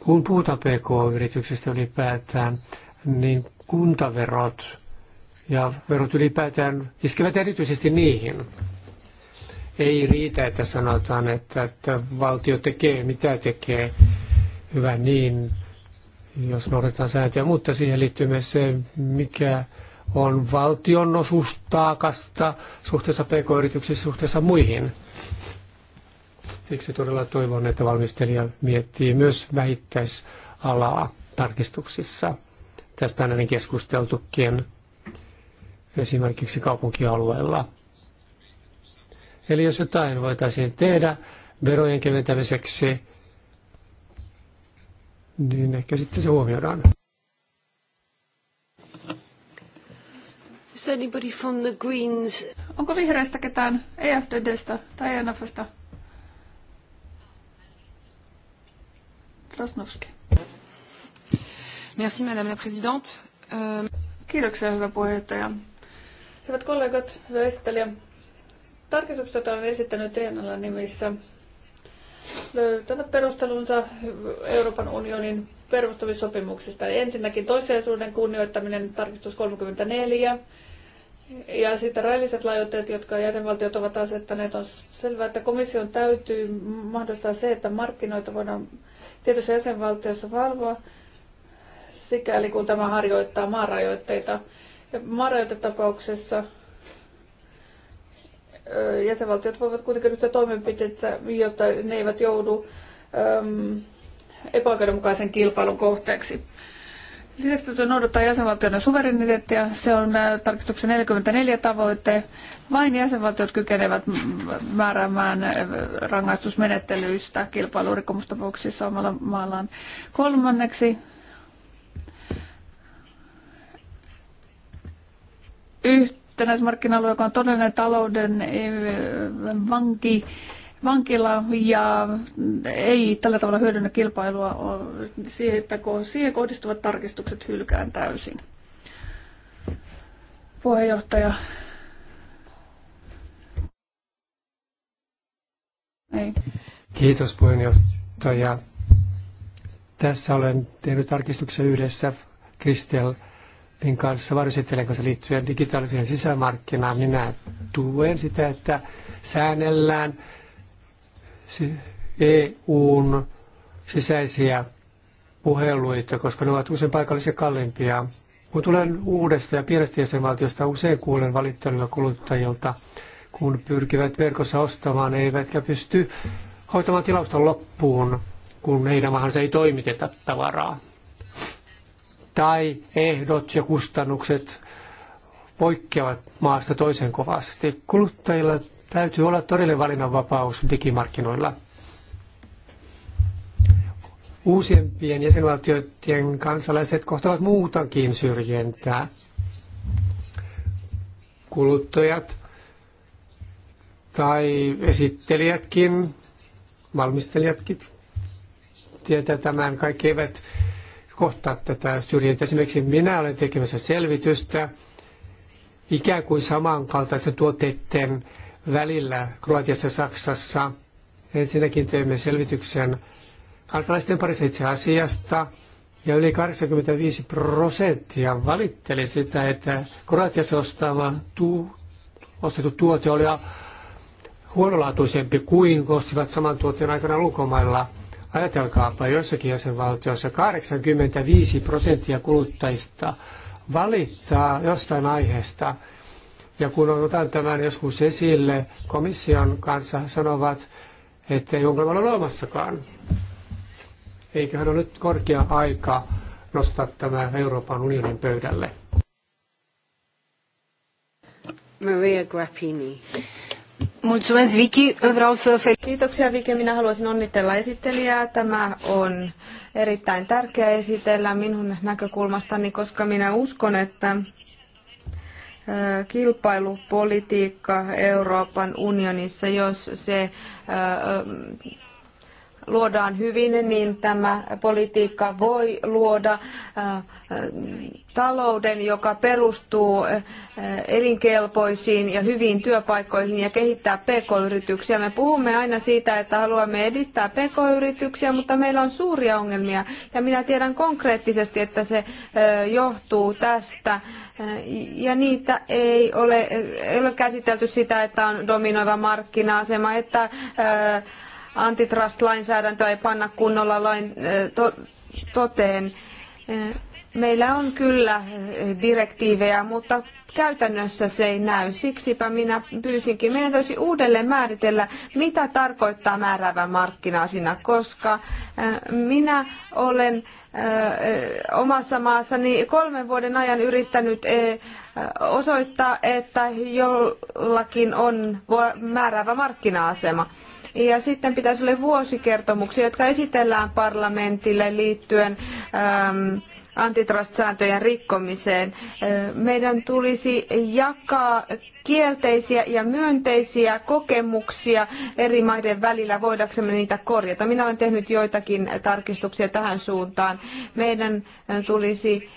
Kun puhutaan PK-yrityksistä ylipäätään, niin kuntaverot ja verot ylipäätään iskevät erityisesti niihin. Ei riitä, että sanotaan, että, että valtio tekee mitä tekee. Hyvä niin jos noudatetaan sääntöjä, mutta siihen liittyy myös se, mikä on valtion taakasta suhteessa pk-yrityksiin suhteessa muihin. Siksi todella toivon, että valmistelija miettii myös vähittäisalaa tarkistuksissa. Tästä on ainakin keskusteltukin esimerkiksi kaupunkialueella. Eli jos jotain voitaisiin tehdä verojen keventämiseksi, niin ehkä sitten se huomioidaan. Is anybody from the Greens? Onko vihreästä ketään? EFDDstä tai ENFstä? Krasnovski. Merci madame la présidente. Euh, Kiitoksia hyvä puheenjohtaja. Hyvät kollegat, hyvä esittelijä. Tarkistukset, on esittänyt ENAlla nimissä, löytävät perustelunsa Euroopan unionin perustamissopimuksista. Ensinnäkin toissijaisuuden kunnioittaminen, tarkistus 34, ja sitten railliset lajoitteet, jotka jäsenvaltiot ovat asettaneet, on selvää, että komission täytyy mahdollistaa se, että markkinoita voidaan tietyissä jäsenvaltiossa valvoa, sikäli kun tämä harjoittaa maarajoitteita. Ja maarajoitetapauksessa jäsenvaltiot voivat kuitenkin ryhtyä toimenpiteitä, jotta ne eivät joudu epäoikeudenmukaisen kilpailun kohteeksi. Lisäksi täytyy noudattaa jäsenvaltioiden suvereniteettia. Se on tarkistuksen 44 tavoite. Vain jäsenvaltiot kykenevät määräämään rangaistusmenettelyistä kilpailurikkomustapauksissa omalla maallaan. Kolmanneksi yht- yhtenäismarkkina-alue, joka on todellinen talouden eh, vanki, vankila ja ei tällä tavalla hyödynnä kilpailua, siihen kohdistuvat tarkistukset hylkään täysin. Puheenjohtaja. Ei. Kiitos puheenjohtaja. Tässä olen tehnyt tarkistuksen yhdessä Kristel niin kanssa kun se liittyen digitaaliseen sisämarkkinaan, minä tuen sitä, että säännellään EUn sisäisiä puheluita, koska ne ovat usein paikallisia kalliimpia. Kun tulen uudesta ja pienestä jäsenvaltiosta, usein kuulen valittelua kuluttajilta, kun pyrkivät verkossa ostamaan, eivätkä pysty hoitamaan tilausta loppuun, kun heidän maahansa ei toimiteta tavaraa tai ehdot ja kustannukset poikkeavat maasta toisen kovasti. Kuluttajilla täytyy olla todellinen valinnanvapaus digimarkkinoilla. Uusimpien jäsenvaltioiden kansalaiset kohtavat muutakin syrjintää. Kuluttajat tai esittelijätkin, valmistelijatkin tietää tämän, kaikki eivät kohtaa tätä syrjintää. Esimerkiksi minä olen tekemässä selvitystä ikään kuin samankaltaisten tuotteiden välillä Kroatiassa ja Saksassa. Ensinnäkin teemme selvityksen kansalaisten parissa itse asiasta, ja yli 85 prosenttia valitteli sitä, että Kroatiassa ostama tu, ostettu tuote oli huonolaatuisempi kuin ostivat saman tuotteen aikana ulkomailla. Ajatelkaapa jossakin jäsenvaltiossa 85 prosenttia kuluttajista valittaa jostain aiheesta. Ja kun otan tämän joskus esille, komission kanssa sanovat, että ei ongelma ole olemassakaan. Eiköhän ole nyt korkea aika nostaa tämä Euroopan unionin pöydälle. Maria Grappini. Mulțumesc, Vicky. Vreau să fel... Kiitoksia, Vicky. Minä haluaisin onnitella esittelijää. Tämä on erittäin tärkeä esitellä minun näkökulmastani, koska minä uskon, että kilpailupolitiikka Euroopan unionissa, jos se luodaan hyvin, niin tämä politiikka voi luoda äh, talouden, joka perustuu äh, elinkelpoisiin ja hyviin työpaikkoihin ja kehittää pk-yrityksiä. Me puhumme aina siitä, että haluamme edistää pk-yrityksiä, mutta meillä on suuria ongelmia ja minä tiedän konkreettisesti, että se äh, johtuu tästä. Ja niitä ei ole, ei ole käsitelty sitä, että on dominoiva markkina-asema, että antitrust-lainsäädäntöä ei panna kunnolla lain, to, toteen. Meillä on kyllä direktiivejä, mutta käytännössä se ei näy. Siksipä minä pyysinkin, meidän täytyy uudelleen määritellä, mitä tarkoittaa määräävä markkina siinä, koska minä olen omassa maassani kolmen vuoden ajan yrittänyt osoittaa, että jollakin on määräävä markkina-asema. Ja sitten pitäisi olla vuosikertomuksia, jotka esitellään parlamentille liittyen äm, antitrust-sääntöjen rikkomiseen. Äh, meidän tulisi jakaa kielteisiä ja myönteisiä kokemuksia eri maiden välillä, voidaksemme niitä korjata. Minä olen tehnyt joitakin tarkistuksia tähän suuntaan. Meidän äh, tulisi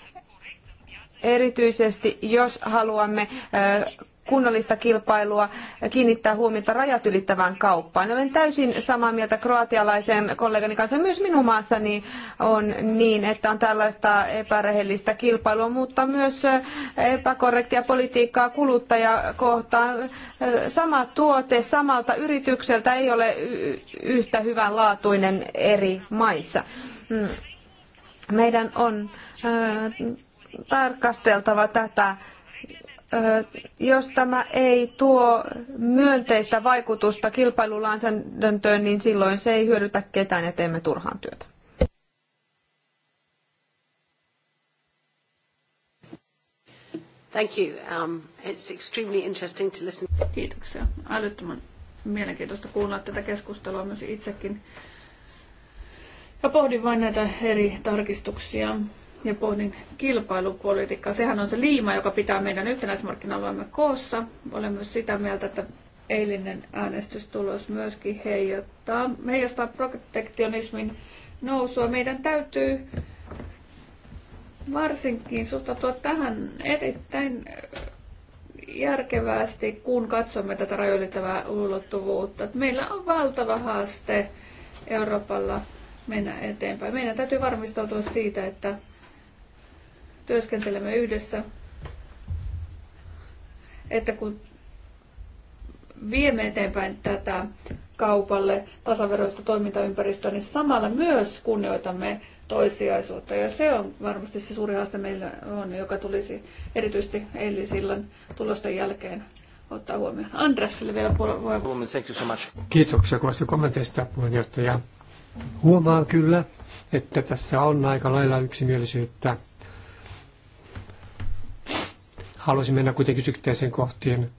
erityisesti jos haluamme äh, kunnollista kilpailua ja kiinnittää huomiota rajat ylittävään kauppaan. Olen täysin samaa mieltä kroatialaisen kollegani kanssa. Myös minun maassani on niin, että on tällaista epärehellistä kilpailua, mutta myös epäkorrektia politiikkaa kuluttaja kohtaan. Sama tuote samalta yritykseltä ei ole yhtä hyvänlaatuinen eri maissa. Meidän on tarkasteltava tätä jos tämä ei tuo myönteistä vaikutusta kilpailulainsäädäntöön, niin silloin se ei hyödytä ketään ja teemme turhaan työtä. Thank you. Um, it's extremely interesting to listen. Kiitoksia. Älyttömän mielenkiintoista kuunnella tätä keskustelua myös itsekin. Ja pohdin vain näitä eri tarkistuksia ja pohdin kilpailupolitiikkaa. Sehän on se liima, joka pitää meidän yhtenäismarkkina-alueemme koossa. Olen myös sitä mieltä, että eilinen äänestystulos myöskin heijottaa, heijastaa protektionismin nousua. Meidän täytyy varsinkin suhtautua tähän erittäin järkevästi, kun katsomme tätä rajoittavaa ulottuvuutta. Meillä on valtava haaste Euroopalla mennä eteenpäin. Meidän täytyy varmistautua siitä, että työskentelemme yhdessä, että kun viemme eteenpäin tätä kaupalle tasaveroista toimintaympäristöä, niin samalla myös kunnioitamme toissijaisuutta. Ja se on varmasti se suuri haaste meillä on, joka tulisi erityisesti eilisillan tulosten jälkeen ottaa huomioon. Andresille vielä puheenvuoron. Kiitoksia kovasti kommenteista, puheenjohtaja. Huomaan kyllä, että tässä on aika lailla yksimielisyyttä Haluaisin mennä kuitenkin yksittäiseen kohtiin.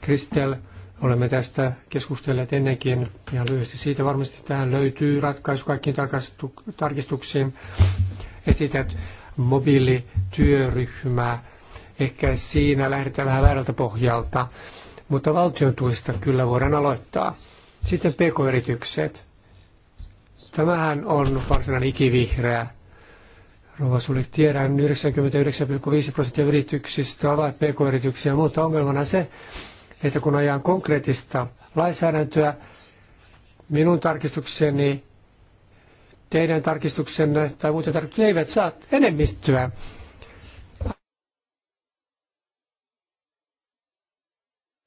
Kristel, olemme tästä keskustelleet ennenkin ihan lyhyesti. Siitä varmasti tähän löytyy ratkaisu kaikkiin tarkistuksiin. Esität mobiilityöryhmää. Ehkä siinä lähdetään vähän väärältä pohjalta, mutta valtion tuista kyllä voidaan aloittaa. Sitten pk-yritykset. Tämähän on varsinainen ikivihreä Rova Sulik, tiedän 99,5 prosenttia yrityksistä avaa pk-yrityksiä, mutta ongelmana se, että kun ajan konkreettista lainsäädäntöä, minun tarkistukseni, teidän tarkistuksenne tai muuten tarkistukset eivät saa enemmistöä.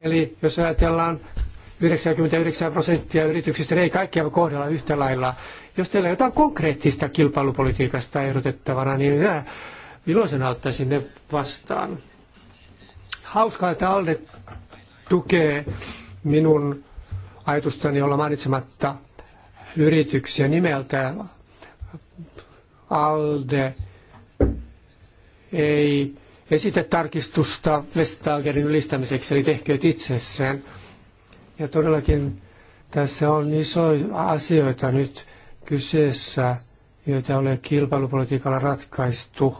Eli jos ajatellaan 99 prosenttia yrityksistä ei kaikkia kohdella yhtä lailla. Jos teillä on jotain konkreettista kilpailupolitiikasta ehdotettavana, niin minä iloisena ottaisin ne vastaan. Hauskaa, että Alde tukee minun ajatustani olla mainitsematta yrityksiä nimeltä ALDE ei esitä tarkistusta Vestagerin ylistämiseksi, eli tehkööt itsessään. Ja todellakin tässä on isoja asioita nyt kyseessä, joita ole kilpailupolitiikalla ratkaistu,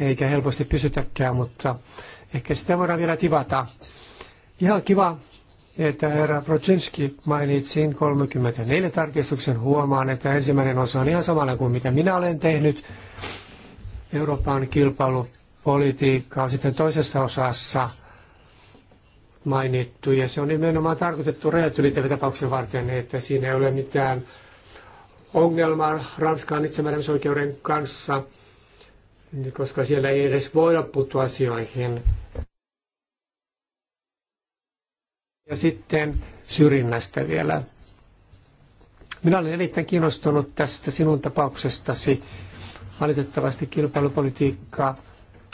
eikä helposti pysytäkään, mutta ehkä sitä voidaan vielä tivata. Ihan kiva, että herra Brodzinski mainitsi 34 tarkistuksen huomaan, että ensimmäinen osa on ihan samalla kuin mitä minä olen tehnyt Euroopan kilpailupolitiikkaa sitten toisessa osassa – mainittu, ja se on nimenomaan tarkoitettu rajat ylittäviä tapauksia varten, että siinä ei ole mitään ongelmaa Ranskan itsemääräämisoikeuden kanssa, koska siellä ei edes voida puuttua asioihin. Ja sitten syrjinnästä vielä. Minä olen erittäin kiinnostunut tästä sinun tapauksestasi. Valitettavasti kilpailupolitiikkaa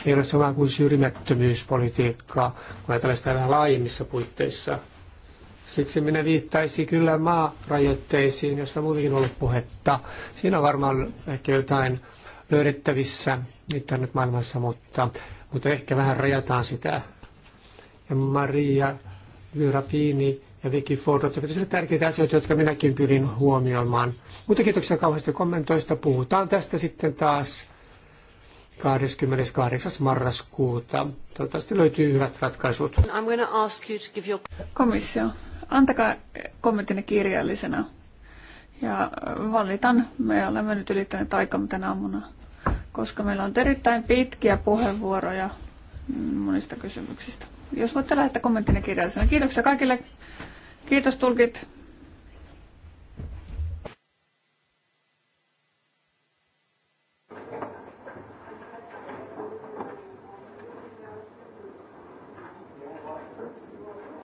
ei ole sama kuin syrjimättömyyspolitiikka, kun ajatellaan sitä vähän laajemmissa puitteissa. Siksi minä viittaisin kyllä maarajoitteisiin, josta muutenkin on ollut puhetta. Siinä on varmaan ehkä jotain löydettävissä internet maailmassa, mutta, mutta ehkä vähän rajataan sitä. Ja Maria Gyrapini ja Vicky Ford ovat sille tärkeitä asioita, jotka minäkin pyrin huomioimaan. Mutta kiitoksia kauheasti kommentoista. Puhutaan tästä sitten taas 28. marraskuuta. Toivottavasti löytyy hyvät ratkaisut. Your... Komissio, antakaa kommenttinne kirjallisena. Ja valitan, me olemme nyt ylittäneet aikamme tänä aamuna, koska meillä on erittäin pitkiä puheenvuoroja monista kysymyksistä. Jos voitte lähettää kommenttinne kirjallisena. Kiitoksia kaikille. Kiitos tulkit.